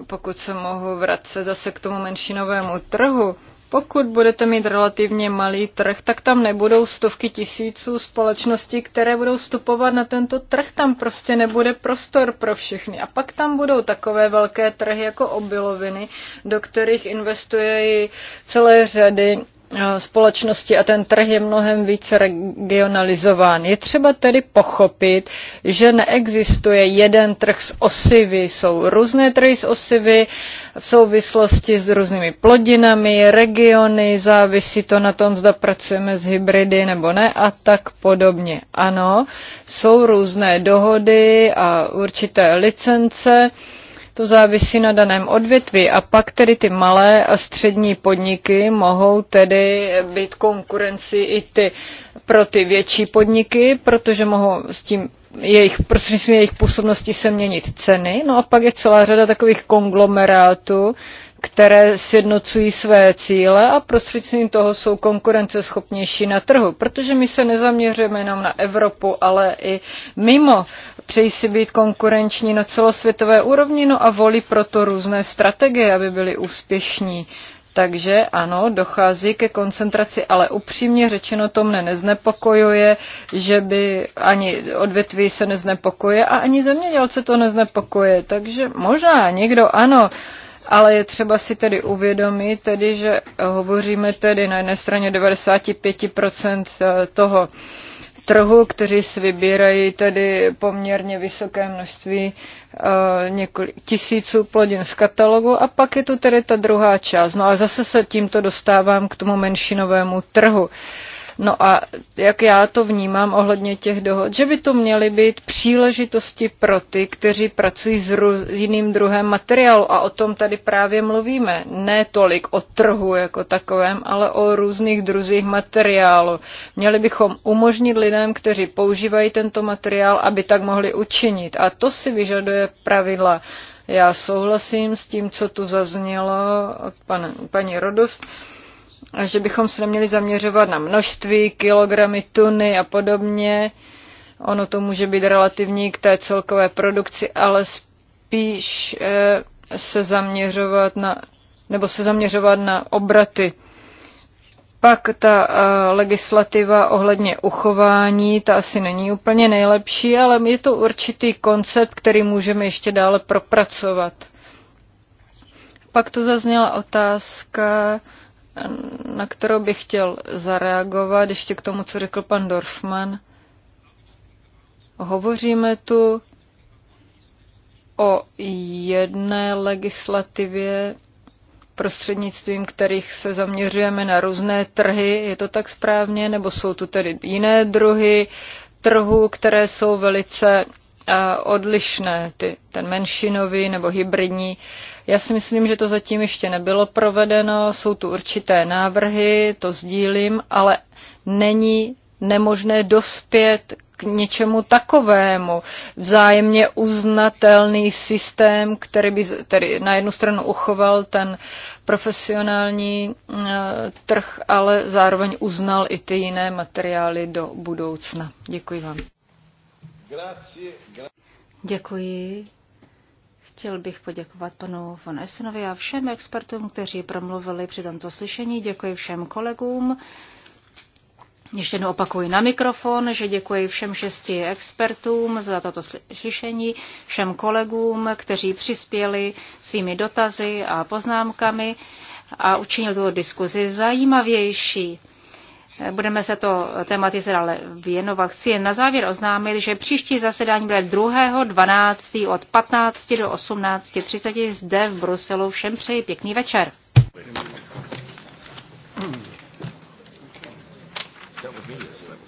pokud se mohu vracet zase k tomu menšinovému trhu, pokud budete mít relativně malý trh, tak tam nebudou stovky tisíců společností, které budou vstupovat na tento trh. Tam prostě nebude prostor pro všechny. A pak tam budou takové velké trhy jako obiloviny, do kterých investují celé řady Eh, společnosti a ten trh je mnohem více regionalizován. Je třeba tedy pochopit, že neexistuje jeden trh s osivy. Jsou různé trhy s osivy v souvislosti s různými plodinami, regiony, závisí to na tom, zda pracujeme s hybridy nebo ne a tak podobně. Ano, jsou různé dohody a určité licence, to závisí na daném odvětví a pak tedy ty malé a střední podniky mohou tedy být konkurenci i ty pro ty větší podniky, protože mohou s tím jejich, prostřednictvím jejich působnosti se měnit ceny. No a pak je celá řada takových konglomerátů, které sjednocují své cíle a prostřednictvím toho jsou konkurenceschopnější na trhu, protože my se nezaměřujeme jenom na Evropu, ale i mimo přejí si být konkurenční na celosvětové úrovni, no a volí proto různé strategie, aby byli úspěšní. Takže ano, dochází ke koncentraci, ale upřímně řečeno to mne neznepokojuje, že by ani odvětví se neznepokoje a ani zemědělce to neznepokoje. Takže možná někdo ano, ale je třeba si tedy uvědomit, tedy, že hovoříme tedy na jedné straně 95% eh, toho, trhu, kteří si vybírají tady poměrně vysoké množství eh, několik tisíců plodin z katalogu a pak je tu tedy ta druhá část. No a zase se tímto dostávám k tomu menšinovému trhu. Uh, No a jak já to vnímám ohledně těch dohod, že by to měly být příležitosti pro ty, kteří pracují s jiným druhem materiálu a o tom tady právě mluvíme. Ne tolik o trhu jako takovém, ale o různých druzích materiálu. Měli bychom umožnit lidem, kteří používají tento materiál, aby tak mohli učinit. A to si vyžaduje pravidla. Já souhlasím s tím, co tu zaznělo od pan, paní Rodost. Uh, že bychom se neměli zaměřovat na množství, kilogramy, tuny a podobně. Ono to může být relativní k té celkové produkci, ale spíš eh, se zaměřovat na, nebo se zaměřovat na obraty. Pak ta eh, legislativa ohledně uchování, ta asi není úplně nejlepší, ale je to určitý koncept, který můžeme ještě dále propracovat. Pak tu zazněla otázka na kterou bych chtěl zareagovat, ještě k tomu, co řekl pan Dorfman. Hovoříme tu o jedné legislativě, prostřednictvím kterých se zaměřujeme na různé trhy. Je to tak správně? Nebo jsou tu tedy jiné druhy trhů, které jsou velice eh, odlišné, ty, ten menšinový nebo hybridní já si myslím, že to zatím ještě nebylo provedeno, jsou tu určité návrhy, to sdílím, ale není nemožné dospět k něčemu takovému. Vzájemně uznatelný systém, který by tedy na jednu stranu uchoval ten profesionální eh, trh, ale zároveň uznal i ty jiné materiály do budoucna. Děkuji vám. Děkuji Chtěl bych poděkovat panu von Essenovi a všem expertům, kteří promluvili při tomto slyšení. Děkuji všem kolegům. Ještě jednou opakuji na mikrofon, že děkuji všem šesti expertům za toto slyšení, všem kolegům, kteří přispěli svými dotazy a poznámkami a učinil tuto diskuzi zajímavější. Budeme se to tématice dále věnovat. Chci jen na závěr oznámit, že příští zasedání bude 2.12. od 15 do 18.30 zde v Bruselu. Všem přeji pěkný večer. That